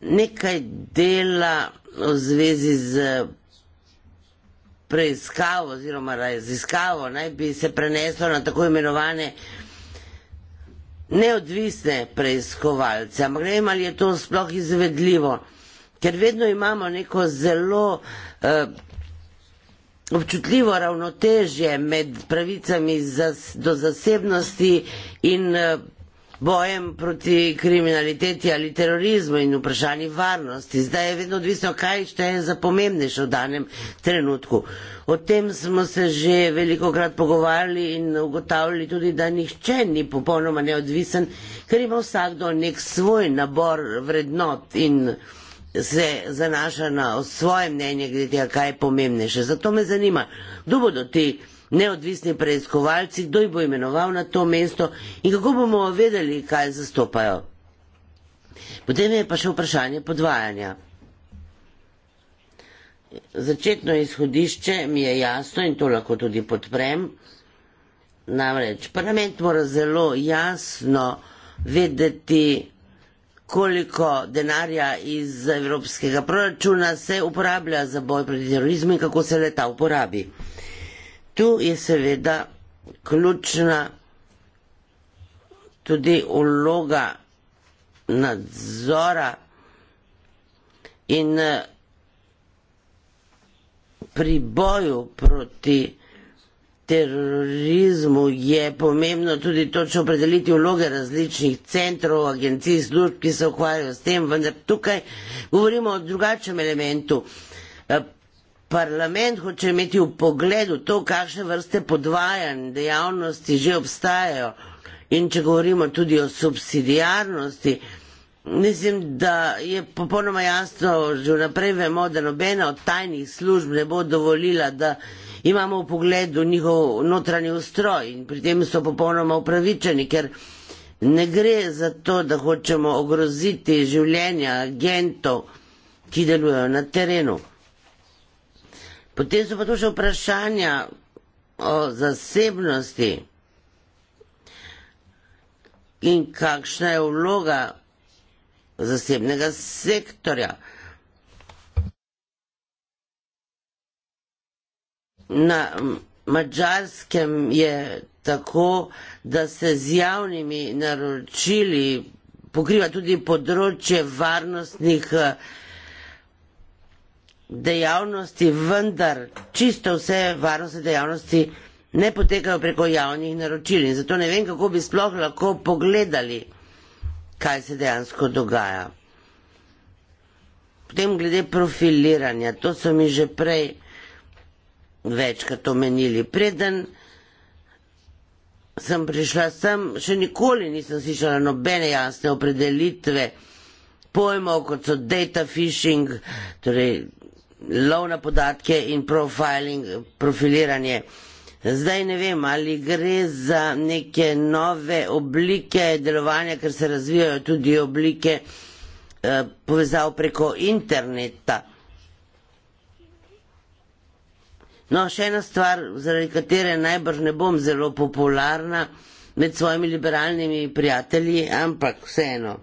Nekaj dela v zvezi z preiskavo oziroma raziskavo naj bi se preneslo na tako imenovane neodvisne preiskovalce. Ampak ne vem, ali je to sploh izvedljivo, ker vedno imamo neko zelo uh, občutljivo ravnotežje med pravicami zas, do zasebnosti in uh, bojem proti kriminaliteti ali terorizmu in vprašanji varnosti. Zdaj je vedno odvisno, kaj šteje za pomembnejše v danem trenutku. O tem smo se že veliko krat pogovarjali in ugotavljali tudi, da nihče ni popolnoma neodvisen, ker ima vsakdo nek svoj nabor vrednot in se zanaša na svoje mnenje glede tega, kaj je pomembnejše. Zato me zanima, kdo bodo ti neodvisni preiskovalci, kdo jih bo imenoval na to mesto in kako bomo vedeli, kaj zastopajo. Potem je pa še vprašanje podvajanja. Začetno izhodišče mi je jasno in to lahko tudi podprem. Namreč parlament mora zelo jasno vedeti, koliko denarja iz evropskega proračuna se uporablja za boj proti terorizmu in kako se le ta uporabi. Tu je seveda ključna tudi uloga nadzora in eh, pri boju proti terorizmu je pomembno tudi točno opredeliti vloge različnih centrov, agencij, služb, ki se ukvarjajo s tem, vendar tukaj govorimo o drugačnem elementu. Eh, parlament hoče imeti v pogledu to, kakšne vrste podvajanj dejavnosti že obstajajo. In če govorimo tudi o subsidijarnosti, mislim, da je popolnoma jasno, že vnaprej vemo, da nobena od tajnih služb ne bo dovolila, da imamo v pogledu njihov notranji ustroj in pri tem so popolnoma upravičeni, ker ne gre za to, da hočemo ogroziti življenja agentov, ki delujejo na terenu. Potem so pa tu še vprašanja o zasebnosti in kakšna je vloga zasebnega sektorja. Na mačarskem je tako, da se z javnimi naročili pokriva tudi področje varnostnih eh, dejavnosti, vendar čisto vse varnostne dejavnosti ne potekajo preko javnih naročil in zato ne vem, kako bi sploh lahko pogledali, kaj se dejansko dogaja. Potem glede profiliranja, to so mi že prej večkrat omenili. Preden sem prišla sem, še nikoli nisem slišala nobene jasne opredelitve pojmov, kot so data phishing, torej lov na podatke in profiling, profiliranje. Zdaj ne vem, ali gre za neke nove oblike delovanja, ker se razvijajo tudi oblike eh, povezav preko interneta. No, še ena stvar, zaradi katere najbrž ne bom zelo popularna med svojimi liberalnimi prijatelji, ampak vseeno,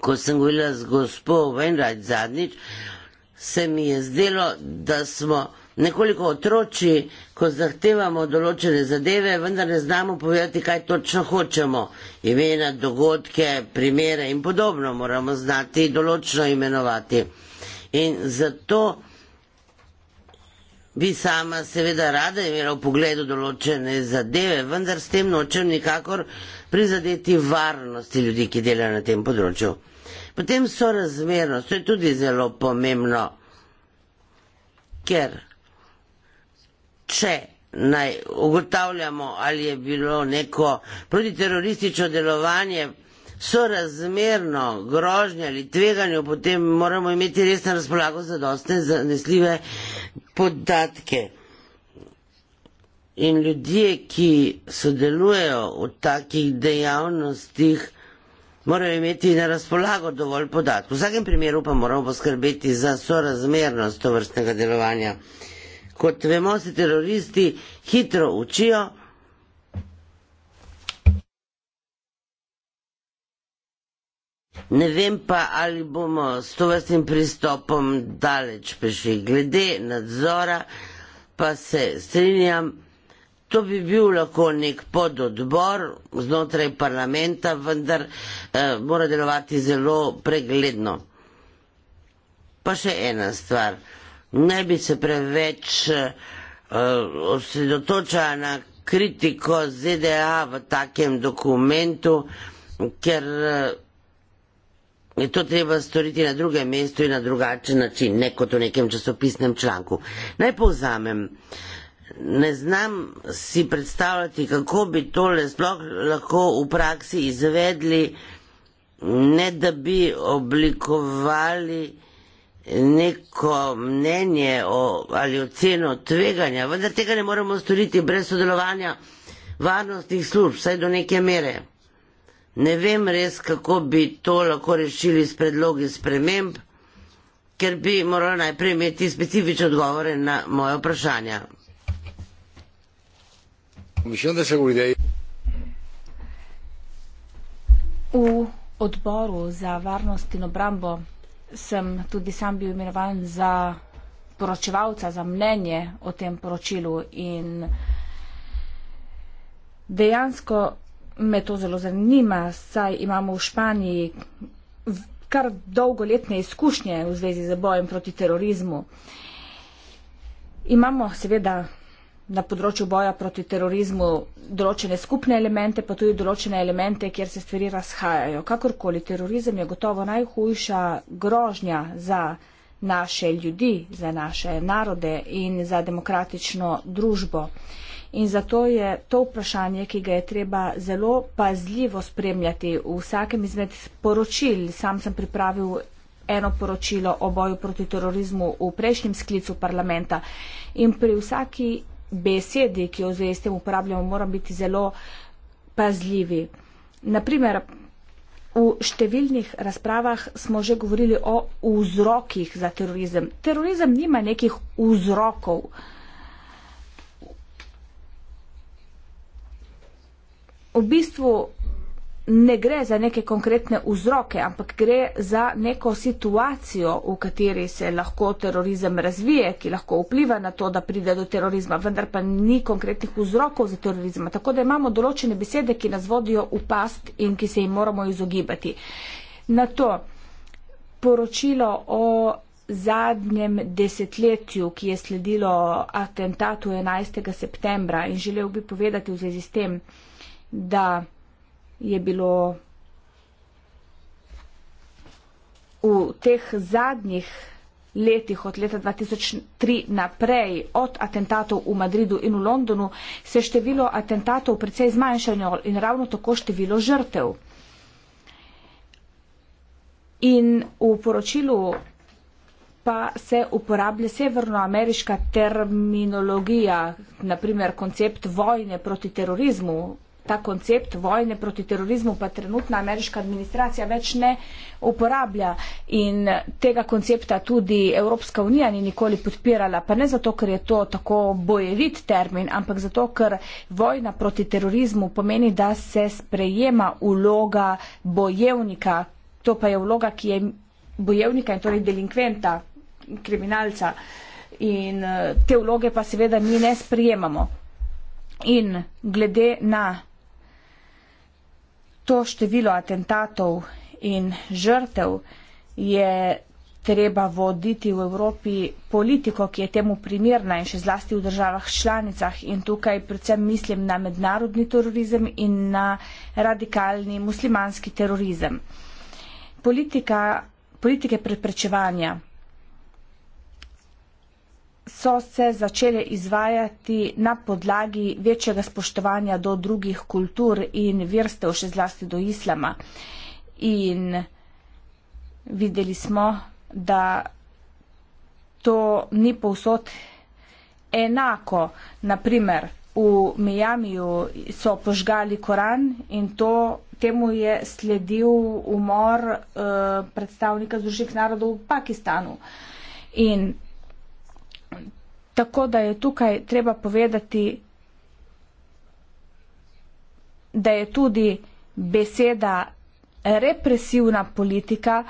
ko sem govorila z gospo Venrad zadnjič, se mi je zdelo, da smo nekoliko otroči, ko zahtevamo določene zadeve, vendar ne znamo povedati, kaj točno hočemo. Imena, dogodke, primere in podobno moramo znati določno imenovati. In zato bi sama seveda rada imela v pogledu določene zadeve, vendar s tem nočem nikakor prizadeti varnosti ljudi, ki delajo na tem področju. Potem so razmerno, to je tudi zelo pomembno, ker če naj ugotavljamo, ali je bilo neko protiteroristično delovanje so razmerno grožnje ali tveganju, potem moramo imeti res na razpolago zadostne zanesljive podatke. In ljudje, ki sodelujejo v takih dejavnostih, morajo imeti na razpolago dovolj podatkov. V vsakem primeru pa moramo poskrbeti za sorazmernost to vrstnega delovanja. Kot vemo, se teroristi hitro učijo. Ne vem pa, ali bomo s to vrstnim pristopom daleč prišli. Glede nadzora pa se strinjam. To bi bil lahko nek pododbor znotraj parlamenta, vendar eh, mora delovati zelo pregledno. Pa še ena stvar. Ne bi se preveč eh, osredotočala na kritiko ZDA v takem dokumentu, ker eh, je to treba storiti na drugem mestu in na drugačen način, ne kot v nekem časopisnem članku. Naj povzamem. Eh, ne znam si predstavljati, kako bi tole sploh lahko v praksi izvedli, ne da bi oblikovali neko mnenje o, ali oceno tveganja, vendar tega ne moremo storiti brez sodelovanja varnostnih služb, vsaj do neke mere. Ne vem res, kako bi to lahko rešili s predlogi sprememb, ker bi morali najprej imeti specifične odgovore na moje vprašanja. Komisión de Seguridad y... V odboru za varnost in obrambo sem tudi sam bil imenovan za poročevalca, za mnenje o tem poročilu in dejansko me to zelo zanima, saj imamo v Španiji kar dolgoletne izkušnje v zvezi z bojem proti terorizmu. Imamo seveda na področju boja proti terorizmu določene skupne elemente, pa tudi določene elemente, kjer se stvari razhajajo. Kakorkoli, terorizem je gotovo najhujša grožnja za naše ljudi, za naše narode in za demokratično družbo. In zato je to vprašanje, ki ga je treba zelo pazljivo spremljati v vsakem izmed poročil. Sam sem pripravil eno poročilo o boju proti terorizmu v prejšnjem sklicu parlamenta in pri vsaki besedi, ki jo v zvezi s tem uporabljamo, moramo biti zelo pazljivi. Naprimer, v številnih razpravah smo že govorili o vzrokih za terorizem. Terorizem nima nekih vzrokov. V bistvu ne gre za neke konkretne vzroke, ampak gre za neko situacijo, v kateri se lahko terorizem razvije, ki lahko vpliva na to, da pride do terorizma, vendar pa ni konkretnih vzrokov za terorizem. Tako da imamo določene besede, ki nas vodijo v past in ki se jim moramo izogibati. Na to poročilo o zadnjem desetletju, ki je sledilo atentatu 11. septembra in želel bi povedati v zvezi s tem, da je bilo v teh zadnjih letih od leta 2003 naprej od atentatov v Madridu in v Londonu se je število atentatov precej zmanjšalo in ravno tako število žrtev. In v poročilu pa se uporablja severnoameriška terminologija, naprimer koncept vojne proti terorizmu, ta koncept vojne proti terorizmu pa trenutna ameriška administracija več ne uporablja in tega koncepta tudi Evropska unija ni nikoli podpirala, pa ne zato, ker je to tako bojevit termin, ampak zato, ker vojna proti terorizmu pomeni, da se sprejema vloga bojevnika, to pa je vloga, ki je bojevnika in torej delinkventa, kriminalca in eh, te vloge pa seveda mi ne sprejemamo. In glede na to število atentatov in žrtev, je treba voditi v Evropi politiko, ki je temu primerna in še zlasti v državah članicah. In tukaj predvsem mislim na mednarodni terorizem in na radikalni muslimanski terorizem. Politika, politike preprečevanja so se začele izvajati na podlagi večjega spoštovanja do drugih kultur in verstev, še zlasti do islama. In videli smo, da to ni povsod enako. Naprimer, v Miamiju so požgali Koran in to temu je sledil umor eh, predstavnika Združenih narodov v Pakistanu. In Tako da je tukaj treba povedati, da je tudi beseda represivna politika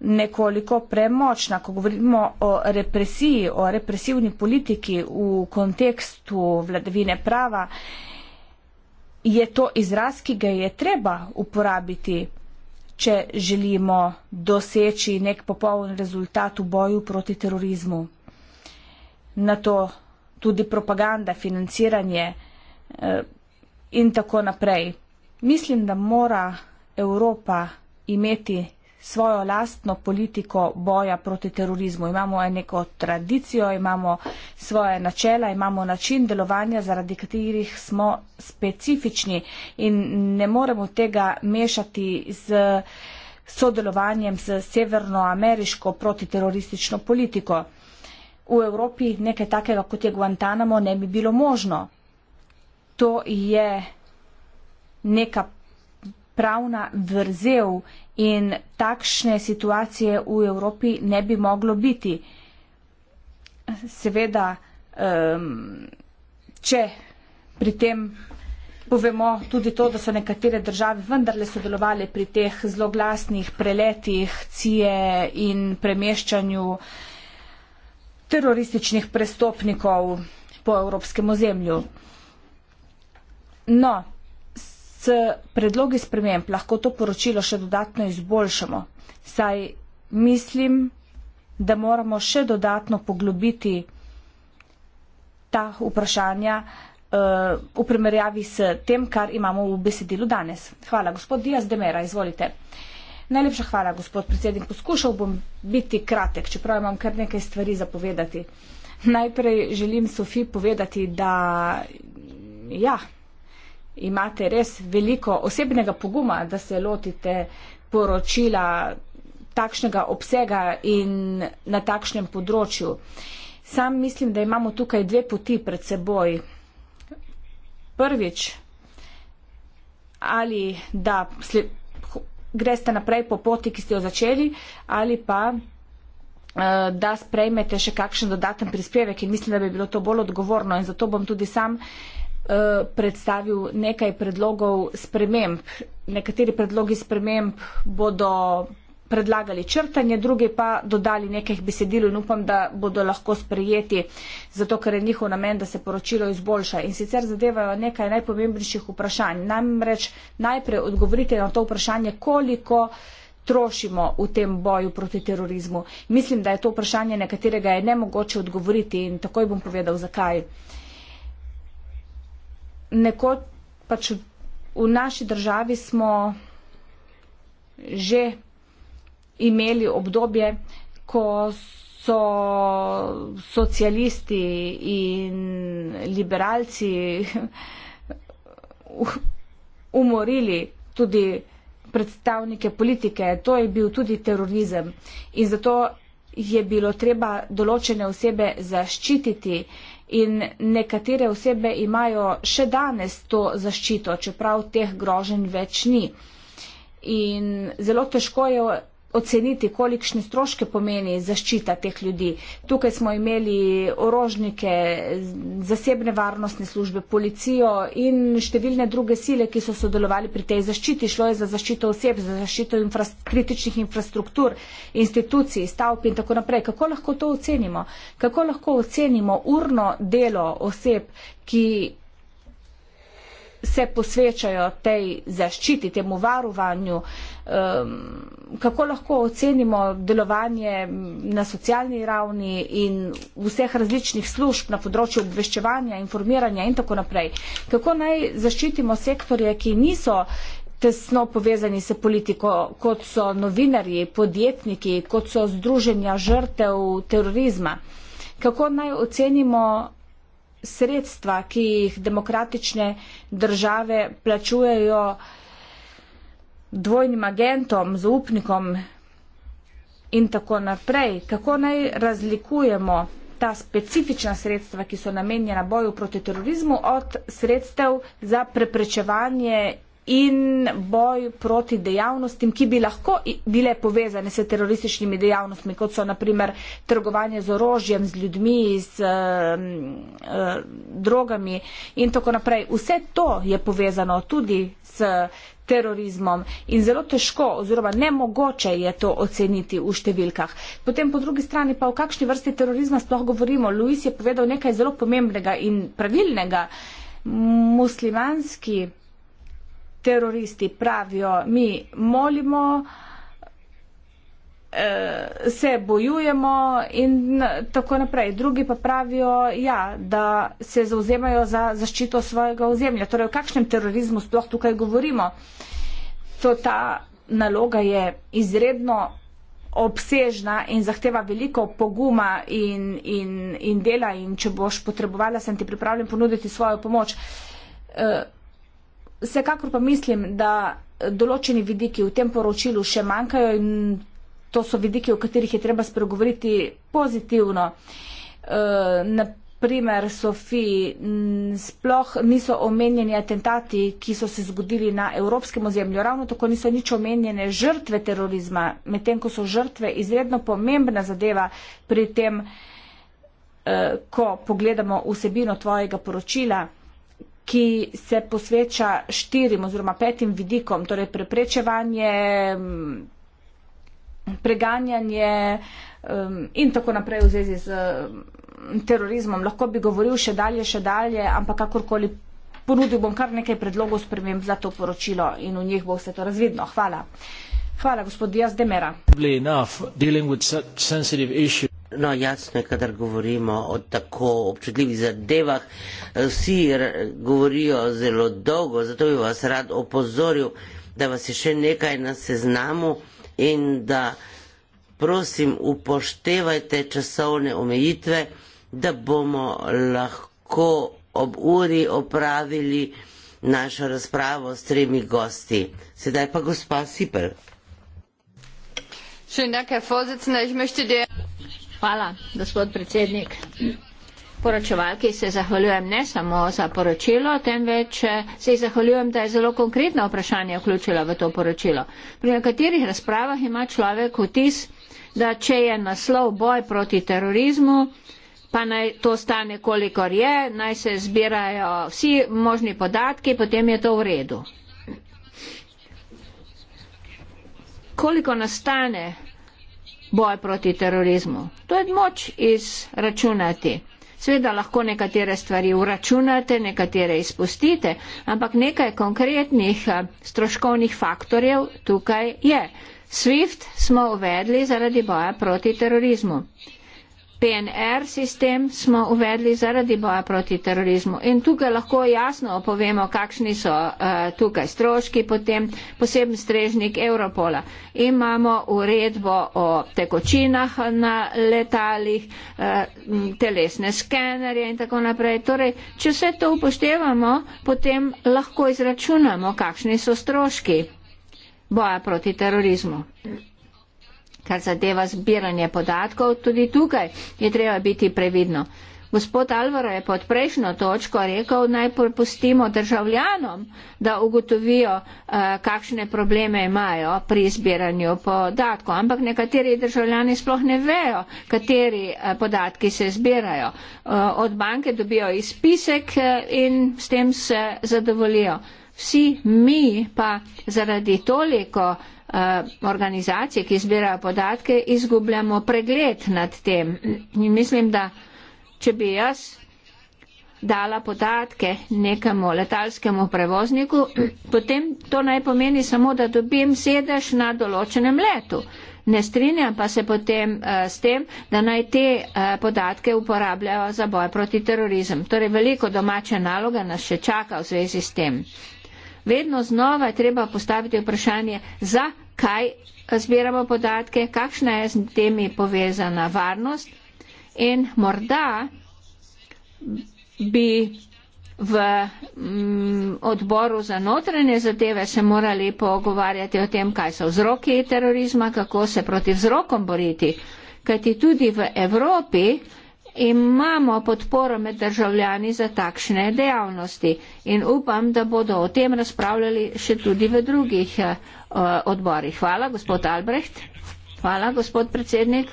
nekoliko premočna. Ko govorimo o represiji, o represivni politiki v kontekstu vladavine prava, je to izraz, ki ga je treba uporabiti, če želimo doseči nek popoln rezultat v boju proti terorizmu na to tudi propaganda, financiranje eh, in tako naprej. Mislim, da mora Evropa imeti svojo lastno politiko boja proti terorizmu. Imamo neko tradicijo, imamo svoje načela, imamo način delovanja, zaradi katerih smo specifični in ne moremo tega mešati z sodelovanjem s severnoameriško protiteroristično politiko v Evropi nekaj takega, kot je Guantanamo, ne bi bilo možno. To je neka pravna vrzel in takšne situacije v Evropi ne bi moglo biti. Seveda, če pri tem povemo tudi to, da so nekatere države vendarle sodelovali pri teh zloglasnih preletih, cije in premeščanju uh, terorističnih prestopnikov po evropskem ozemlju. No, s predlogi sprememb lahko to poročilo še dodatno izboljšamo, saj mislim, da moramo še dodatno poglobiti ta vprašanja uh, v primerjavi s tem, kar imamo v besedilu danes. Hvala, gospod Dias Demera, izvolite. Uh, Najlepša hvala, gospod predsednik. Poskušal bom biti kratek, čeprav imam kar nekaj stvari zapovedati. Najprej želim Sofi povedati, da ja, imate res veliko osebnega poguma, da se lotite poročila takšnega obsega in na takšnem področju. Sam mislim, da imamo tukaj dve poti pred seboj. Prvič, ali da greste naprej po poti, ki ste jo začeli, ali pa eh, da sprejmete še kakšen dodaten prispevek in mislim, da bi bilo to bolj odgovorno in zato bom tudi sam eh, predstavil nekaj predlogov sprememb. Nekateri predlogi sprememb bodo predlagali črtanje, drugi pa dodali nekih besedil in upam, da bodo lahko sprejeti, zato ker je njihov namen, da se poročilo izboljša. In sicer zadevajo nekaj najpomembnejših vprašanj. Namreč najprej odgovorite na to vprašanje, koliko trošimo v tem boju proti terorizmu. Mislim, da je to vprašanje, na katerega je nemogoče odgovoriti in takoj bom povedal, zakaj. Neko pač v naši državi smo že imeli obdobje, ko so socialisti in liberalci <laughs> umorili tudi predstavnike politike. To je bil tudi terorizem in zato je bilo treba določene osebe zaščititi in nekatere osebe imajo še danes to zaščito, čeprav teh grožen več ni. In zelo težko je oceniti, kolikšne stroške pomeni zaščita teh ljudi. Tukaj smo imeli orožnike, zasebne varnostne službe, policijo in številne druge sile, ki so sodelovali pri tej zaščiti. Šlo je za zaščito oseb, za zaščito infras kritičnih infrastruktur, institucij, stavb in tako naprej. Kako lahko to ocenimo? Kako lahko ocenimo urno delo oseb, ki se posvečajo tej zaščiti, temu varovanju, um, kako lahko ocenimo delovanje na socialni ravni in vseh različnih služb na področju obveščevanja, informiranja in tako naprej. Kako naj zaščitimo sektorje, ki niso tesno povezani s politiko, kot so novinarji, podjetniki, kot so združenja žrtev terorizma. Kako naj ocenimo sredstva, ki jih demokratične države plačujejo dvojnim agentom, zaupnikom in tako naprej. Kako naj razlikujemo ta specifična sredstva, ki so namenjena boju proti terorizmu, od sredstev za preprečevanje in boj proti dejavnostim, ki bi lahko bile povezane s terorističnimi dejavnostmi, kot so naprimer trgovanje z orožjem, z ljudmi, z uh, uh, drogami in tako naprej. Vse to je povezano tudi s terorizmom in zelo težko oziroma nemogoče je to oceniti v številkah. Potem po drugi strani pa o kakšni vrsti terorizma sploh govorimo. Luis je povedal nekaj zelo pomembnega in pravilnega. Muslimanski teroristi pravijo, mi molimo, eh, se bojujemo in tako naprej. Drugi pa pravijo, ja, da se zauzemajo za zaščito svojega ozemlja. Torej, o kakšnem terorizmu sploh tukaj govorimo? To ta naloga je izredno obsežna in zahteva veliko poguma in, in, in dela in če boš potrebovala, sem ti pripravljen ponuditi svojo pomoč. Uh, Vsekakor pa mislim, da določeni vidiki v tem poročilu še manjkajo in to so vidiki, o katerih je treba spregovoriti pozitivno. E, Naprimer, Sofiji sploh niso omenjeni atentati, ki so se zgodili na evropskem ozemlju. Ravno tako niso nič omenjene žrtve terorizma, medtem ko so žrtve izredno pomembna zadeva pri tem, e, ko pogledamo vsebino tvojega poročila ki se posveča štirim oziroma petim vidikom, torej preprečevanje, preganjanje in tako naprej v zvezi z terorizmom. Lahko bi govoril še dalje, še dalje, ampak kakorkoli ponudil bom kar nekaj predlogov sprememb za to poročilo in v njih bo vse to razvidno. Hvala. Hvala, gospod Diaz Demera. No, jasno je, kadar govorimo o tako občutljivih zadevah, vsi govorijo zelo dolgo, zato bi vas rad opozoril, da vas je še nekaj na seznamu in da prosim upoštevajte časovne omejitve, da bomo lahko ob uri opravili našo razpravo s tremi gosti. Sedaj pa gospa Sipel. Schönen Dank, Herr Vorsitzender. Ich möchte der Hvala, gospod predsednik. Poročevalki se zahvaljujem ne samo za poročilo, temveč eh, se zahvaljujem, da je zelo konkretno vprašanje vključila v to poročilo. Pri nekaterih razpravah ima človek vtis, da če je naslov boj proti terorizmu, pa naj to stane, kolikor je, naj se zbirajo vsi možni podatki, potem je to v redu. Koliko nastane boj proti terorizmu. To je moč izračunati. Sveda lahko nekatere stvari uračunate, nekatere izpustite, ampak nekaj konkretnih eh, stroškovnih faktorjev tukaj je. SWIFT smo uvedli zaradi boja proti terorizmu. PNR sistem smo uvedli zaradi boja proti terorizmu in tukaj lahko jasno opovemo, kakšni so uh, tukaj stroški, potem poseben strežnik Europola. Imamo uredbo o tekočinah na letalih, uh, telesne skenerje in tako naprej. Torej, če vse to upoštevamo, potem lahko izračunamo, kakšni so stroški boja proti terorizmu kar zadeva zbiranje podatkov, tudi tukaj je treba biti previdno. Gospod Alvaro je pod prejšnjo točko rekel, naj pustimo državljanom, da ugotovijo, eh, kakšne probleme imajo pri zbiranju podatkov, ampak nekateri državljani sploh ne vejo, kateri eh, podatki se zbirajo. Eh, od banke dobijo izpisek in s tem se zadovolijo. Vsi mi pa zaradi toliko Eh, organizacije, ki zbirajo podatke, izgubljamo pregled nad tem. In mislim, da če bi jaz dala podatke nekemu letalskemu prevozniku, <clears throat> potem to naj pomeni samo, da dobim sedež na določenem letu. Ne strinjam pa se potem uh, s tem, da naj te uh, podatke uporabljajo za boj proti terorizem. Torej, veliko domače naloga nas še čaka v zvezi s tem vedno znova treba postaviti vprašanje, zakaj zbiramo podatke, kakšna je z temi povezana varnost in morda bi v mm, odboru za notranje zadeve se morali pogovarjati o tem, kaj so vzroki terorizma, kako se proti vzrokom boriti. Kajti tudi v Evropi imamo podporo med državljani za takšne dejavnosti in upam, da bodo o tem razpravljali še tudi v drugih uh, odborih. Hvala, gospod Albrecht. Hvala, gospod predsednik.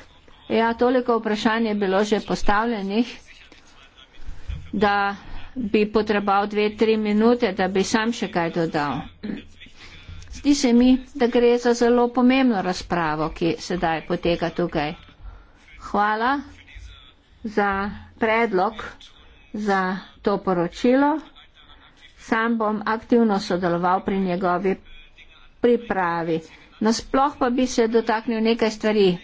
Ja, toliko vprašanj je bilo že postavljenih, da bi potreboval dve, tri minute, da bi sam še kaj dodal. Zdi se mi, da gre za zelo pomembno razpravo, ki sedaj poteka tukaj. Hvala za predlog za to poročilo. Sam bom aktivno sodeloval pri njegovi pripravi. Nasploh pa bi se dotaknil nekaj stvari.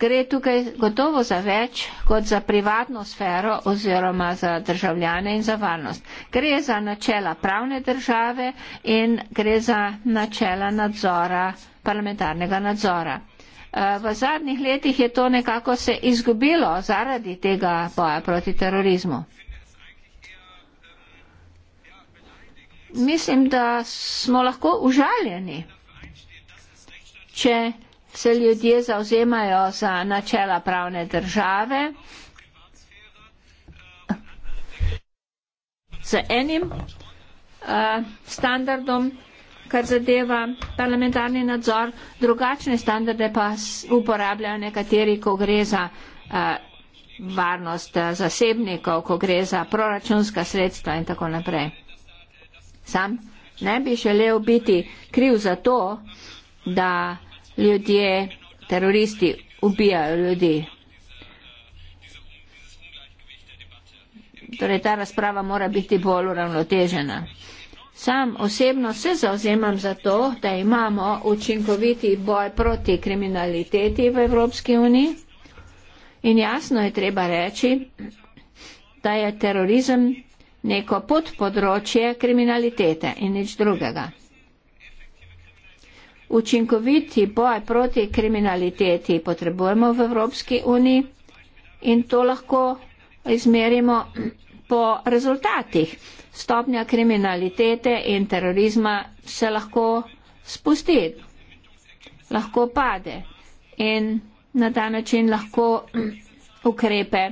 Gre tukaj gotovo za več kot za privatno sfero oziroma za državljane in za varnost. Gre za načela pravne države in gre za načela nadzora, parlamentarnega nadzora. Eh, v zadnjih letih je to nekako se izgubilo zaradi tega boja proti terorizmu. Mislim, da smo lahko užaljeni, če se ljudje zauzemajo za načela pravne države. Z enim uh, standardom, kar zadeva parlamentarni nadzor, drugačne standarde pa uporabljajo nekateri, ko gre za uh, varnost eh, zasebnikov, ko gre za proračunska sredstva in tako naprej. Sam ne bi želel biti kriv za to, da ljudje, teroristi ubijajo ljudi. Torej, ta razprava mora biti bolj uravnotežena. Sam osebno se zauzemam za to, da imamo učinkoviti boj proti kriminaliteti v Evropski uniji. In jasno je treba reči, da je terorizem neko podpodročje kriminalitete in nič drugega. Učinkoviti boj proti kriminaliteti potrebujemo v Evropski uniji in to lahko izmerimo po rezultatih. Stopnja kriminalitete in terorizma se lahko spusti, lahko pade in na ta način lahko ukrepe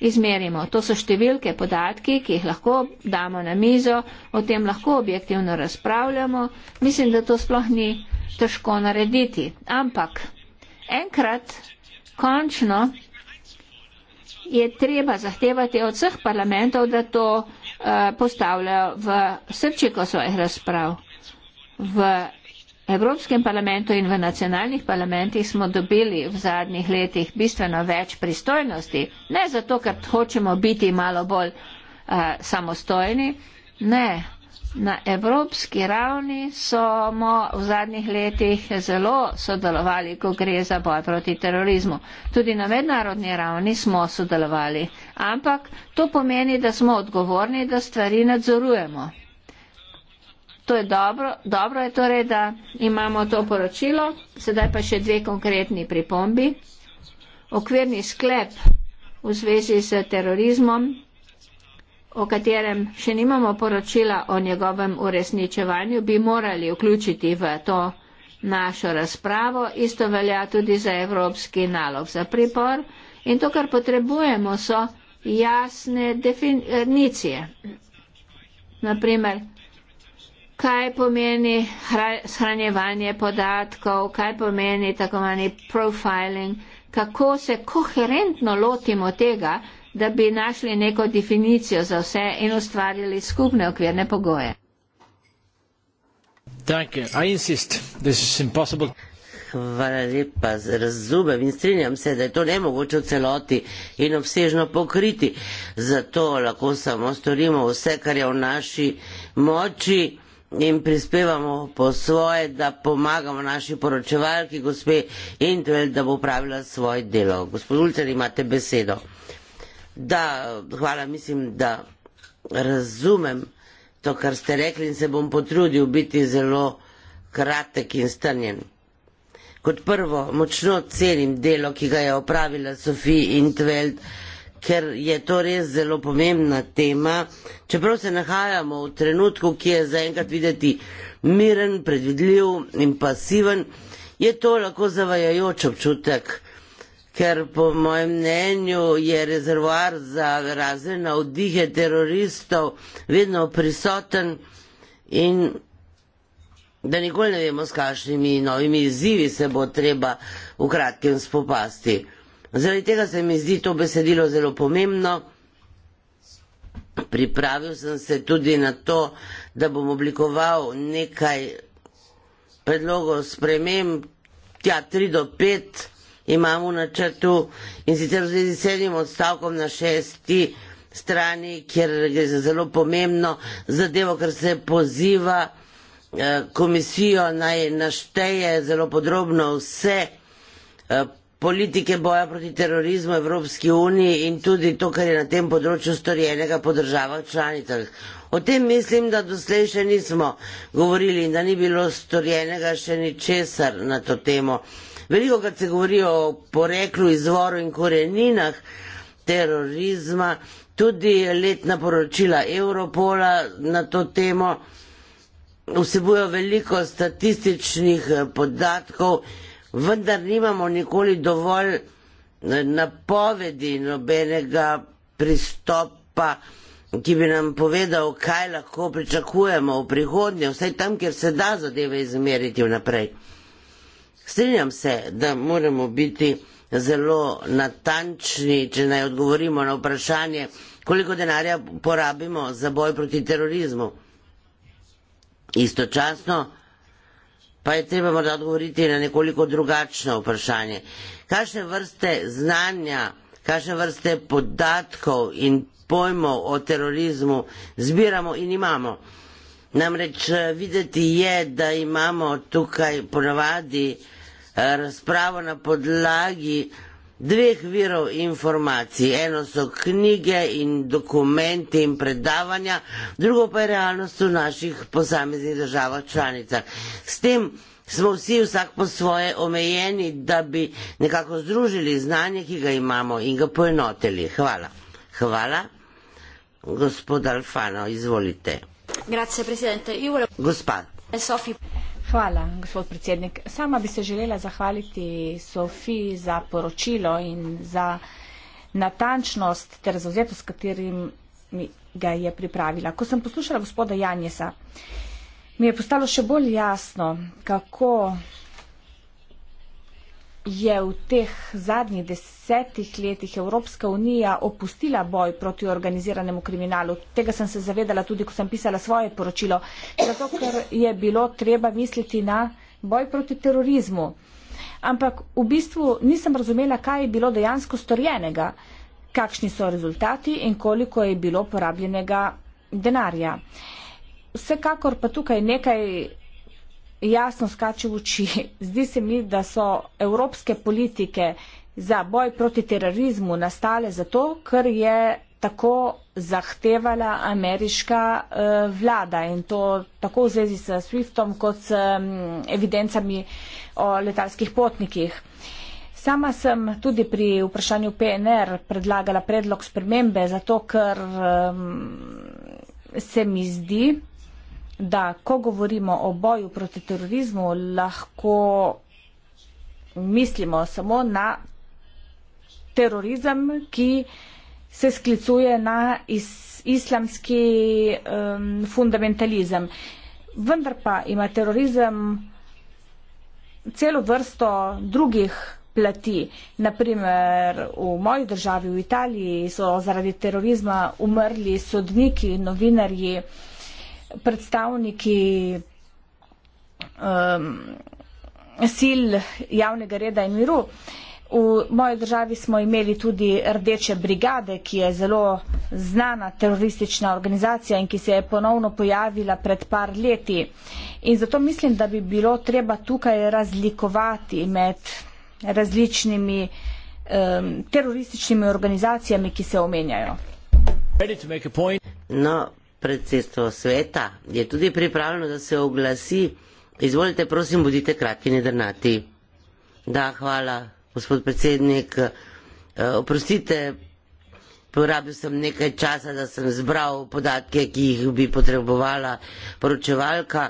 izmerimo. To so številke, podatki, ki jih lahko damo na mizo, o tem lahko objektivno razpravljamo. Mislim, da to sploh ni težko narediti. Ampak enkrat, končno, je treba zahtevati od vseh parlamentov, da to eh, postavljajo v srčiko svojih razprav. V Evropskem parlamentu in v nacionalnih parlamentih smo dobili v zadnjih letih bistveno več pristojnosti. Ne zato, ker hočemo biti malo bolj uh, samostojni, ne, Na evropski ravni smo v zadnjih letih zelo sodelovali, ko gre za boj proti terorizmu. Tudi na mednarodni ravni smo sodelovali, ampak to pomeni, da smo odgovorni, da stvari nadzorujemo. To je dobro, dobro je torej, da imamo to poročilo. Sedaj pa še dve konkretni pripombi. Okvirni sklep v zvezi s terorizmom o katerem še nimamo poročila o njegovem uresničevanju, bi morali vključiti v to našo razpravo. Isto velja tudi za evropski nalog za pripor. In to, kar potrebujemo, so jasne definicije. Naprimer, kaj pomeni shranjevanje podatkov, kaj pomeni tako manj profiling, kako se koherentno lotimo tega, da bi našli neko definicijo za vse in ustvarili skupne okvirne pogoje. Hvala lepa, razumem in strinjam se, da je to nemogoče v celoti in obsežno pokriti. Zato lahko samo storimo vse, kar je v naši moči in prispevamo po svoje, da pomagamo naši poročevalki, gospe Intuel, da bo pravila svoje delo. Gospod Ulcer, imate besedo. Da, hvala, mislim, da razumem to, kar ste rekli in se bom potrudil biti zelo kratek in strnjen. Kot prvo, močno cenim delo, ki ga je opravila Sofija Intveld, ker je to res zelo pomembna tema. Čeprav se nahajamo v trenutku, ki je zaenkrat videti miren, predvidljiv in pasiven, je to lahko zavajajoč občutek ker po mojem mnenju je rezervoar za razne navdihe teroristov vedno prisoten in da nikoli ne vemo, s kakšnimi novimi izzivi se bo treba v kratkem spopasti. Zaradi tega se mi zdi to besedilo zelo pomembno. Pripravil sem se tudi na to, da bom oblikoval nekaj predlogov spremem, tja tri do pet, imamo na črtu in sicer v zvezi s sedmim odstavkom na šesti strani, kjer gre za zelo pomembno zadevo, ker se poziva eh, komisijo naj našteje zelo podrobno vse eh, politike boja proti terorizmu v Evropski uniji in tudi to, kar je na tem področju storjenega po državah članicah. O tem mislim, da doslej še nismo govorili in da ni bilo storjenega še ničesar na to temo. Veliko krat se govori o poreklu, izvoru in koreninah terorizma, tudi letna poročila Evropola na to temo vsebujejo veliko statističnih eh, podatkov, vendar nimamo nikoli dovolj eh, napovedi nobenega pristopa, ki bi nam povedal, kaj lahko pričakujemo v prihodnje, vsaj tam, kjer se da zadeve izmeriti vnaprej. Strinjam se, da moramo biti zelo natančni, če naj odgovorimo na vprašanje, koliko denarja porabimo za boj proti terorizmu. Istočasno pa je treba morda odgovoriti na nekoliko drugačno vprašanje. Kakšne vrste znanja, kakšne vrste podatkov in pojmov o terorizmu zbiramo in imamo? Namreč eh, videti je, da imamo tukaj ponavadi razprava na podlagi dveh virov informacij. Eno so knjige in dokumenti in predavanja, drugo pa je realnost v naših posameznih državah članicah. S tem smo vsi vsak po svoje omejeni, da bi nekako združili znanje, ki ga imamo in ga poenoteli. Hvala. Hvala. Gospod Alfano, izvolite. Grazie, Presidente. Volevo... Gospod. Eh, Sofi. Hvala, gospod predsednik. Sama bi se želela zahvaliti Sofiji za poročilo in za natančnost ter zauzetost, s katerim ga je pripravila. Ko sem poslušala gospoda Janjesa, mi je postalo še bolj jasno, kako je v teh zadnjih desetih letih Evropska unija opustila boj proti organiziranemu kriminalu. Tega sem se zavedala tudi, ko sem pisala svoje poročilo, zato ker je bilo treba misliti na boj proti terorizmu. Ampak v bistvu nisem razumela, kaj je bilo dejansko storjenega, kakšni so rezultati in koliko je bilo porabljenega denarja. Vsekakor pa tukaj nekaj jasno skače v oči. Zdi se mi, da so evropske politike za boj proti terorizmu nastale zato, ker je tako zahtevala ameriška eh, vlada in to tako v zvezi s SWIFT-om kot s eh, evidencami o letalskih potnikih. Sama sem tudi pri vprašanju PNR predlagala predlog spremembe, zato ker eh, se mi zdi, da ko govorimo o boju proti terorizmu, lahko mislimo samo na terorizem, ki se sklicuje na islamski um, fundamentalizem. Vendar pa ima terorizem celo vrsto drugih plati. Naprimer, v moji državi, v Italiji, so zaradi terorizma umrli sodniki, novinarji, uh, predstavniki um, sil javnega reda in miru. V moji državi smo imeli tudi rdeče brigade, ki je zelo znana teroristična organizacija in ki se je ponovno pojavila pred par leti. In zato mislim, da bi bilo treba tukaj razlikovati med različnimi um, terorističnimi organizacijami, ki se omenjajo. No, predsedstvo sveta je tudi pripravljeno, da se oglasi. Izvolite, prosim, bodite kratki in drnati. Da, hvala, gospod predsednik. Eh, oprostite, porabil sem nekaj časa, da sem zbral podatke, ki jih bi potrebovala poročevalka.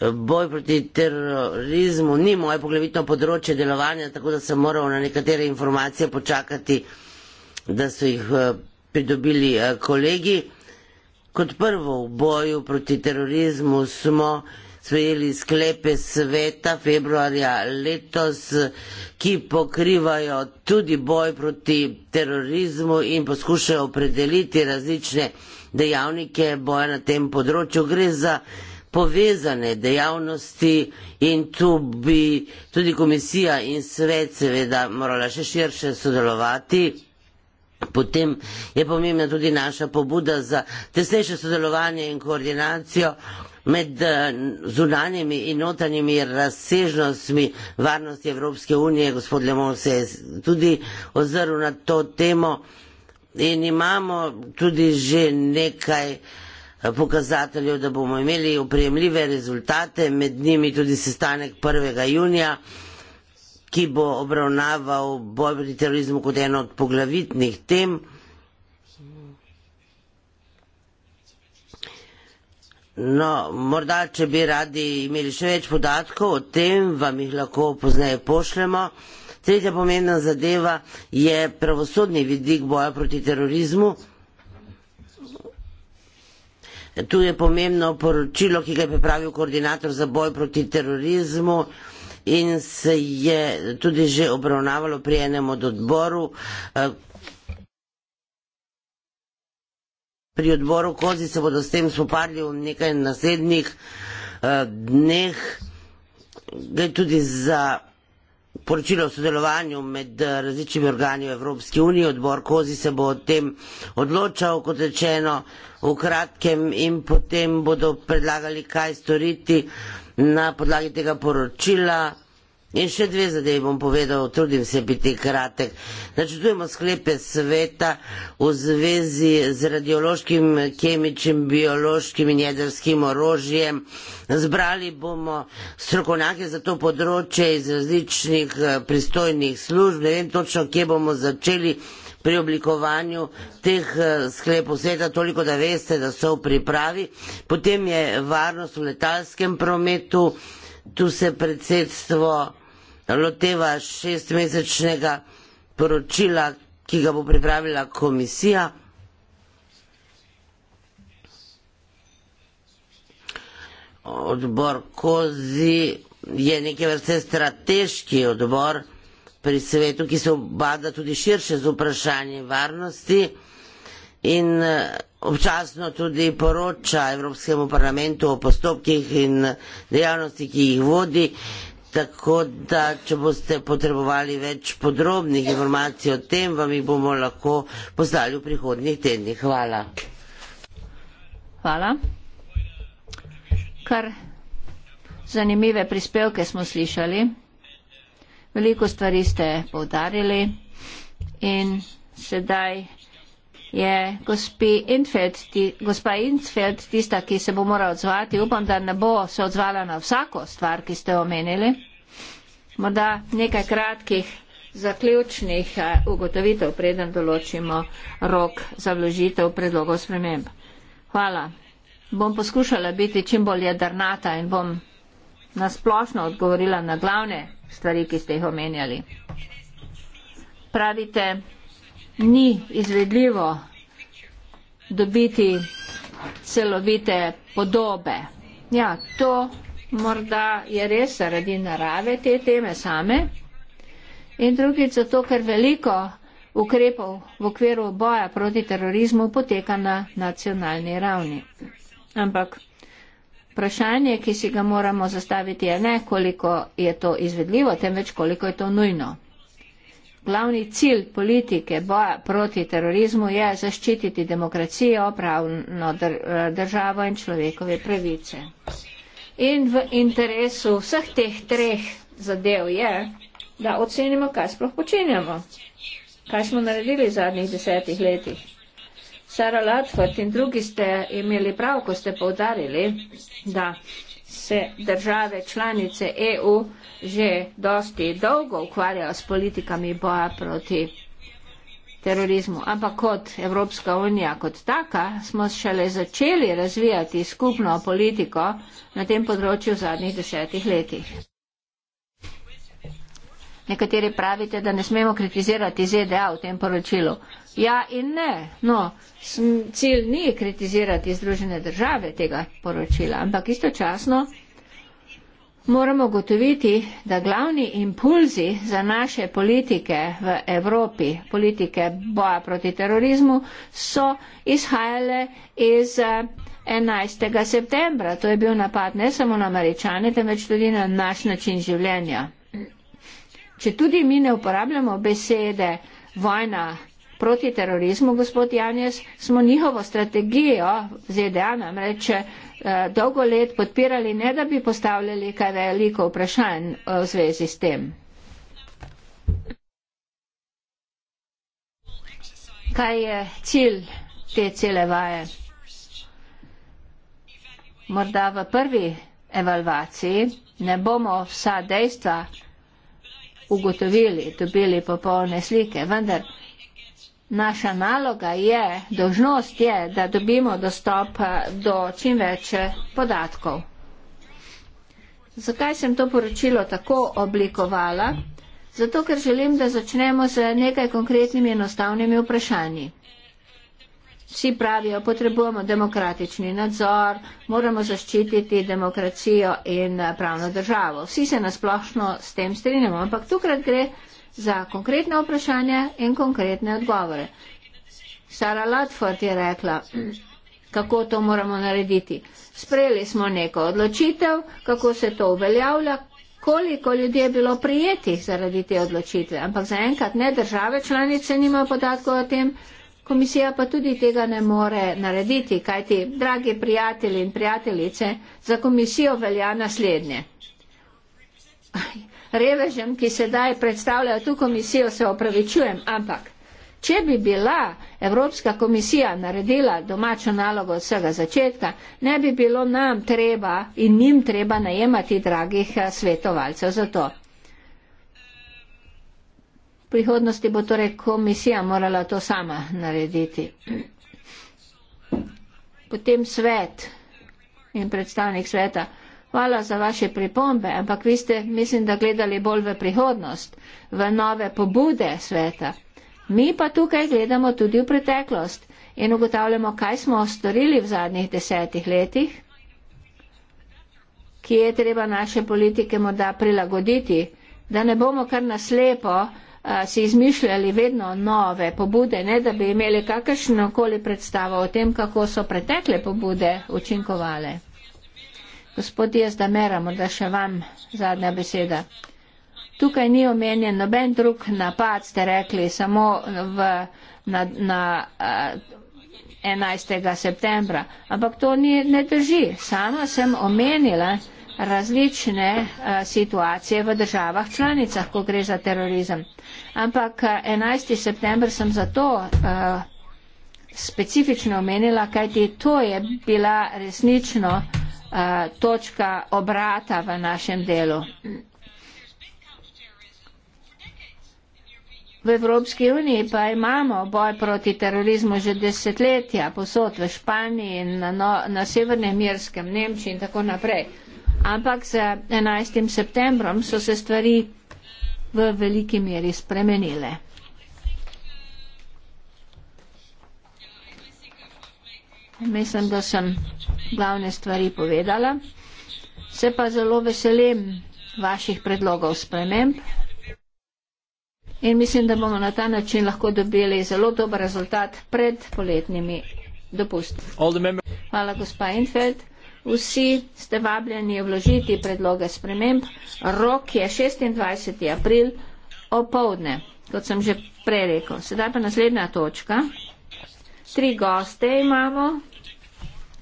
Eh, boj proti terorizmu ni moje poglavitno področje delovanja, tako da sem moral na nekatere informacije počakati, da so jih eh, pridobili eh, kolegi. Kot prvo v boju proti terorizmu smo sprejeli sklepe sveta februarja letos, ki pokrivajo tudi boj proti terorizmu in poskušajo opredeliti različne dejavnike boja na tem področju. Gre za povezane dejavnosti in tu bi tudi komisija in svet seveda morala še širše sodelovati. Potem je pomembna tudi naša pobuda za tesnejše sodelovanje in koordinacijo med eh, zunanjimi in notanjimi razsežnostmi varnosti Evropske unije. Gospod Lemon se je tudi ozrl na to temo in imamo tudi že nekaj eh, pokazateljev, da bomo imeli upremljive rezultate, med njimi tudi sestanek 1. junija ki bo obravnaval boj proti terorizmu kot eno od poglavitnih tem. No, morda, če bi radi imeli še več podatkov o tem, vam jih lahko pozneje pošljemo. Tretja pomembna zadeva je pravosodni vidik boja proti terorizmu. Tu je pomembno poročilo, ki ga je pripravil koordinator za boj proti terorizmu in se je tudi že obravnavalo pri enem od odboru. Eh, pri odboru Kozi se bodo s tem spopadli v nekaj naslednjih eh, dneh. Gre tudi za poročilo o sodelovanju med eh, različnimi organi v Evropski uniji. Odbor Kozi se bo o tem odločal, kot rečeno, v kratkem in potem bodo predlagali, kaj storiti na podlagi tega poročila in še dve zadeve bom povedal, trudim se biti kratek. Načrtujemo sklepe sveta v zvezi z radiološkim, kemičnim, biološkim in jedrskim orožjem. Zbrali bomo strokovnjake za to področje iz različnih eh, pristojnih služb, ne vem točno, kje bomo začeli pri oblikovanju teh eh, sklepov sveta, toliko da veste, da so v pripravi. Potem je varnost v letalskem prometu, tu se predsedstvo loteva šestmesečnega poročila, ki ga bo pripravila komisija. Odbor Kozi je neke vrste strateški odbor, pri svetu, ki se obada tudi širše z vprašanjem varnosti in eh, občasno tudi poroča Evropskemu parlamentu o postopkih in dejavnosti, ki jih vodi. Tako da, če boste potrebovali več podrobnih informacij o tem, vam jih bomo lahko poslali v prihodnjih tednih. Hvala. Hvala. Kar zanimive prispevke smo slišali. Veliko stvari ste povdarili in sedaj je Infeld, ti, gospa Infeld tista, ki se bo morala odzvati. Upam, da ne bo se odzvala na vsako stvar, ki ste omenili. Morda nekaj kratkih zaključnih eh, ugotovitev, preden določimo rok za vložitev predlogov sprememb. Hvala. Bom poskušala biti čim bolj jedrnata in bom nasplošno odgovorila na glavne stvari, ki ste jih omenjali. Pravite, ni izvedljivo dobiti celovite podobe. Ja, to morda je res zaradi narave te teme same. In drugič, zato ker veliko ukrepov v okviru boja proti terorizmu poteka na nacionalni ravni. Ampak vprašanje, ki si ga moramo zastaviti, je ne koliko je to izvedljivo, temveč koliko je to nujno. Glavni cilj politike boja proti terorizmu je zaščititi demokracijo, pravno državo in človekove pravice. In v interesu vseh teh treh zadev je, da ocenimo, kaj sploh počenjamo, kaj smo naredili v zadnjih desetih letih. Sara Ladford in drugi ste imeli prav, ko ste povdarili, da se države članice EU že dosti dolgo ukvarjajo s politikami boja proti terorizmu. Ampak kot Evropska unija kot taka smo šele začeli razvijati skupno politiko na tem področju v zadnjih desetih letih. Nekateri pravite, da ne smemo kritizirati ZDA v tem poročilu. Ja in ne. No, cilj ni kritizirati Združene države tega poročila, ampak istočasno moramo gotoviti, da glavni impulzi za naše politike v Evropi, politike boja proti terorizmu, so izhajale iz 11. Eh, septembra. To je bil napad ne samo na američane, temveč tudi na naš način življenja. Če tudi mi ne uporabljamo besede vojna, proti terorizmu, gospod Janjes, smo njihovo strategijo ZDA namreč eh, dolgo let podpirali, ne da bi postavljali kaj veliko vprašanj eh, v zvezi s tem. Kaj je cilj te cele vaje? Morda v prvi evalvaciji ne bomo vsa dejstva ugotovili, dobili popolne slike, vendar Naša naloga je, dožnost je, da dobimo dostop eh, do čim več eh, podatkov. Zakaj sem to poročilo tako oblikovala? Zato, ker želim, da začnemo z nekaj konkretnimi enostavnimi vprašanji. Vsi pravijo, potrebujemo demokratični nadzor, moramo zaščititi demokracijo in eh, pravno državo. Vsi se nasplošno s tem strinjamo, ampak tukaj gre za konkretna vprašanja in konkretne odgovore. Sara Latford je rekla, kako to moramo narediti. Sprejeli smo neko odločitev, kako se to uveljavlja, koliko ljudi je bilo prijeti zaradi te odločitve. Ampak zaenkrat ne države članice nima podatkov o tem, komisija pa tudi tega ne more narediti, kajti, dragi prijatelji in prijateljice, za komisijo velja naslednje revežem, ki sedaj predstavljajo tu komisijo, se opravičujem, ampak če bi bila Evropska komisija naredila domačo nalogo od vsega začetka, ne bi bilo nam treba in njim treba najemati dragih eh, svetovalcev za to. V prihodnosti bo torej komisija morala to sama narediti. Potem svet in predstavnik sveta. Hvala za vaše pripombe, ampak vi ste, mislim, da gledali bolj v prihodnost, v nove pobude sveta. Mi pa tukaj gledamo tudi v preteklost in ugotavljamo, kaj smo storili v zadnjih desetih letih, ki je treba naše politike morda prilagoditi, da ne bomo kar naslepo si izmišljali vedno nove pobude, ne da bi imeli kakršnokoli predstavo o tem, kako so pretekle pobude učinkovale. Gospod Jezda, mera, morda še vam zadnja beseda. Tukaj ni omenjen noben drug napad, ste rekli, samo v, na, na uh, eh, 11. septembra. Ampak to ni, ne drži. Sama sem omenila različne uh, situacije v državah članicah, ko gre za terorizem. Ampak 11. Eh, september sem zato uh, specifično omenila, kajti to je bila resnično. Eh, točka obrata v našem delu. V Evropski uniji pa imamo boj proti terorizmu že desetletja, posod v Španiji, na, no, na severnem Irskem, Nemčiji in tako naprej. Ampak z 11. septembrom so se stvari v veliki meri spremenile. Mislim, da sem glavne stvari povedala. Se pa zelo veselim vaših predlogov sprememb. In mislim, da bomo na ta način lahko dobili zelo dober rezultat pred poletnimi dopustami. Hvala, gospa Infeld. Vsi ste vabljeni vložiti predloge sprememb. Rok je 26. april opovdne, kot sem že prej rekel. Sedaj pa naslednja točka. Tri goste imamo,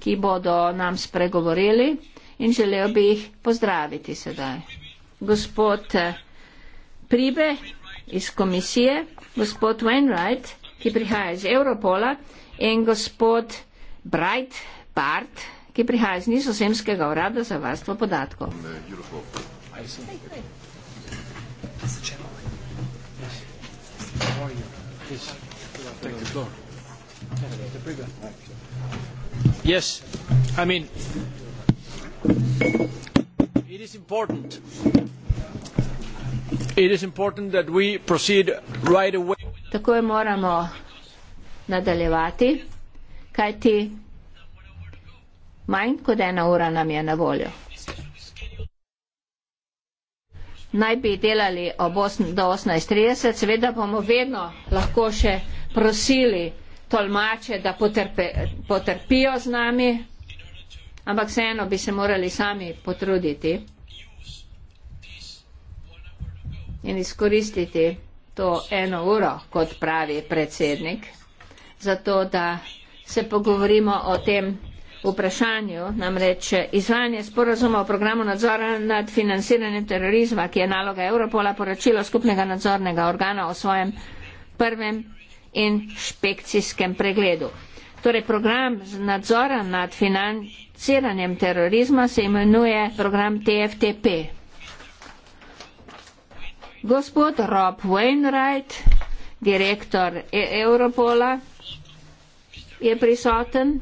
ki bodo nam spregovorili in želel bi jih pozdraviti sedaj. Gospod eh, Pribe iz komisije, gospod Wainwright, ki prihaja iz Europola in gospod Bright Bart, ki prihaja iz Nizozemskega urada za varstvo podatkov. Thank you, Thank you. Thank you. Thank you yes i mean it is important it is important that we proceed right away tako je moramo nadaljevati kajti manj kot ena ura nam je na voljo naj bi delali ob 8 do 18:30 seveda bomo vedno lahko še prosili tolmače, da potrpe, potrpijo z nami, ampak vseeno bi se morali sami potruditi in izkoristiti to eno uro, kot pravi predsednik, zato da se pogovorimo o tem vprašanju, namreč izvajanje sporozuma o programu nadzora nad financiranjem terorizma, ki je naloga Europola, poročilo skupnega nadzornega organa o svojem prvem inšpekcijskem pregledu. Torej program nadzora nad financiranjem terorizma se imenuje program TFTP. Gospod Rob Wainwright, direktor e Europola, je prisoten,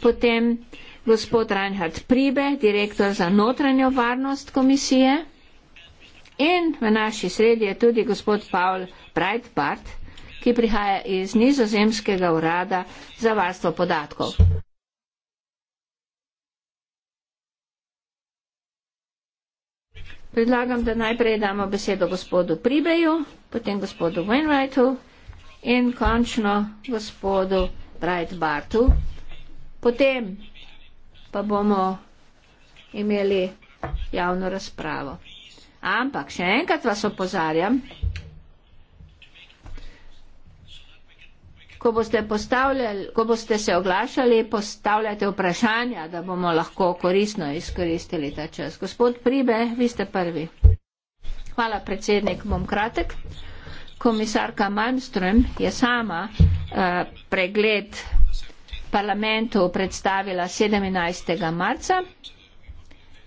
potem gospod Reinhard Pribe, direktor za notranjo varnost komisije in v naši sredi je tudi gospod Paul Breitbart, ki prihaja iz nizozemskega urada za varstvo podatkov. Predlagam, da najprej damo besedo gospodu Pribeju, potem gospodu Wainwrightu in končno gospodu Breitbartu. Potem pa bomo imeli javno razpravo. Ampak še enkrat vas opozarjam, ko boste, ko boste se oglašali, postavljate vprašanja, da bomo lahko korisno izkoristili ta čas. Gospod Pribe, vi ste prvi. Hvala, predsednik, bom kratek. Komisarka Malmström je sama uh, pregled parlamentu predstavila 17. marca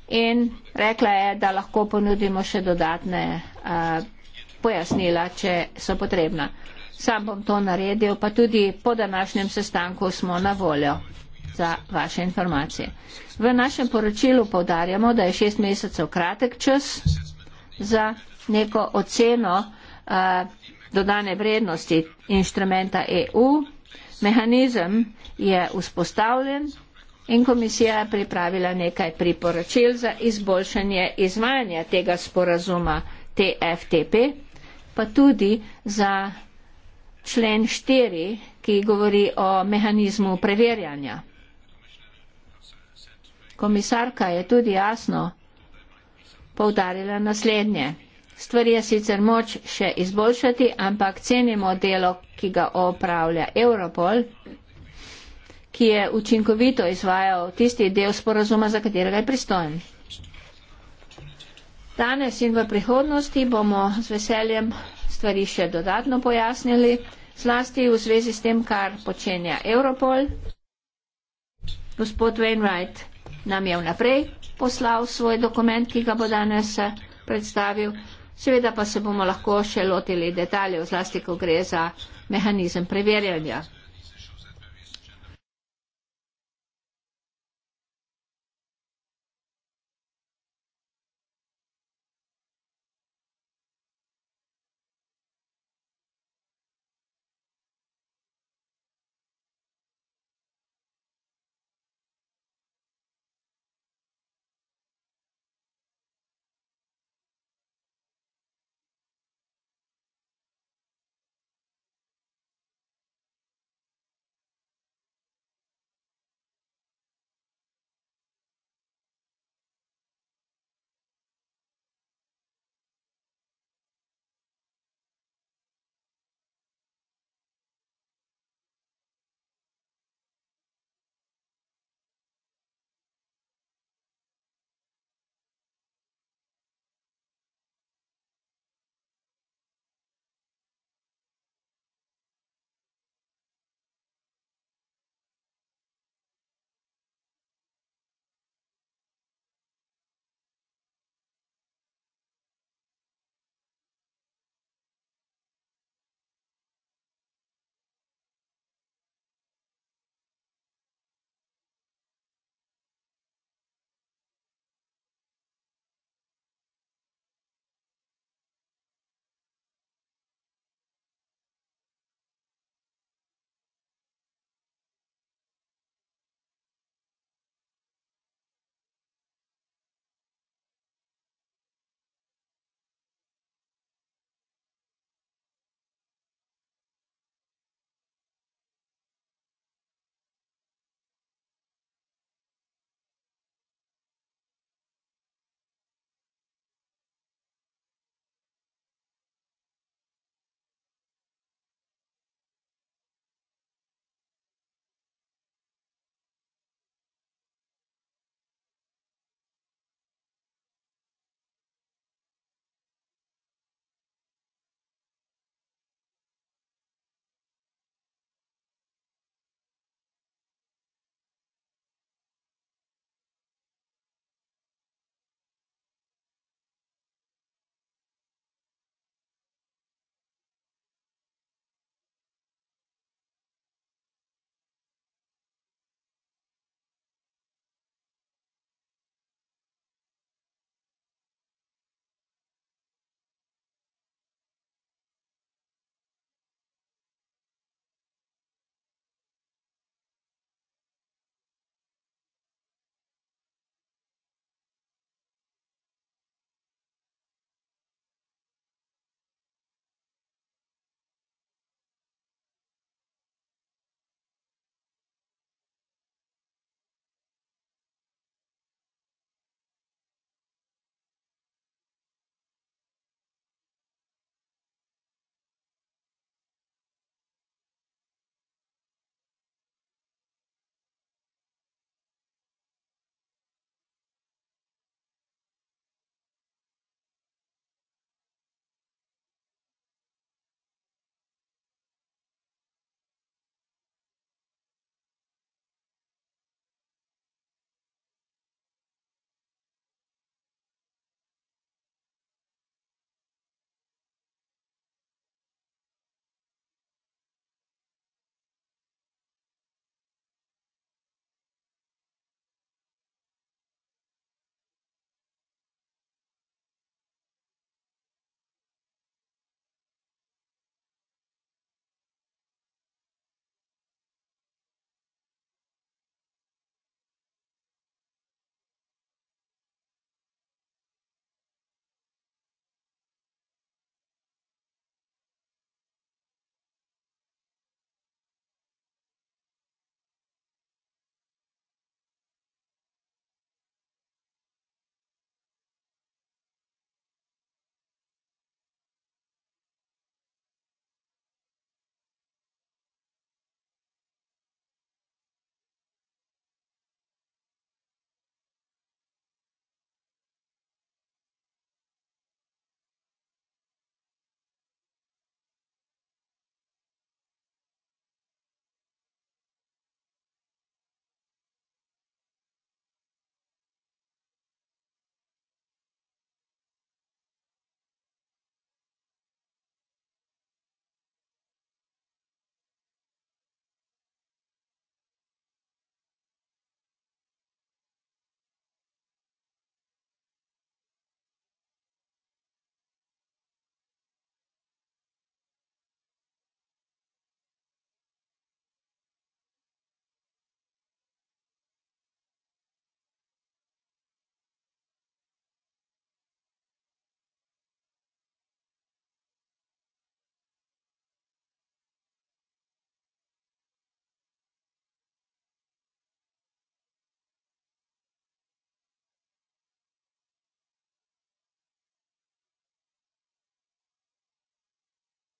in rekla je, da lahko ponudimo še dodatne uh, pojasnila, če so potrebna. Uh, Sam bom to naredil, pa tudi po današnjem sestanku smo na voljo za vaše informacije. V našem poročilu povdarjamo, da je šest mesecev kratek čas za neko oceno uh, dodane vrednosti inštrumenta EU. Mehanizem je vzpostavljen in komisija je pripravila nekaj priporočil za izboljšanje izvajanja tega sporazuma TFTP, pa tudi za člen 4, ki govori o mehanizmu preverjanja. Komisarka je tudi jasno povdarila naslednje. Stvari je sicer moč še izboljšati, ampak cenimo delo, ki ga opravlja Europol, ki je učinkovito izvajal tisti del sporazuma, za katerega je pristojen. Danes in v prihodnosti bomo z veseljem stvari še dodatno pojasnili, zlasti v zvezi s tem, kar počenja Europol. Gospod Wainwright nam je vnaprej poslal svoj dokument, ki ga bo danes eh, predstavil. Seveda pa se bomo lahko še lotili detaljev, zlasti ko gre za mehanizem preverjanja.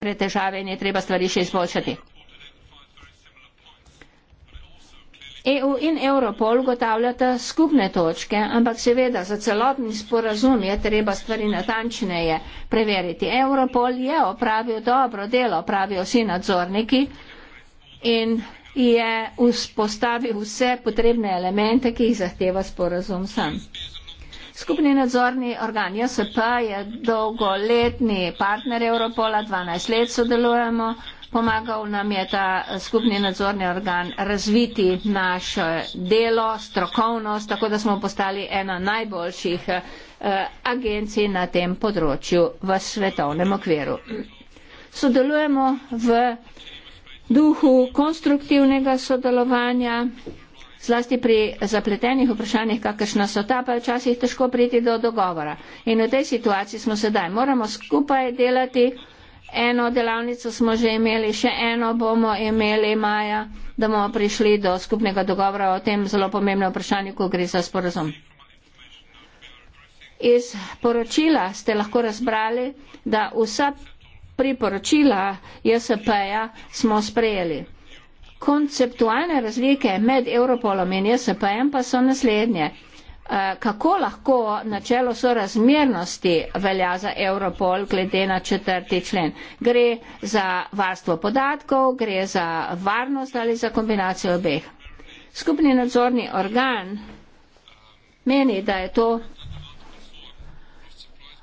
pre torej, težave in je treba stvari še izboljšati. EU in Europol ugotavljata skupne točke, ampak seveda za celotni sporazum je treba stvari natančneje preveriti. Europol je opravil dobro delo, pravijo vsi nadzorniki in je vzpostavil vse potrebne elemente, ki jih zahteva sporazum sam. Skupni nadzorni organ JSP je dolgoletni partner Europola, 12 let sodelujemo. Pomagal nam je ta skupni nadzorni organ razviti naše delo, strokovnost, tako da smo postali ena najboljših eh, agencij na tem področju v svetovnem okviru. Sodelujemo v duhu konstruktivnega sodelovanja zlasti pri zapletenih vprašanjih, kakršna so ta, pa je včasih težko priti do dogovora. In v tej situaciji smo sedaj. Moramo skupaj delati. Eno delavnico smo že imeli, še eno bomo imeli maja, da bomo prišli do skupnega dogovora o tem zelo pomembnem vprašanju, ko gre za sporazum. Iz poročila ste lahko razbrali, da vsa priporočila JSP-ja smo sprejeli konceptualne razlike med Europolom in JSP-em pa so naslednje. Eh, kako lahko načelo sorazmernosti velja za Europol glede na četrti člen? Gre za varstvo podatkov, gre za varnost ali za kombinacijo obeh? Skupni nadzorni organ meni, da je to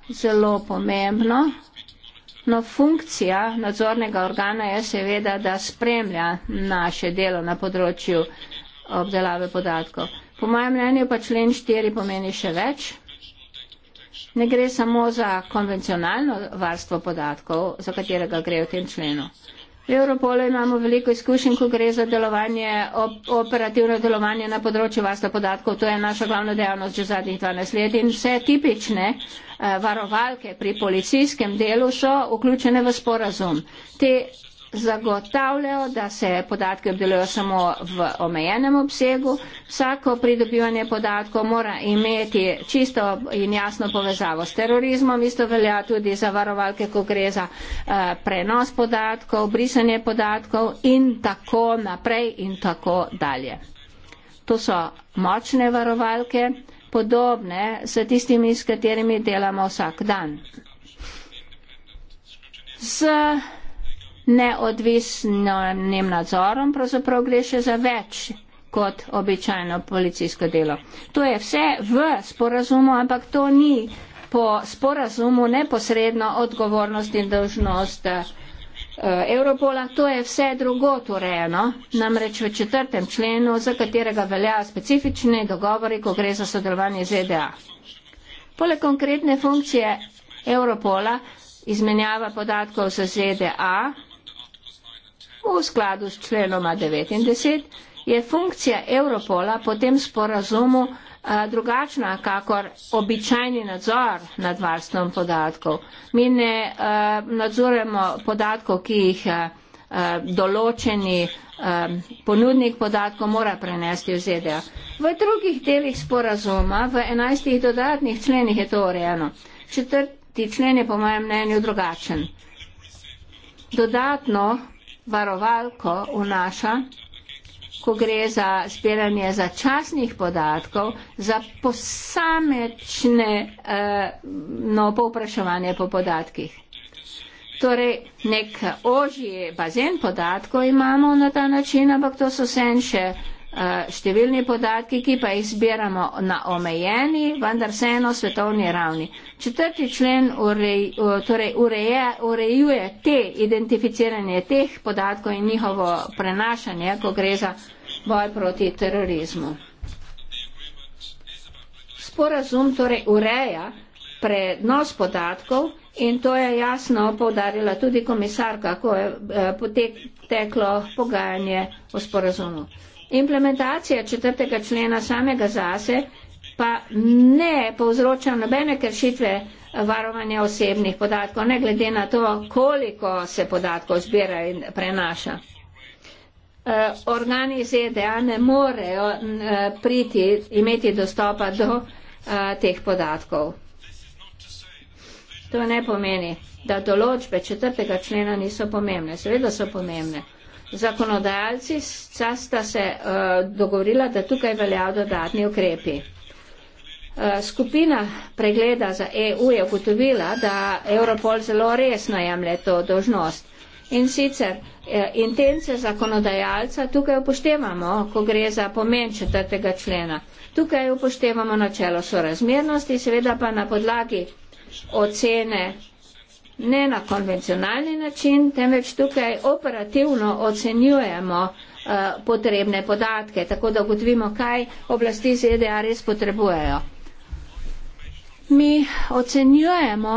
zelo pomembno. No, funkcija nadzornega organa je seveda, da spremlja naše delo na področju obdelave podatkov. Po mojem mnenju pa člen 4 pomeni še več. Ne gre samo za konvencionalno varstvo podatkov, za katerega gre v tem členu. V Europolu imamo veliko izkušenj, ko gre za delovanje, op, operativno delovanje na področju vasta podatkov. To je naša glavna dejavnost že zadnjih 12 let in vse tipične eh, varovalke pri policijskem delu so vključene v sporazum. Te zagotavljajo, da se podatke obdelujejo samo v omejenem obsegu. Vsako pridobivanje podatkov mora imeti čisto in jasno povezavo s terorizmom. Isto velja tudi za varovalke, ko gre za eh, prenos podatkov, brisanje podatkov in tako naprej in tako dalje. To so močne varovalke, podobne s tistimi, s katerimi delamo vsak dan. Z neodvisnim nadzorom pravzaprav gre še za več kot običajno policijsko delo. To je vse v sporazumu, ampak to ni po sporazumu neposredno odgovornost in dožnost Evropola, eh, to je vse drugo torejeno, namreč v četrtem členu, za katerega veljajo specifični dogovori, ko gre za sodelovanje ZDA. Poleg konkretne funkcije Evropola, izmenjava podatkov z ZDA, V skladu s členoma 9 in 10 je funkcija Europola po tem sporazumu drugačna, kakor običajni nadzor nad varstvom podatkov. Mi ne nadzorujemo podatkov, ki jih določeni ponudnik podatkov mora prenesti v ZDA. V drugih delih sporazuma, v enajstih dodatnih členih je to urejeno. Četrti člen je po mojem mnenju drugačen. Dodatno varovalko vnaša, ko gre za zbiranje začasnih podatkov, za posamečne eh, no, povpraševanje po podatkih. Torej, nek ožji bazen podatkov imamo na ta način, ampak to so sen še. Eh, številni podatki, ki pa jih zbiramo na omejeni, vendar vseeno svetovni ravni. Četrti člen urej, eh, torej ureje, urejuje te identificiranje teh podatkov in njihovo prenašanje, ko gre za boj proti terorizmu. Sporazum torej ureja prednos podatkov in to je jasno povdarila tudi komisarka, ko je eh, potek, teklo pogajanje o sporazumu implementacija četrtega člena samega zase pa ne povzroča nobene kršitve varovanja osebnih podatkov, ne glede na to, koliko se podatkov zbira in prenaša. Eh, organi ZDA ne morejo eh, priti, imeti dostopa do eh, teh podatkov. To ne pomeni, da določbe četrtega člena niso pomembne. Seveda so pomembne zakonodajalci sta se uh, dogovorila, da tukaj veljajo dodatni ukrepi. Eh, skupina pregleda za EU je ugotovila, da Europol zelo resno jemlje to dožnost. In sicer eh, intence zakonodajalca tukaj upoštevamo, ko gre za pomen četrtega člena. Tukaj upoštevamo načelo sorazmernosti, seveda pa na podlagi ocene ne na konvencionalni način, temveč tukaj operativno ocenjujemo uh, potrebne podatke, tako da ugotovimo, kaj oblasti ZDA res potrebujejo. Mi ocenjujemo,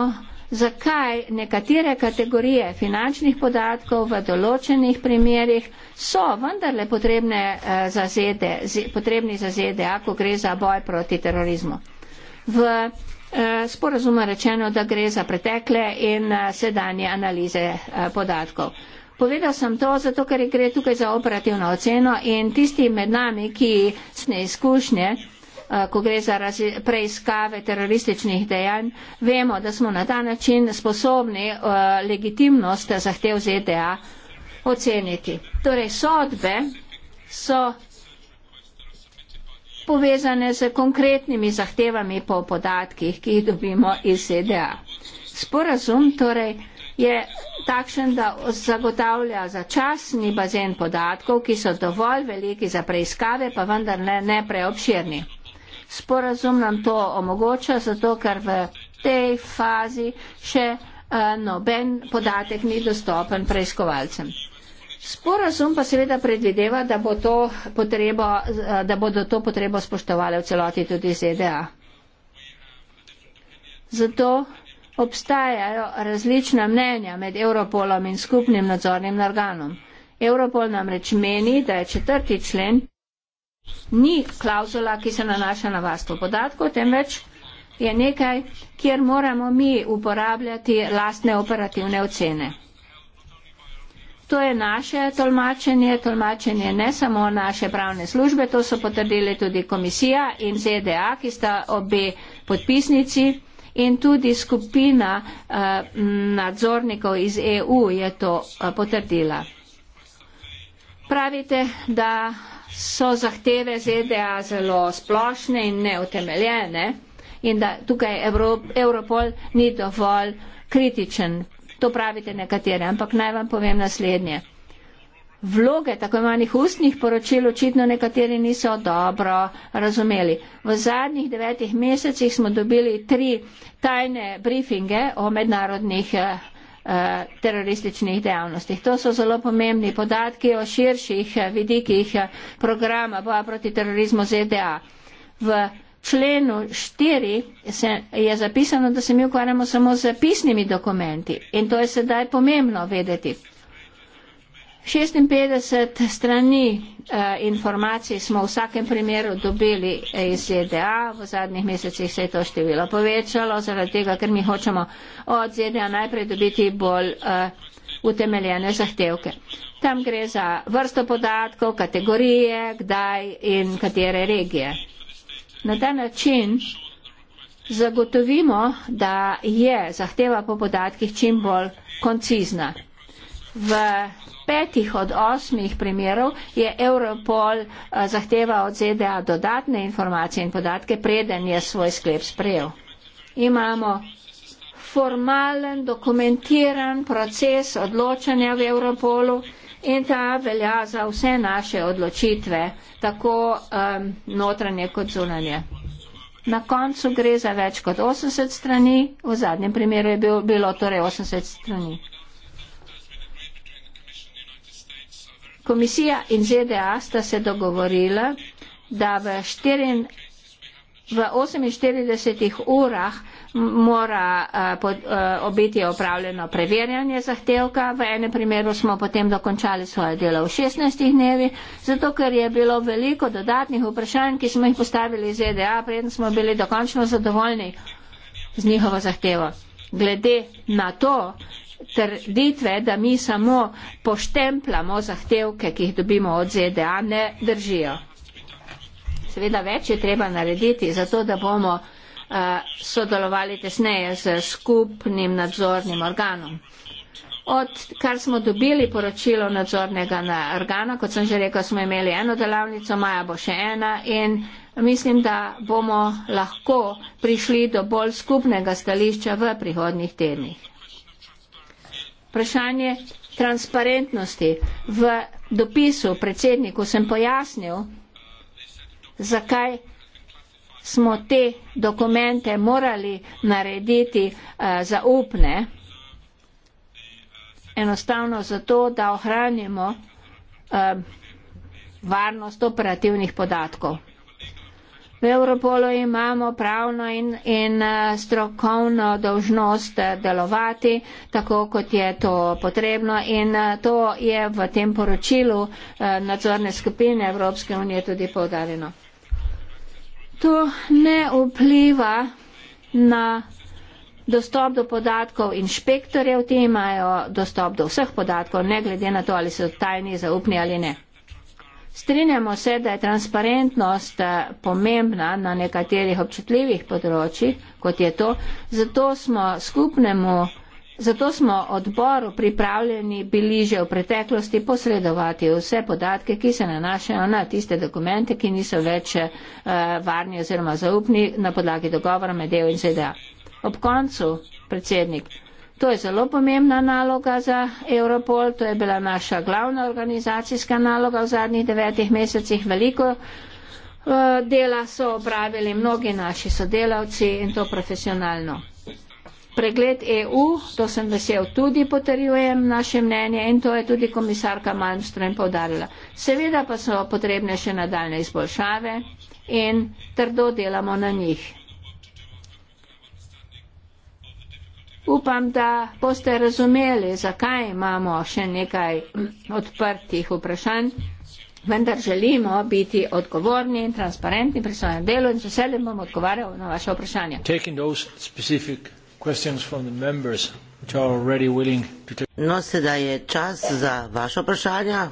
zakaj nekatere kategorije finančnih podatkov v določenih primerjih so vendarle potrebne eh, za ZDA, potrebni za ZDA, ko gre za boj proti terorizmu. V Eh, sporazumno rečeno, da gre za pretekle in eh, sedanje analize eh, podatkov. Povedal sem to, zato ker gre tukaj za operativno oceno in tisti med nami, ki sne izkušnje, ko gre za preiskave terorističnih dejanj, vemo, da smo na ta način sposobni legitimnost zahtev ZDA oceniti. Torej sodbe so povezane z konkretnimi zahtevami po podatkih, ki jih dobimo iz ZDA. Sporazum torej je takšen, da zagotavlja začasni bazen podatkov, ki so dovolj veliki za preiskave, pa vendar ne, ne preobširni. Sporazum nam to omogoča, zato ker v tej fazi še uh, noben podatek ni dostopen preiskovalcem. Sporazum pa seveda predvideva, da, bo to potrebo, da bodo to potrebo spoštovali v celoti tudi ZDA. Zato obstajajo različna mnenja med Europolom in skupnim nadzornim organom. Europol namreč meni, da je četrti člen ni klauzula, ki se nanaša na varstvo podatkov, temveč je nekaj, kjer moramo mi uporabljati lastne operativne ocene to je naše tolmačenje, tolmačenje ne samo naše pravne službe, to so potrdili tudi komisija in ZDA, ki sta obe podpisnici in tudi skupina eh, nadzornikov iz EU je to eh, potrdila. Pravite, da so zahteve ZDA zelo splošne in neutemeljene in da tukaj Evropol ni dovolj kritičen To pravite nekatere, ampak naj vam povem naslednje. Vloge tako imenih ustnih poročil očitno nekateri niso dobro razumeli. V zadnjih devetih mesecih smo dobili tri tajne briefinge o mednarodnih eh, eh, terorističnih dejavnostih. To so zelo pomembni podatki o širših eh, vidikih programa boja proti terorizmu ZDA. V členu 4 se, je zapisano, da se mi ukvarjamo samo z pisnimi dokumenti in to je sedaj pomembno vedeti. 56 strani eh, informacij smo v vsakem primeru dobili iz ZDA, v zadnjih mesecih se je to število povečalo, zaradi tega, ker mi hočemo od ZDA najprej dobiti bolj eh, utemeljene zahtevke. Tam gre za vrsto podatkov, kategorije, kdaj in katere regije na ta način zagotovimo, da je zahteva po podatkih čim bolj koncizna. V petih od osmih primerov je Europol eh, zahteva od ZDA dodatne informacije in podatke, preden je svoj sklep sprejel. Imamo formalen, dokumentiran proces odločanja v Europolu in ta velja za vse naše odločitve, tako um, notranje kot zunanje. Na koncu gre za več kot 80 strani, v zadnjem primeru je bil, bilo torej 80 strani. Komisija in ZDA sta se dogovorila, da v, štirin, v 48 urah mora uh, pod, uh, eh, obiti opravljeno preverjanje zahtevka. V enem primeru smo potem dokončali svoje delo v 16 dnevi, zato ker je bilo veliko dodatnih vprašanj, ki smo jih postavili iz EDA, preden smo bili dokončno zadovoljni z njihovo zahtevo. Glede na to trditve, da mi samo poštemplamo zahtevke, ki jih dobimo od ZDA, ne držijo. Seveda več je treba narediti, zato da bomo uh, Eh, sodelovali tesneje z skupnim nadzornim organom. Od kar smo dobili poročilo nadzornega organa, kot sem že rekel, smo imeli eno delavnico, maja bo še ena in mislim, da bomo lahko prišli do bolj skupnega stališča v prihodnih tednih. Vprašanje transparentnosti. V dopisu predsedniku sem pojasnil, zakaj smo te dokumente morali narediti uh, zaupne, enostavno zato, da ohranimo uh, varnost operativnih podatkov. V Evropolu imamo pravno in, in eh, strokovno dožnost delovati tako, kot je to potrebno in to je v tem poročilu nadzorne skupine Evropske unije tudi povdarjeno to ne vpliva na dostop do podatkov inšpektorjev, ti imajo dostop do vseh podatkov, ne glede na to, ali so tajni zaupni ali ne. Strinjamo se, da je transparentnost eh, pomembna na nekaterih občutljivih področjih, kot je to, zato smo skupnemu Zato smo odboru pripravljeni bili že v preteklosti posredovati vse podatke, ki se nanašajo na tiste dokumente, ki niso več uh, varni oziroma zaupni na podlagi dogovora med EU in ZDA. Ob koncu, predsednik, to je zelo pomembna naloga za Europol, to je bila naša glavna organizacijska naloga v zadnjih devetih mesecih. Veliko uh, dela so opravili mnogi naši sodelavci in to profesionalno. Pregled EU, to sem vesel, tudi potrjujem naše mnenje in to je tudi komisarka Malmström povdarila. Seveda pa so potrebne še nadaljne izboljšave in trdo delamo na njih. Upam, da boste razumeli, zakaj imamo še nekaj odprtih vprašanj, vendar želimo biti odgovorni in transparentni pri svojem delu in z veseljem bom odgovarjal na vaše vprašanje. No, sedaj je čas za vaše vprašanja.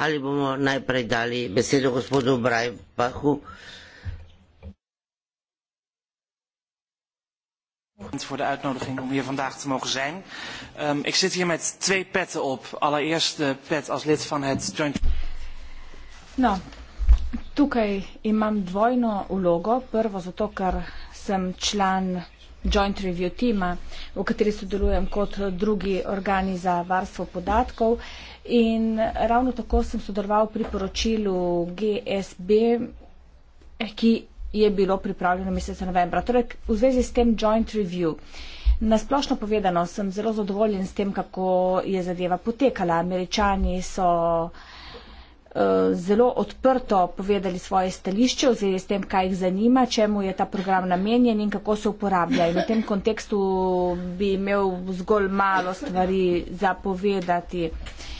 Ali bomo najprej dali besedo gospodu Brajbahu? voor de uitnodiging om hier vandaag te mogen zijn. Um, ik zit hier met twee petten op. Allereerst de pet als lid van het Joint... No, tukaj imam dvojno ulogo. Prvo zato, ker sem član joint review teama, v kateri sodelujem kot drugi organi za varstvo podatkov. In ravno tako sem sodeloval pri poročilu GSB, ki je bilo pripravljeno meseca novembra. Torej, v zvezi s tem joint review. Nasplošno povedano, sem zelo zadovoljen s tem, kako je zadeva potekala. Američani so uh, Eh, zelo odprto povedali svoje stališče v zvezi s tem, kaj jih zanima, čemu je ta program namenjen in kako se uporablja. In v tem kontekstu bi imel zgolj malo stvari zapovedati. Uh,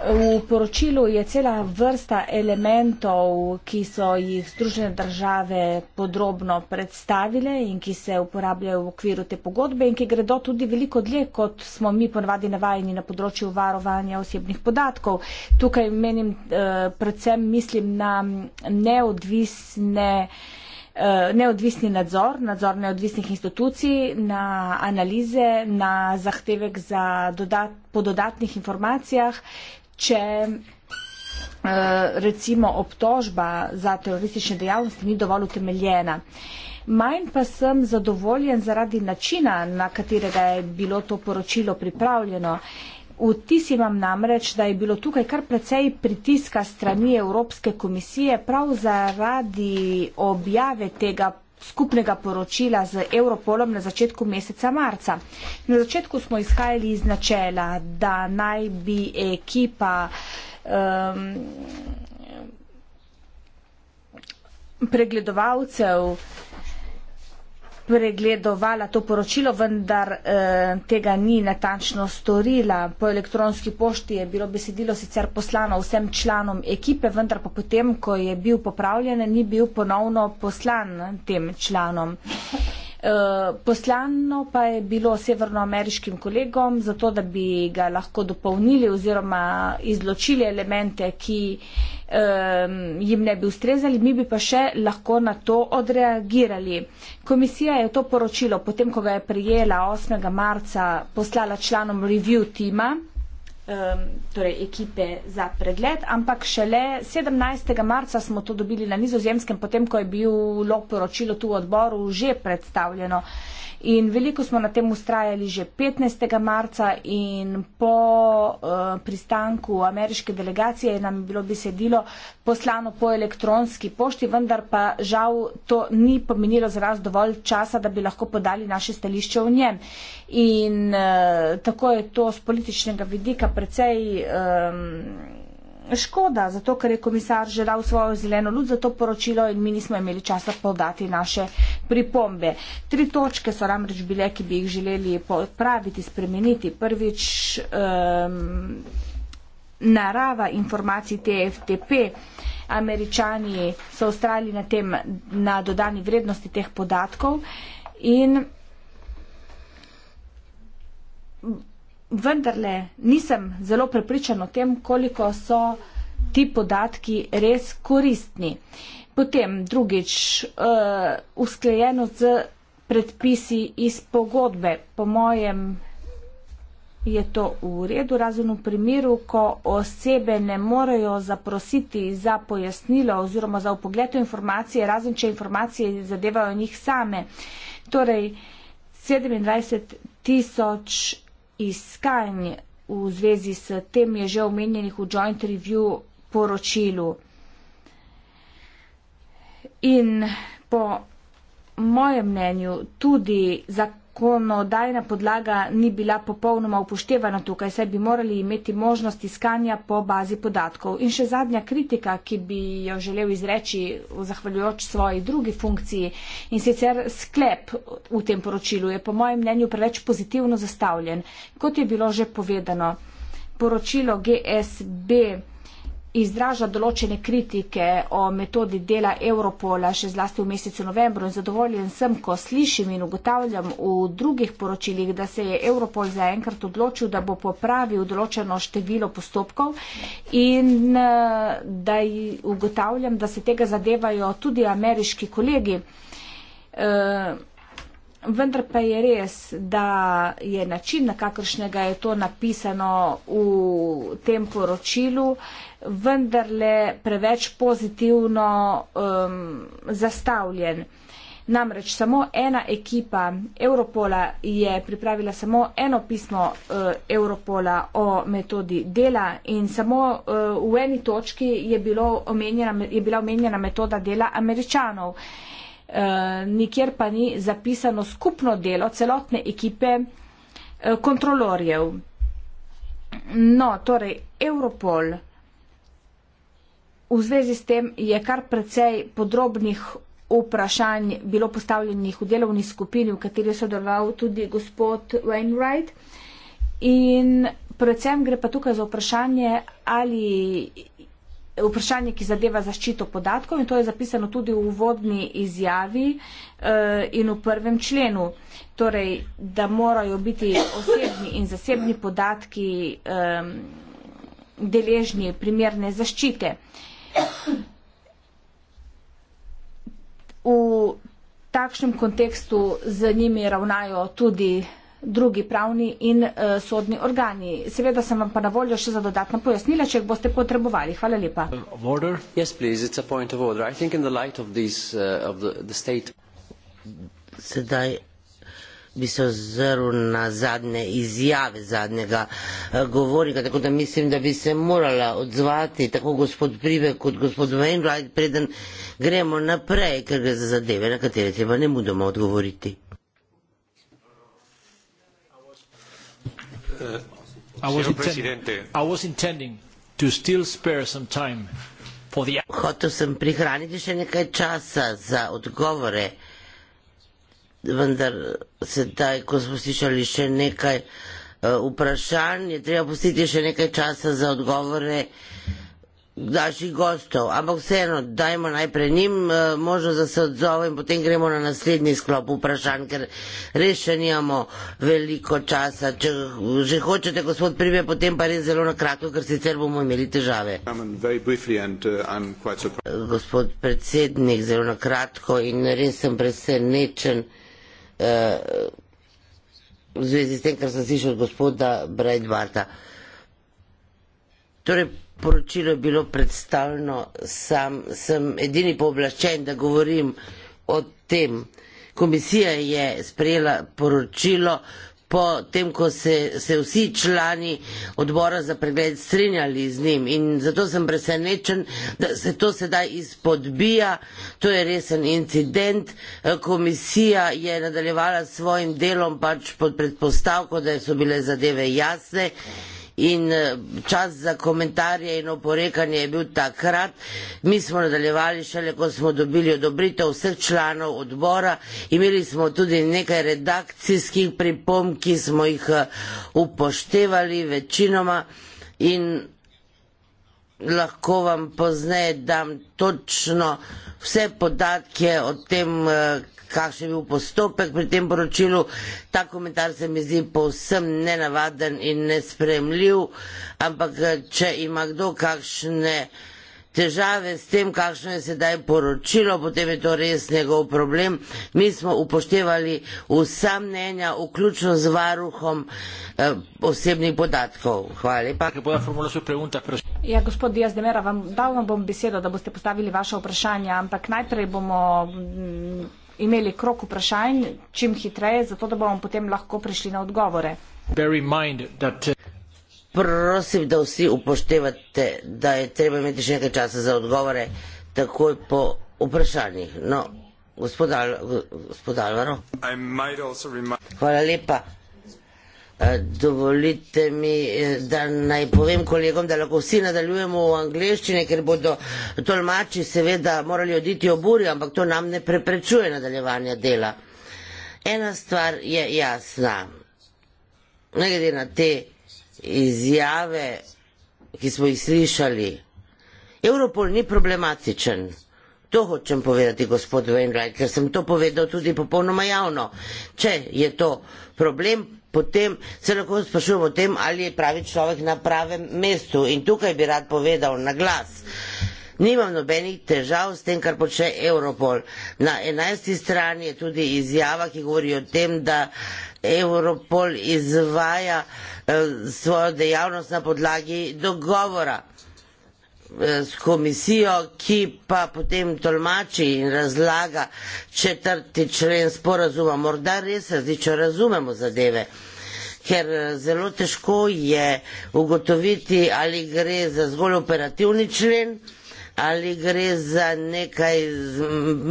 V poročilu je cela vrsta elementov, ki so jih Združene države podrobno predstavile in ki se uporabljajo v okviru te pogodbe in ki gredo tudi veliko dlje, kot smo mi ponavadi navajeni na področju varovanja osebnih podatkov. Tukaj menim, eh, predvsem mislim na neodvisne eh, neodvisni nadzor, nadzor neodvisnih institucij, na analize, na zahtevek za dodat, po dodatnih informacijah, če eh, recimo obtožba za teroristične dejavnosti ni dovolj utemeljena. Manj pa sem zadovoljen zaradi načina, na katerega je bilo to poročilo pripravljeno. Vtis imam namreč, da je bilo tukaj kar precej pritiska strani Evropske komisije prav zaradi objave tega skupnega poročila z Europolom na začetku meseca marca. Na začetku smo izhajali iz načela, da naj bi ekipa um, pregledovalcev pregledovala to poročilo, vendar e, tega ni natančno storila. Po elektronski pošti je bilo besedilo sicer poslano vsem članom ekipe, vendar pa potem, ko je bil popravljen, ni bil ponovno poslan tem članom. Eh, poslano pa je bilo severnoameriškim kolegom, zato da bi ga lahko dopolnili oziroma izločili elemente, ki jim ne bi ustrezali, mi bi pa še lahko na to odreagirali. Komisija je to poročilo, potem ko ga je prijela 8. marca, poslala članom review tima um, torej ekipe za pregled, ampak šele 17. marca smo to dobili na nizozemskem, potem, ko je bilo poročilo tu odboru že predstavljeno. In veliko smo na tem ustrajali že 15. marca in po uh, pristanku ameriške delegacije nam je bilo besedilo poslano po elektronski pošti, vendar pa žal to ni pomenilo za nas dovolj časa, da bi lahko podali naše stališče v njem. In uh, tako je to z političnega vidika precej. Um, škoda, zato ker je komisar že dal svojo zeleno luč za to poročilo in mi nismo imeli časa podati naše pripombe. Tri točke so nam reč bile, ki bi jih želeli popraviti, spremeniti. Prvič, um, narava informacij TFTP. Američani so ustrali na, tem, na dodani vrednosti teh podatkov in vendarle nisem zelo prepričan o tem, koliko so ti podatki res koristni. Potem drugič, uh, eh, usklejeno z predpisi iz pogodbe. Po mojem je to v redu, razen v primeru, ko osebe ne morejo zaprositi za pojasnilo oziroma za upogled informacije, razen če informacije zadevajo njih same. Torej, 27 tisoč iskanj v zvezi s tem je že omenjenih v joint review poročilu. In po mojem mnenju tudi za zakonodajna podlaga ni bila popolnoma upoštevana tukaj, saj bi morali imeti možnost iskanja po bazi podatkov. In še zadnja kritika, ki bi jo želel izreči, zahvaljujoč svoji drugi funkciji, in sicer sklep v tem poročilu je po mojem mnenju preveč pozitivno zastavljen. Kot je bilo že povedano, poročilo GSB izraža določene kritike o metodi dela Europola, še zlasti v mesecu novembru in zadovoljen sem, ko slišim in ugotavljam v drugih poročilih, da se je Europol zaenkrat odločil, da bo popravil določeno število postopkov in eh, da ugotavljam, da se tega zadevajo tudi ameriški kolegi. Uh, vendar pa je res, da je način, na kakršnega je to napisano v tem poročilu, vendarle preveč pozitivno um, zastavljen. Namreč samo ena ekipa Europola je pripravila samo eno pismo uh, Europola o metodi dela in samo uh, v eni točki je, omenjena, je bila omenjena metoda dela američanov. Uh, Eh, nikjer pa ni zapisano skupno delo celotne ekipe eh, kontrolorjev. No, torej Europol v zvezi s tem je kar precej podrobnih vprašanj bilo postavljenih v delovni skupini, v kateri je sodeloval tudi gospod Wainwright. In predvsem gre pa tukaj za vprašanje, ali vprašanje, ki zadeva zaščito podatkov in to je zapisano tudi v uvodni izjavi eh, in v prvem členu. Torej, da morajo biti osebni in zasebni podatki eh, deležni primerne zaščite. V takšnem kontekstu z njimi ravnajo tudi drugi pravni in uh, sodni organi. Seveda sem vam pa na voljo še za dodatna pojasnila, če jih boste potrebovali. Hvala lepa. Uh, Sedaj bi se ozrl na zadnje izjave zadnjega eh, govornika, tako da mislim, da bi se morala odzvati tako gospod Prive kot gospod Vejnvlajt, preden gremo naprej, ker gre za zadeve, na katere treba ne mudoma odgovoriti. Uh, señor presidente, I was intending to still spare some time for the Hotel sem prihraniti še nekaj časa za odgovore. Vendar sedaj, ko smo slišali še nekaj uh, vprašanj, je treba pustiti še nekaj časa za odgovore. Uh, naših gostov, ampak vseeno, dajmo najprej njim eh, možnost, da se odzovem, potem gremo na naslednji sklop vprašanj, ker res še nimamo veliko časa. Če že hočete, gospod Prive, potem pa res zelo na kratko, ker sicer bomo imeli težave. And, uh, eh, gospod predsednik, zelo na kratko in res sem presenečen uh, v zvezi s tem, kar sem slišal od gospoda Breitbarta. Torej, poročilo je bilo predstavljeno, sam sem edini povlaščen, da govorim o tem. Komisija je sprejela poročilo po tem, ko se, se vsi člani odbora za pregled strinjali z njim in zato sem presenečen, da se to sedaj izpodbija. To je resen incident. Komisija je nadaljevala s svojim delom pač pod predpostavko, da so bile zadeve jasne in eh, čas za komentarje in oporekanje je bil takrat. Mi smo nadaljevali šele, ko smo dobili odobritev vseh članov odbora. Imeli smo tudi nekaj redakcijskih pripomb, ki smo jih eh, upoštevali večinoma in lahko vam pozneje dam točno vse podatke o tem, eh, kakšen je bil postopek pri tem poročilu. Ta komentar se mi zdi povsem nenavaden in nespremljiv, ampak eh, če ima kdo kakšne težave s tem, kakšno je sedaj poročilo, potem je to res njegov problem. Mi smo upoštevali vsa mnenja, vključno z varuhom eh, osebnih podatkov. Hvala lepa. Ja, gospod Dijaz Demera, vam, dal vam bom besedo, da boste postavili vaše vprašanje, ampak najprej bomo. Mm, imeli krok vprašanj čim hitreje, zato da bomo potem lahko prišli na odgovore. Uh, Prosim, da vsi upoštevate, da je treba imeti še nekaj časa za odgovore, takoj po vprašanjih. No, gospod Alvaro. Hvala lepa. Eh, dovolite mi, eh, da naj povem kolegom, da lahko vsi nadaljujemo v angleščini, ker bodo tolmači seveda morali oditi v burjo, ampak to nam ne preprečuje nadaljevanja dela. Ena stvar je jasna. Ne glede na te izjave, ki smo jih slišali, Europol ni problematičen. To hočem povedati, gospod Wainwright, ker sem to povedal tudi popolnoma javno. Če je to problem, potem se lahko sprašujemo o tem, ali je pravi človek na pravem mestu. In tukaj bi rad povedal na glas. Nimam nobenih težav s tem, kar počne Europol. Na enajsti strani je tudi izjava, ki govori o tem, da Europol izvaja eh, svojo dejavnost na podlagi dogovora s komisijo, ki pa potem tolmači in razlaga četrti člen sporazuma. Morda res različno razumemo zadeve, ker eh, zelo težko je ugotoviti, ali gre za zgolj operativni člen ali gre za nekaj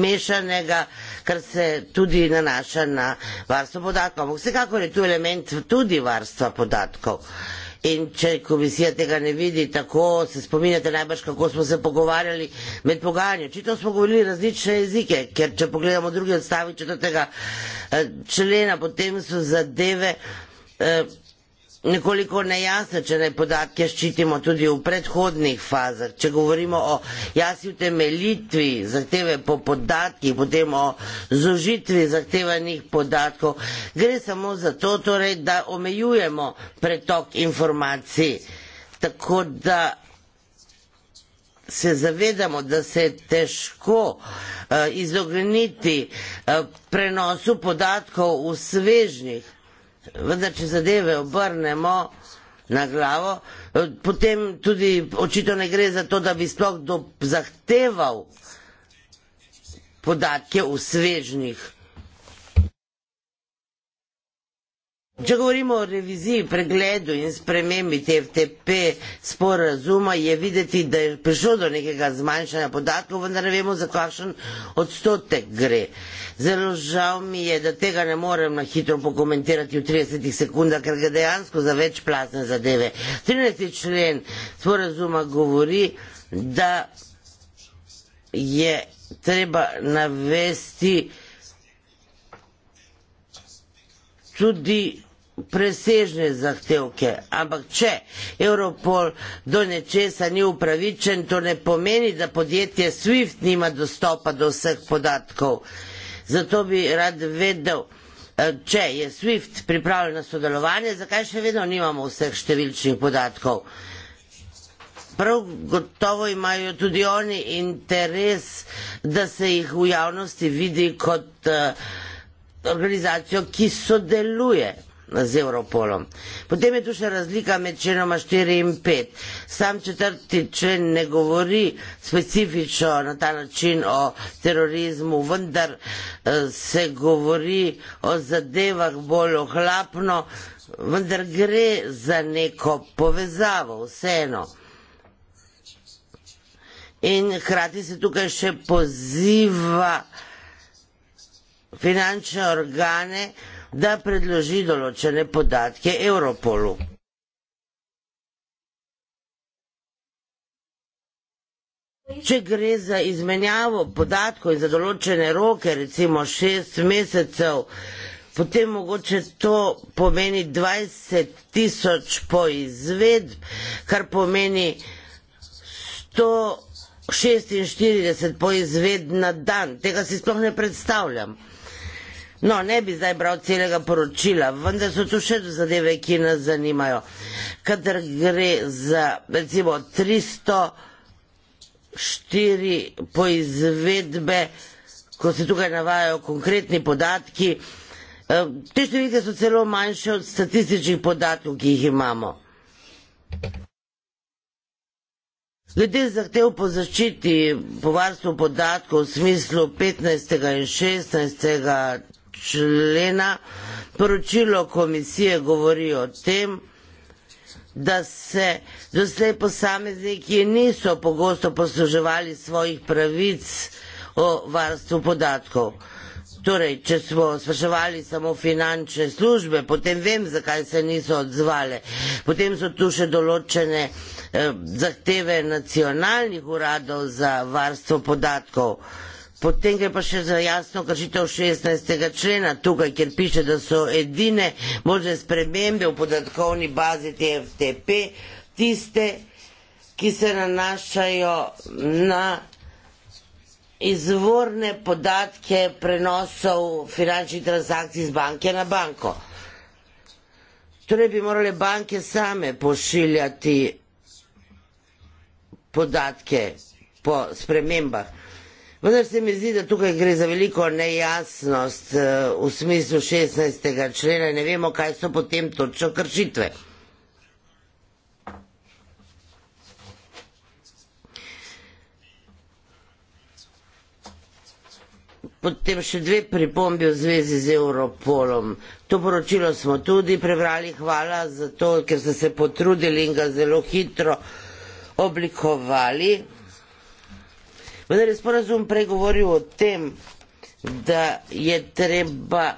mešanega, kar se tudi nanaša na varstvo podatkov. Vsekakor je tu element tudi varstva podatkov. Uh, in če komisija tega ne vidi, tako se spominjate najbrž, kako smo se pogovarjali med pogajanji. Očitno smo govorili različne jezike, ker če pogledamo drugi odstavek četrtega eh, člena, potem so zadeve. Eh, nekoliko nejasno, če naj podatke ščitimo tudi v predhodnih fazah. Če govorimo o jasni utemeljitvi zahteve po podatkih, potem o zožitvi zahtevanih podatkov, gre samo za to, torej, da omejujemo pretok informacij. Tako da se zavedamo, da se je težko uh, izogniti uh, prenosu podatkov v svežnih vendar če zadeve obrnemo na glavo, eh, potem tudi očitno ne gre za to, da bi sploh zahteval podatke v svežnih Če govorimo o reviziji, pregledu in spremembi TFTP sporazuma, je videti, da je prišlo do nekega zmanjšanja podatkov, vendar ne vemo, za kakšen odstotek gre. Zelo žal mi je, da tega ne morem na hitro pokomentirati v 30 sekundah, ker gre dejansko za več plazne zadeve. 13. člen sporazuma govori, da je treba navesti tudi presežne zahtevke, ampak če Europol do nečesa ni upravičen, to ne pomeni, da podjetje SWIFT nima dostopa do vseh podatkov. Zato bi rad vedel, eh, če je SWIFT pripravljen na sodelovanje, zakaj še vedno nimamo vseh številčnih podatkov. Prav gotovo imajo tudi oni interes, da se jih v javnosti vidi kot uh, organizacijo, ki sodeluje z Europolom. Potem je tu še razlika med členoma 4 in 5. Sam četrti člen ne govori specifično na ta način o terorizmu, vendar eh, se govori o zadevah bolj ohlapno, vendar gre za neko povezavo vseeno. In hkrati se tukaj še poziva finančne organe, da predloži določene podatke Europolu. Če gre za izmenjavo podatkov in za določene roke, recimo šest mesecev, potem mogoče to pomeni 20 tisoč po izvedb, kar pomeni 146 po izvedb na dan. Tega si sploh ne predstavljam. No, ne bi zdaj bral celega poročila, vendar so tu še zadeve, ki nas zanimajo. Kadar gre za recimo 304 poizvedbe, ko se tukaj navajajo konkretni podatki, eh, te številke so celo manjše od statističnih podatkov, ki jih imamo. Glede zahtev po zaščiti, po varstvu podatkov v smislu 15. in 16 člena poročilo komisije govori o tem, da se doslej posamezniki niso pogosto posluževali svojih pravic o varstvu podatkov. Torej, če smo spraševali samo finančne službe, potem vem, zakaj se niso odzvale. Potem so tu še določene eh, zahteve nacionalnih uradov za varstvo podatkov. Potem gre pa še za jasno kršitev 16. člena, tukaj, kjer piše, da so edine možne spremembe v podatkovni bazi TFTP tiste, ki se nanašajo na izvorne podatke prenosov finančnih transakcij z banke na banko. Torej bi morale banke same pošiljati podatke po spremembah. Vendar se mi zdi, da tukaj gre za veliko nejasnost eh, v smislu 16. člena in ne vemo, kaj so potem točno kršitve. Potem še dve pripombi v zvezi z Europolom. To poročilo smo tudi prebrali, hvala za to, ker ste se potrudili in ga zelo hitro oblikovali. Vendar je sporazum pregovoril o tem, da je treba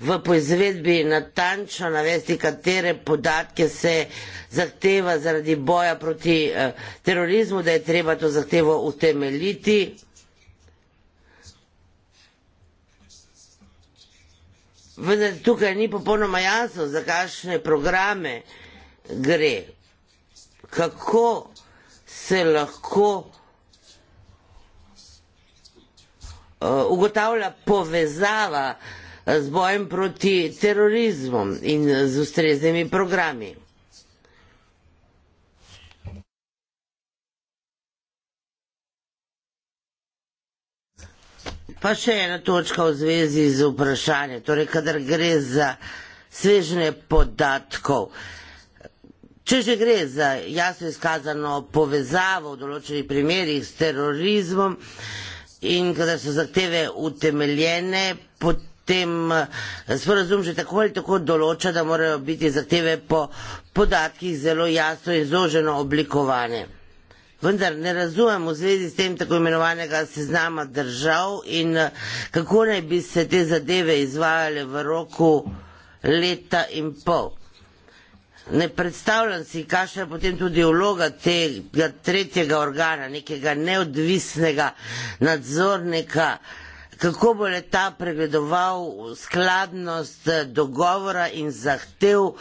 v poizvedbi natančno navesti, katere podatke se zahteva zaradi boja proti eh, terorizmu, da je treba to zahtevo utemeljiti. Vendar tukaj ni popolnoma jasno, za kakšne programe gre, kako se lahko Eh, ugotavlja povezava eh, z bojem proti terorizmom in eh, z ustreznimi programi. Pa še ena točka v zvezi z vprašanjem, torej kadar gre za svežne podatkov. Če že gre za jasno izkazano povezavo v določenih primerjih s terorizmom, in kada so zahteve utemeljene, potem eh, sporazum že tako ali tako določa, da morajo biti zahteve po podatkih zelo jasno in zloženo oblikovane. Vendar ne razumem v zvezi s tem tako imenovanega seznama držav in eh, kako naj bi se te zadeve izvajale v roku leta in pol. Ne predstavljam si, kakšna je potem tudi vloga tega tretjega organa, nekega neodvisnega nadzornika, kako bo le ta pregledoval skladnost eh, dogovora in zahtev.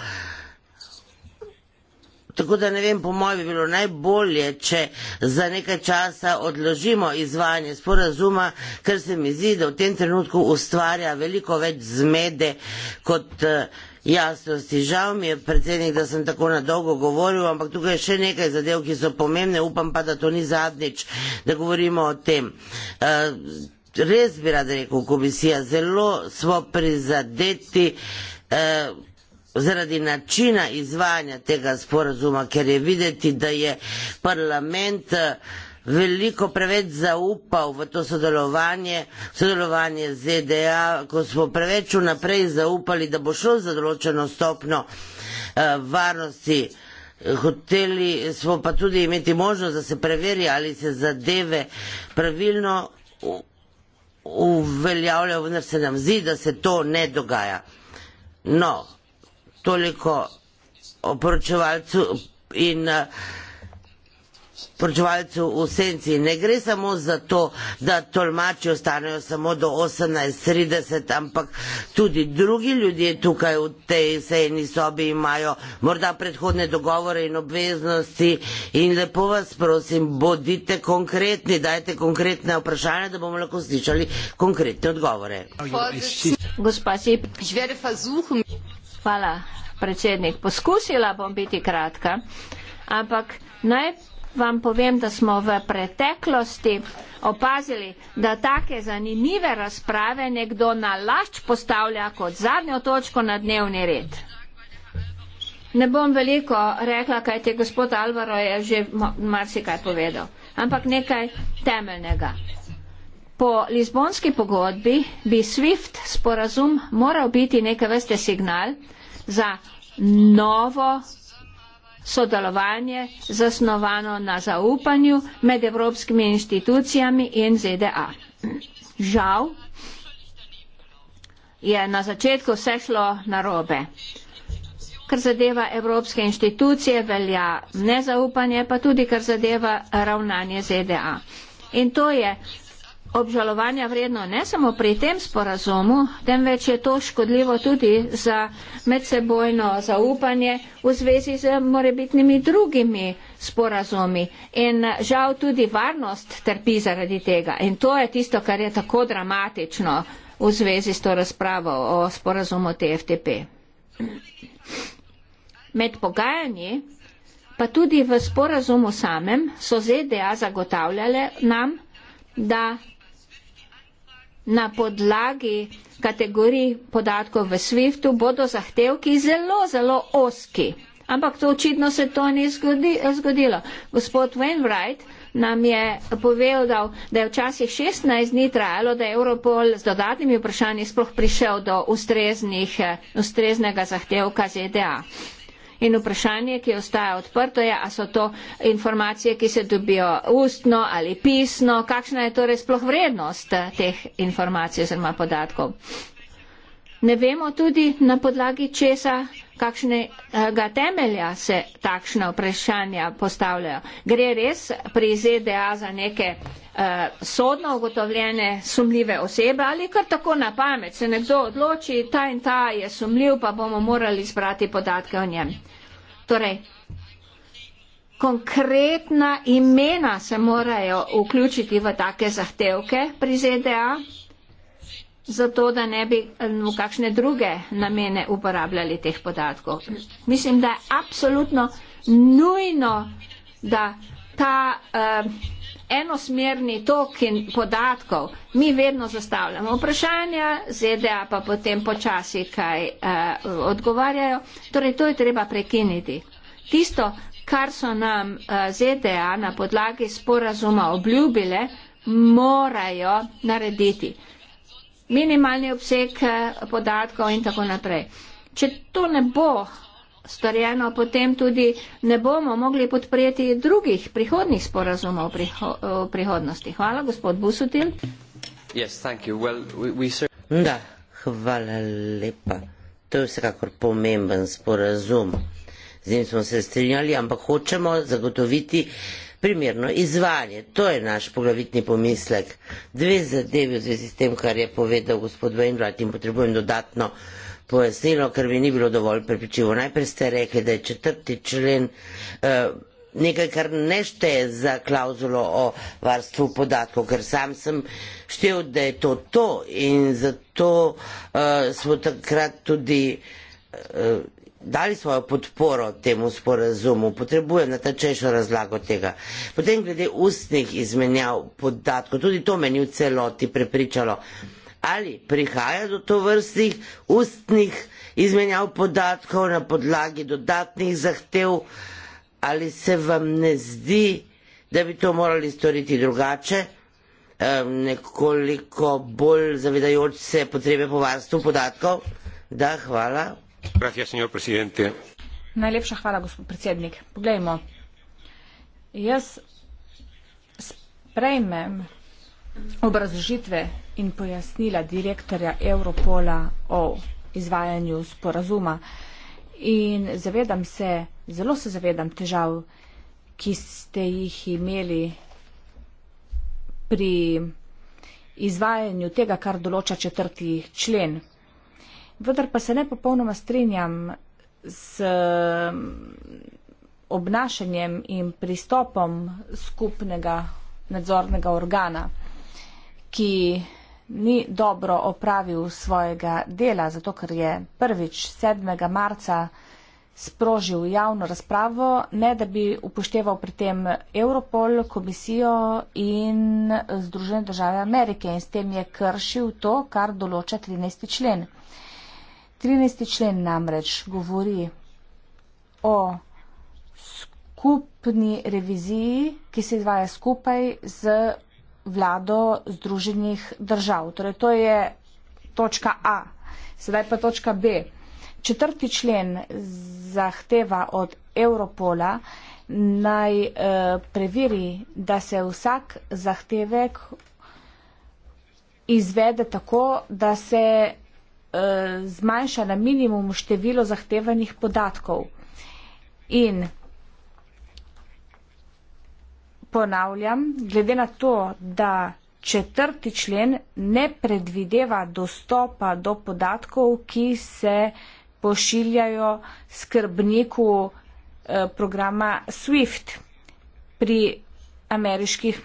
Tako da ne vem, po mojem bi bilo najbolje, če za nekaj časa odložimo izvajanje sporazuma, ker se mi zdi, da v tem trenutku ustvarja veliko več zmede kot uh, jasnosti. Žal mi je, predsednik, da sem tako na dolgo govoril, ampak tukaj je še nekaj zadev, ki so pomembne. Upam pa, da to ni zadnjič, da govorimo o tem. Eh, res bi rad rekel, komisija, zelo smo prizadeti eh, zaradi načina izvajanja tega sporazuma, ker je videti, da je parlament uh, veliko preveč zaupal v to sodelovanje, sodelovanje z ZDA, ko smo preveč vnaprej zaupali, da bo šlo za določeno stopno eh, varnosti. Hoteli smo pa tudi imeti možnost, da se preveri, ali se zadeve pravilno uveljavljajo, vendar se nam zdi, da se to ne dogaja. No, toliko o poročevalcu in eh, poročevalcev v senci. Ne gre samo za to, da tolmači ostanejo samo do 18.30, ampak tudi drugi ljudje tukaj v tej sejni sobi imajo morda predhodne dogovore in obveznosti in lepo vas prosim, bodite konkretni, dajte konkretne vprašanja, da bomo lahko slišali konkretne odgovore. Hvala, predsednik. Poskusila bom biti kratka, ampak naj vam povem, da smo v preteklosti opazili, da take zanimive razprave nekdo na lač postavlja kot zadnjo točko na dnevni red. Ne bom veliko rekla, kaj te gospod Alvaro je že marsikaj povedal, ampak nekaj temeljnega. Po Lizbonski pogodbi bi SWIFT sporazum moral biti neke vrste signal za novo sodelovanje zasnovano na zaupanju med evropskimi institucijami in ZDA. Žal je na začetku vse šlo narobe. Kar zadeva evropske institucije, velja nezaupanje, pa tudi kar zadeva ravnanje ZDA. In to je obžalovanja vredno ne samo pri tem sporazumu, temveč je to škodljivo tudi za medsebojno zaupanje v zvezi z morebitnimi drugimi sporazumi. In žal tudi varnost trpi zaradi tega. In to je tisto, kar je tako dramatično v zvezi s to razpravo o sporazumu TFTP. Med pogajanji pa tudi v sporazumu samem so ZDA zagotavljale nam, da na podlagi kategorij podatkov v SWIFT-u bodo zahtevki zelo, zelo oski. Ampak to očitno se to ni zgodi, zgodilo. Gospod Wainwright nam je povedal, da je včasih 16 dni trajalo, da je Europol z dodatnimi vprašanji sploh prišel do ustreznega zahtevka ZDA. Uh, In vprašanje, ki ostaja odprto, je, a so to informacije, ki se dobijo ustno ali pisno, kakšna je torej sploh vrednost teh informacij oziroma podatkov. Ne vemo tudi na podlagi česa, kakšnega temelja se takšna vprašanja postavljajo. Gre res pri ZDA za neke Eh, sodno ugotovljene sumljive osebe ali kar tako na pamet se nekdo odloči, ta in ta je sumljiv, pa bomo morali zbrati podatke o njem. Torej, konkretna imena se morajo vključiti v take zahtevke pri ZDA, zato da ne bi eh, v kakšne druge namene uporabljali teh podatkov. Mislim, da je absolutno nujno, da ta. Uh, enosmerni tok in podatkov, mi vedno zastavljamo vprašanja, ZDA pa potem počasi kaj uh, odgovarjajo. Torej, to je treba prekiniti. Tisto, kar so nam uh, eh, ZDA na podlagi sporazuma obljubile, morajo narediti. Minimalni obseg uh, podatkov in tako naprej. Če to ne bo storjeno, potem tudi ne bomo mogli podprijeti drugih prihodnih sporazumov priho prihodnosti. Hvala, gospod Busutil. Yes, well, we, we da, hvala lepa. To je vsekakor pomemben sporazum. Z njim smo se strinjali, ampak hočemo zagotoviti primerno izvajanje. To je naš poglavitni pomislek. Dve zadevi v zvezi s tem, kar je povedal gospod Vendrat in potrebujem dodatno pojasnilo, ker mi ni bilo dovolj prepričljivo. Najprej ste rekli, da je četrti člen eh, nekaj, kar nešte za klauzulo o varstvu podatkov, ker sam sem štev, da je to to in zato eh, smo takrat tudi eh, dali svojo podporo temu sporazumu, potrebujem natačejšo razlago tega. Potem glede ustnih izmenjav podatkov, tudi to me ni v celoti prepričalo. Uh, ali prihaja do tovrstnih ustnih izmenjav podatkov na podlagi dodatnih zahtev, ali se vam ne zdi, da bi to morali storiti drugače, nekoliko bolj zavedajoč se potrebe po varstvu podatkov. Da, hvala. Gracias, señor presidente. Najlepša hvala, gospod predsednik. Poglejmo. Jaz sprejmem obrazložitve in pojasnila direktorja Europola o izvajanju sporazuma. In zavedam se, zelo se zavedam težav, ki ste jih imeli pri izvajanju tega, kar določa četrti člen. Vendar pa se ne popolnoma strinjam s obnašanjem in pristopom skupnega nadzornega organa ki ni dobro opravil svojega dela, zato ker je prvič 7. marca sprožil javno razpravo, ne da bi upošteval pri tem Europol, komisijo in Združene države Amerike in s tem je kršil to, kar določa 13. člen. 13. člen namreč govori o skupni reviziji, ki se izvaja skupaj z vlado Združenih držav. Torej, to je točka A. Sedaj pa točka B. Četrti člen zahteva od Europola naj e, preveri, da se vsak zahtevek izvede tako, da se e, zmanjša na minimum število zahtevanih podatkov. In ponavljam, glede na to, da četrti člen ne predvideva dostopa do podatkov, ki se pošiljajo skrbniku eh, programa SWIFT pri ameriških,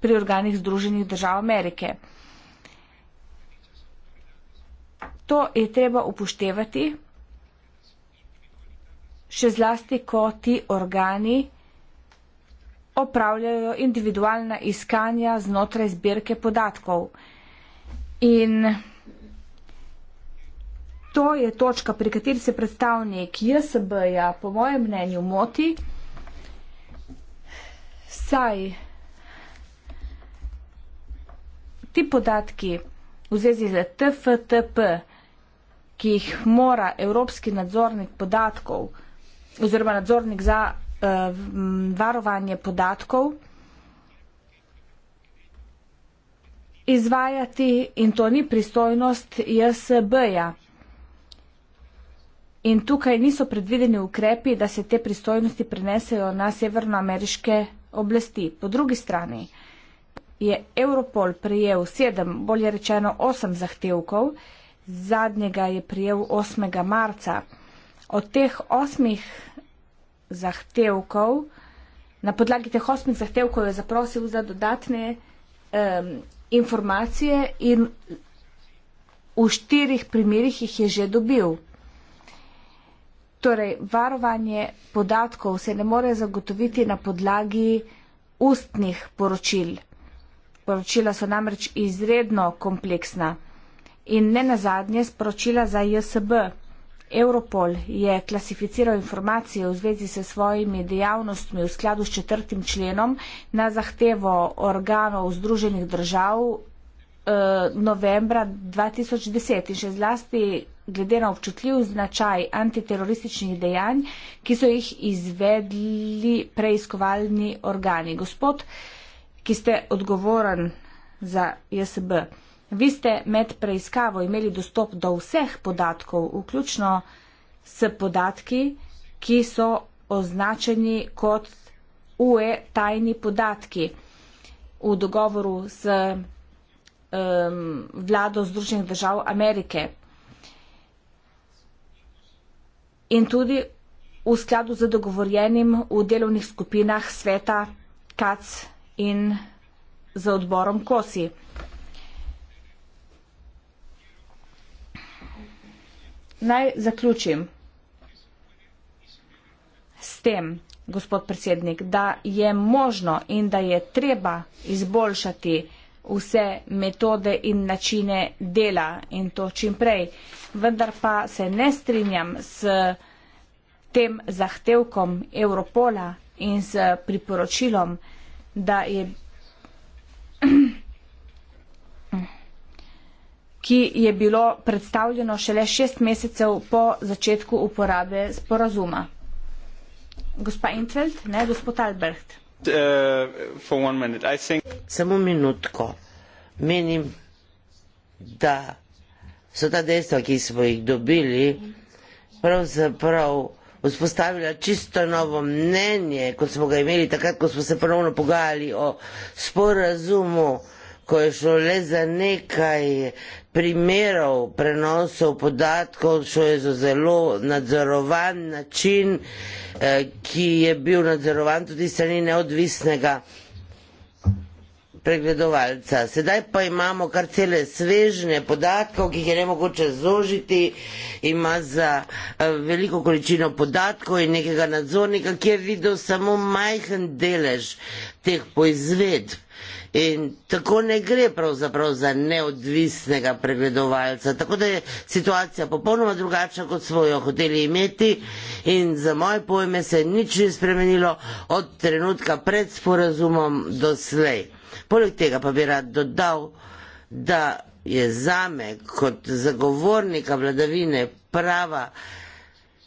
pri organih Združenih držav Amerike. To je treba upoštevati, še zlasti, ko ti organi opravljajo individualna iskanja znotraj zbirke podatkov. In to je točka, pri kateri se predstavnik JSB-ja, po mojem mnenju, moti, saj ti podatki v zvezi z TFTP, ki jih mora evropski nadzornik podatkov oziroma nadzornik za Eh, varovanje podatkov izvajati in to ni pristojnost JSB-ja. In tukaj niso predvideni ukrepi, da se te pristojnosti prenesejo na severnoameriške oblasti. Po drugi strani je Europol prijel sedem, bolje rečeno osem zahtevkov, zadnjega je prijel 8. marca. Od teh osmih zahtevkov, na podlagi teh osmih zahtevkov je zaprosil za dodatne um, informacije in v štirih primerjih jih je že dobil. Torej, varovanje podatkov se ne more zagotoviti na podlagi ustnih poročil. Poročila so namreč izredno kompleksna in ne nazadnje sporočila za JSB. Europol je klasificiral informacije v zvezi se svojimi dejavnostmi v skladu s četrtim členom na zahtevo organov Združenih držav eh, novembra 2010 in še zlasti glede na občutljiv značaj antiterorističnih dejanj, ki so jih izvedli preiskovalni organi. Gospod, ki ste odgovoren za JSB, Vi ste med preiskavo imeli dostop do vseh podatkov, vključno s podatki, ki so označeni kot UE tajni podatki. V dogovoru s um, vlado Združenih držav Amerike. In tudi v skladu z dogovorjenim v delovnih skupinah sveta KAC in z odborom KOSI. Naj zaključim s tem, gospod predsednik, da je možno in da je treba izboljšati vse metode in načine dela in to čim prej. Vendar pa se ne strinjam s tem zahtevkom Europola in s priporočilom, da je. <clears throat> ki je bilo predstavljeno šele šest mesecev po začetku uporabe sporazuma. Gospa Intveld, ne gospod Albrecht. Uh, Samo minutko. Menim, da so ta dejstva, ki smo jih dobili, pravzaprav vzpostavila čisto novo mnenje, kot smo ga imeli takrat, ko smo se ponovno pogajali o sporazumu ko je šlo le za nekaj primerov prenosov podatkov, šlo je za zelo nadzorovan način, eh, ki je bil nadzorovan tudi strani neodvisnega pregledovalca. Sedaj pa imamo kar cele svežne podatkov, ki jih je ne mogoče zložiti, ima za eh, veliko količino podatkov in nekega nadzornika, ki je videl samo majhen delež teh poizvedb. In tako ne gre pravzaprav za neodvisnega pregledovalca. Tako da je situacija popolnoma drugačna, kot smo jo hoteli imeti in za moje pojme se nič ni spremenilo od trenutka pred sporazumom do slej. Poleg tega pa bi rad dodal, da je zame kot zagovornika vladavine prava,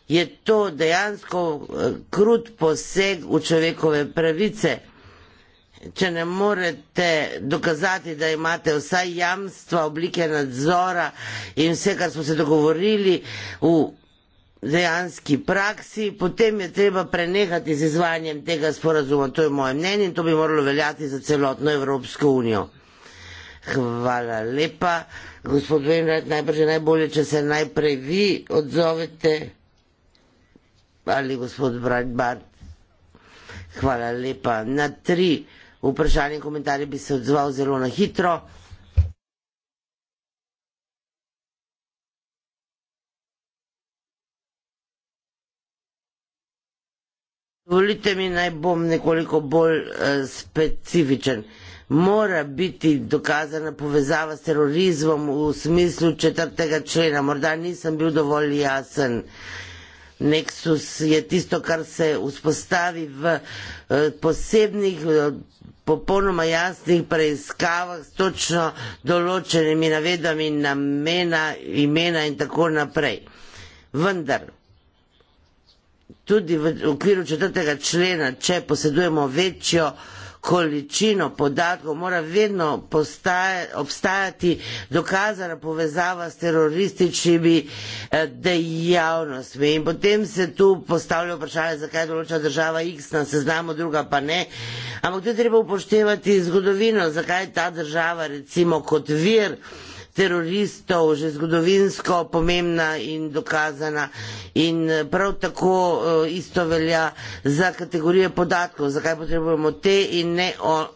je to dejansko eh, krut poseg v človekove pravice. Če ne morete dokazati, da imate vsaj jamstva, oblike nadzora in vse, kar smo se dogovorili v dejanski praksi, potem je treba prenehati z izvajanjem tega sporazuma. To je moje mnenje in to bi moralo veljati za celotno Evropsko unijo. Hvala lepa. Gospod Vendrat, najprej najbolje, če se najprej vi odzovete. Ali gospod Bratbart. Hvala lepa. Na tri vprašanje in komentarje bi se odzval zelo na hitro. Dovolite mi naj bom nekoliko bolj uh, specifičen. Mora biti dokazana povezava s terorizmom v smislu četrtega člena. Morda nisem bil dovolj jasen. Nexus je tisto, kar se vzpostavi v uh, posebnih, uh, popolnoma jasnih preiskavah s točno določenimi navedami namena, imena in tako naprej. Vendar tudi v okviru četrtega člena, če posedujemo večjo količino podatkov, mora vedno postaja, obstajati dokazana povezava s terorističnimi eh, dejavnostmi. In potem se tu postavlja vprašanje, zakaj določa država X na seznamu, druga pa ne. Ampak tu treba upoštevati zgodovino, zakaj ta država recimo kot vir teroristov že zgodovinsko pomembna in dokazana in eh, prav tako eh, isto velja za kategorije podatkov, zakaj potrebujemo te in ne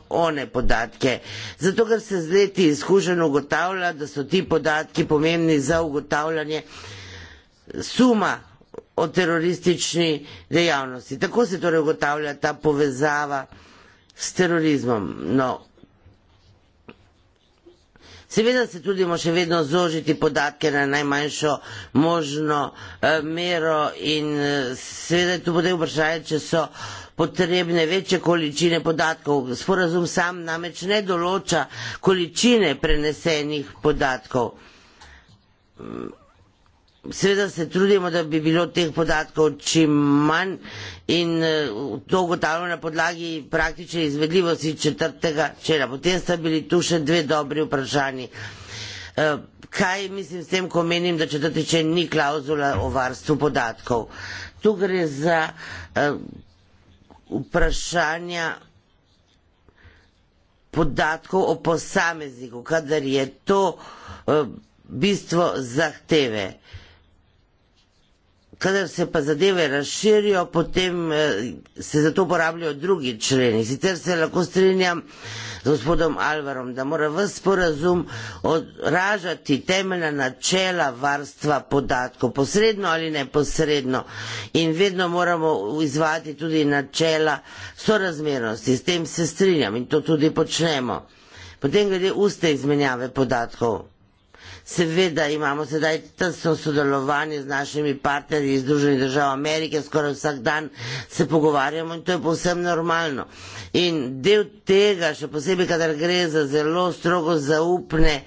one podatke. Zato, ker se z leti izkušeno ugotavlja, da so ti podatki pomembni za ugotavljanje suma o teroristični dejavnosti. Tako se torej ugotavlja ta povezava s terorizmom. No, Seveda se trudimo še vedno zožiti podatke na najmanjšo možno eh, mero in eh, seveda je tu potem vprašanje, če so potrebne večje količine podatkov. Sporazum sam namreč ne določa količine prenesenih podatkov. Seveda se trudimo, da bi bilo teh podatkov čim manj in eh, to ugotavljamo na podlagi praktične izvedljivosti četrtega čela. Potem sta bili tu še dve dobri vprašanji. Eh, kaj mislim s tem, ko menim, da četrti čel ni klauzula o varstvu podatkov? Tu gre za eh, vprašanja podatkov o posamezniku, kadar je to bistvo zahteve kadar se pa zadeve razširijo, potem eh, se za to uporabljajo drugi členi. Sicer se lahko strinjam z gospodom Alvarom, da mora v sporazum odražati temeljna načela varstva podatkov, posredno ali neposredno. In vedno moramo izvati tudi načela sorazmernosti. S tem se strinjam in to tudi počnemo. Potem glede uste izmenjave podatkov. Seveda imamo sedaj tesno sodelovanje z našimi partnerji iz Združenih držav Amerike, skoraj vsak dan se pogovarjamo in to je povsem normalno. In del tega, še posebej, kadar gre za zelo strogo zaupne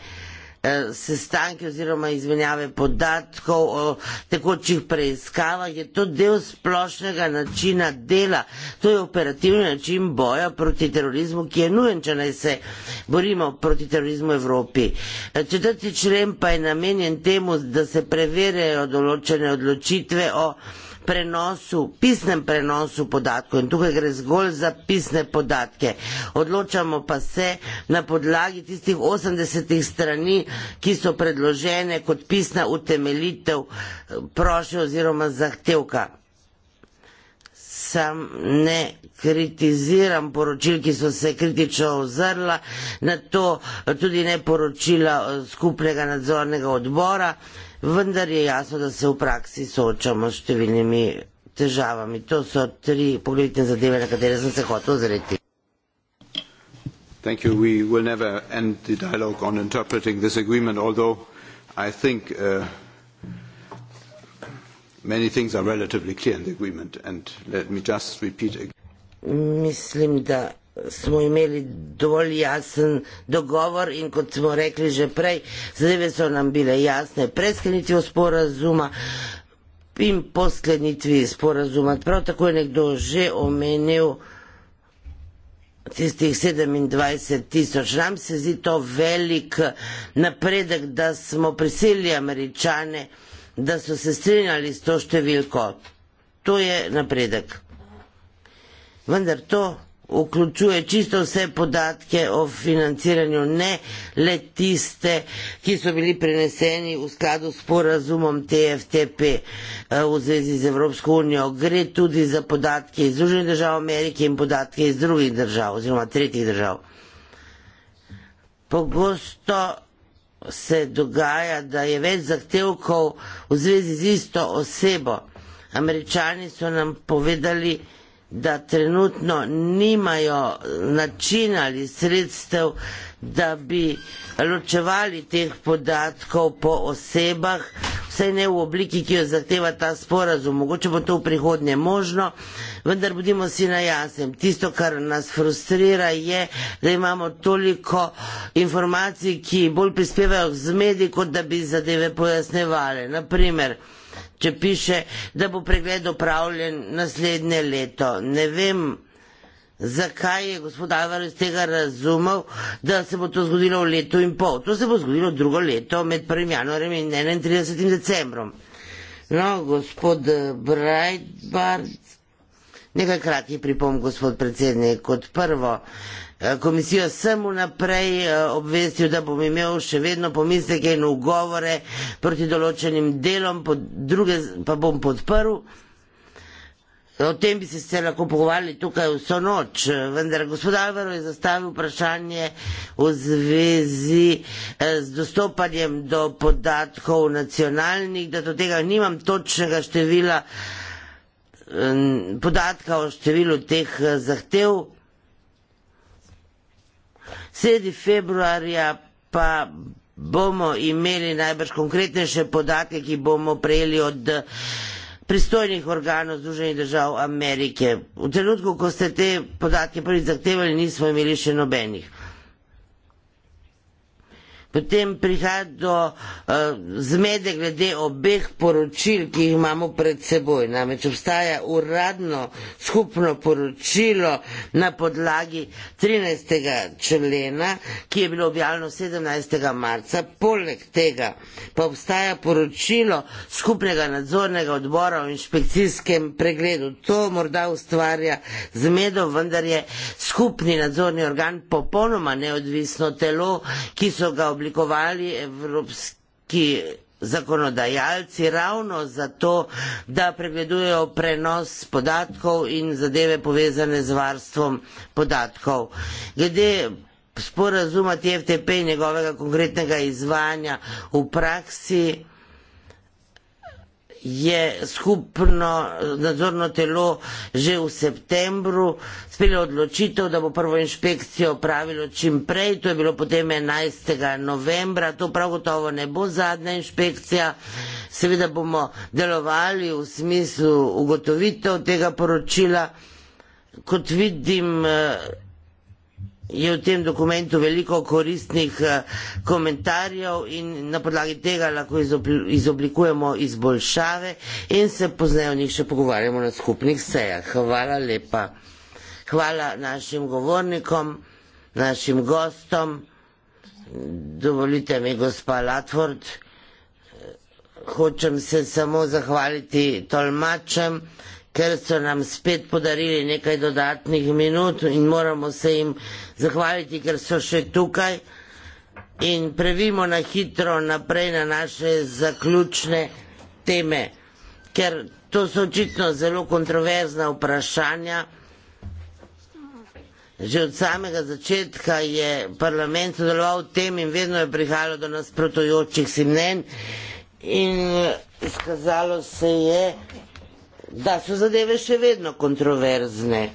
Eh, sestanke oziroma izmenjave podatkov o tekočih preiskavah, je to del splošnega načina dela. To je operativni način boja proti terorizmu, ki je nujen, če naj se borimo proti terorizmu v Evropi. Eh, četrti člen pa je namenjen temu, da se preverjajo določene odločitve o prenosu, pisnem prenosu podatkov in tukaj gre zgolj za pisne podatke. Odločamo pa se na podlagi tistih 80 strani, ki so predložene kot pisna utemeljitev eh, prošnje oziroma zahtevka. Sam ne kritiziram poročil, ki so se kritično ozrla na to, tudi ne poročila eh, skupnega nadzornega odbora vendar je jasno, da se v praksi soočamo s številnimi težavami. To so tri poglede zadeve, na katere sem se hotel ozreti. Thank you. We will never end the dialogue on interpreting this agreement, although I think uh, many things are relatively clear in the agreement. And let me just repeat again. Mislim, da smo imeli dovolj jasen dogovor in kot smo rekli že prej, zadeve so nam bile jasne pred sklenitvijo sporazuma in po sklenitvi sporazuma. Prav tako je nekdo že omenil tistih 27 tisoč. Nam se zdi to velik napredek, da smo priselili američane, da so se strinjali s to številko. To je napredek. Vendar to vključuje čisto vse podatke o financiranju, ne le tiste, ki so bili preneseni v skladu s porazumom TFTP eh, v zvezi z Evropsko unijo. Gre tudi za podatke iz Združenih držav Amerike in podatke iz drugih držav oziroma tretjih držav. Pogosto se dogaja, da je več zahtevkov v zvezi z isto osebo. Američani so nam povedali, da trenutno nimajo načina ali sredstev, da bi ločevali teh podatkov po osebah, vsaj ne v obliki, ki jo zahteva ta sporazum. Mogoče bo to v prihodnje možno, vendar bodimo si na jasnem. Tisto, kar nas frustrira, je, da imamo toliko informacij, ki bolj prispevajo k zmedi, kot da bi zadeve pojasnevali. Naprimer, če piše, da bo pregled upravljen naslednje leto. Ne vem, zakaj je gospod Alvarez tega razumel, da se bo to zgodilo v letu in pol. To se bo zgodilo drugo leto med 1. januarjem in 31. decembrom. No, gospod Breitbart, nekaj kratki pripom, gospod predsednik, kot prvo. Eh, komisijo sem vnaprej eh, obvestil, da bom imel še vedno pomisleke in ugovore proti določenim delom, druge pa bom podprl. O tem bi se sicer lahko pogovarjali tukaj vso noč, eh, vendar gospod Alvaro je zastavil vprašanje v zvezi z dostopanjem do podatkov nacionalnih, da do tega nimam točnega števila podatka o številu teh zahtev. Sredi februarja pa bomo imeli najbrž konkretnejše podatke, ki bomo prejeli od pristojnih organov Združenih držav Amerike. V trenutku, ko ste te podatke prvi zahtevali, nismo imeli še nobenih. Potem prihaja do uh, zmede glede obeh poročil, ki jih imamo pred seboj. Namreč obstaja uradno skupno poročilo na podlagi 13. člena, ki je bilo objavljeno 17. marca. Poleg tega pa obstaja poročilo skupnega nadzornega odbora o inšpekcijskem pregledu. To morda ustvarja zmedo, vendar je skupni nadzorni organ popolnoma neodvisno telo, ki so ga obljubili oblikovali evropski zakonodajalci ravno zato, da pregledujejo prenos podatkov in zadeve povezane z varstvom podatkov. Glede sporazuma TFTP in njegovega konkretnega izvajanja v praksi, je skupno nadzorno telo že v septembru sprejelo odločitev, da bo prvo inšpekcijo opravilo čim prej, to je bilo potem 11. novembra, to prav gotovo ne bo zadnja inšpekcija. Seveda bomo delovali v smislu ugotovitev tega poročila. Kot vidim, eh, je v tem dokumentu veliko koristnih eh, komentarjev in na podlagi tega lahko izoblikujemo izboljšave in se pozneje o njih še pogovarjamo na skupnih sejah. Hvala lepa. Hvala našim govornikom, našim gostom. Dovolite mi, gospa Latford, hočem se samo zahvaliti tolmačem ker so nam spet podarili nekaj dodatnih minut in moramo se jim zahvaliti, ker so še tukaj. In previmo na hitro naprej na naše zaključne teme, ker to so očitno zelo kontroverzna vprašanja. Že od samega začetka je parlament sodeloval v tem in vedno je prihajalo do nasprotujočih si mnen in eh, izkazalo se je, da so zadeve še vedno kontroverzne.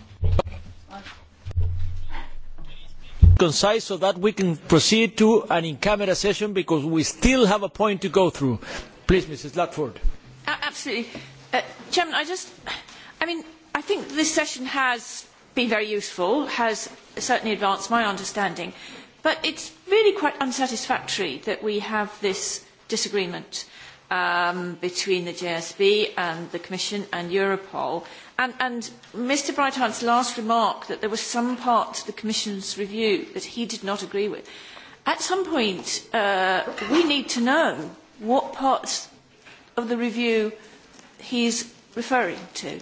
concise so that we can proceed to an in-camera session because we still have a point to go through. Please, Mrs. Latford. Uh, absolutely. Uh, Chairman, I just, I mean, I think this session has been very useful, has certainly advanced my understanding, but it's really quite unsatisfactory that we have this disagreement. Uh, um, between the JSB and the Commission and Europol. And, and Mr. Breithardt's last remark that there were some parts of the Commission's review that he did not agree with. At some point, uh, we need to know what parts of the review he's referring to.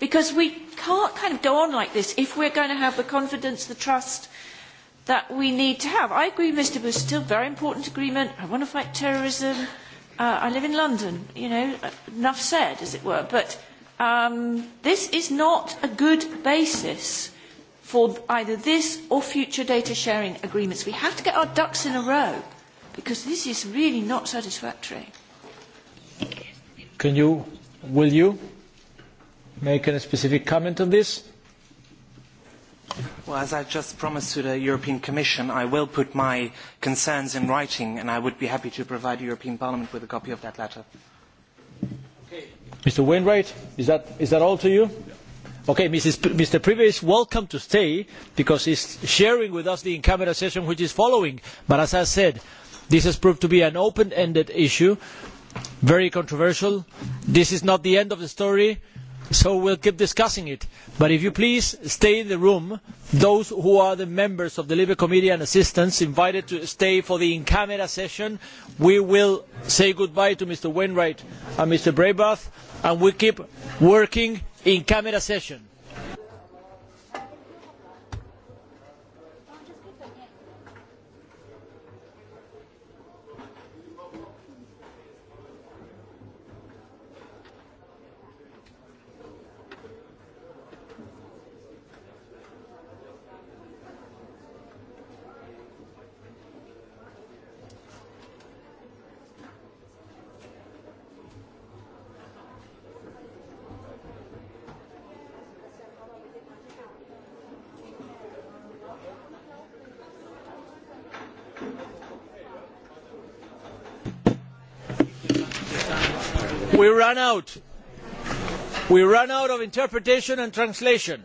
Because we can't kind of go on like this if we're going to have the confidence, the trust that we need to have. I agree, Mr. Booth, still very important agreement. I want to fight terrorism uh, I live in London, you know, enough said, as it were, but um, this is not a good basis for either this or future data sharing agreements. We have to get our ducks in a row because this is really not satisfactory. Can you, will you make a specific comment on this? Well, as I just promised to the European Commission, I will put my concerns in writing, and I would be happy to provide the European Parliament with a copy of that letter. Mr. Wainwright, is that, is that all to you? Yeah. Okay, Mrs. P- Mr. Privé is welcome to stay because he's sharing with us the in-camera session which is following. But as I said, this has proved to be an open-ended issue, very controversial. This is not the end of the story so we'll keep discussing it. But if you please stay in the room, those who are the members of the Labour Committee and assistants invited to stay for the in-camera session, we will say goodbye to Mr. Wainwright and Mr. Braybath, and we keep working in-camera session. we run out of interpretation and translation.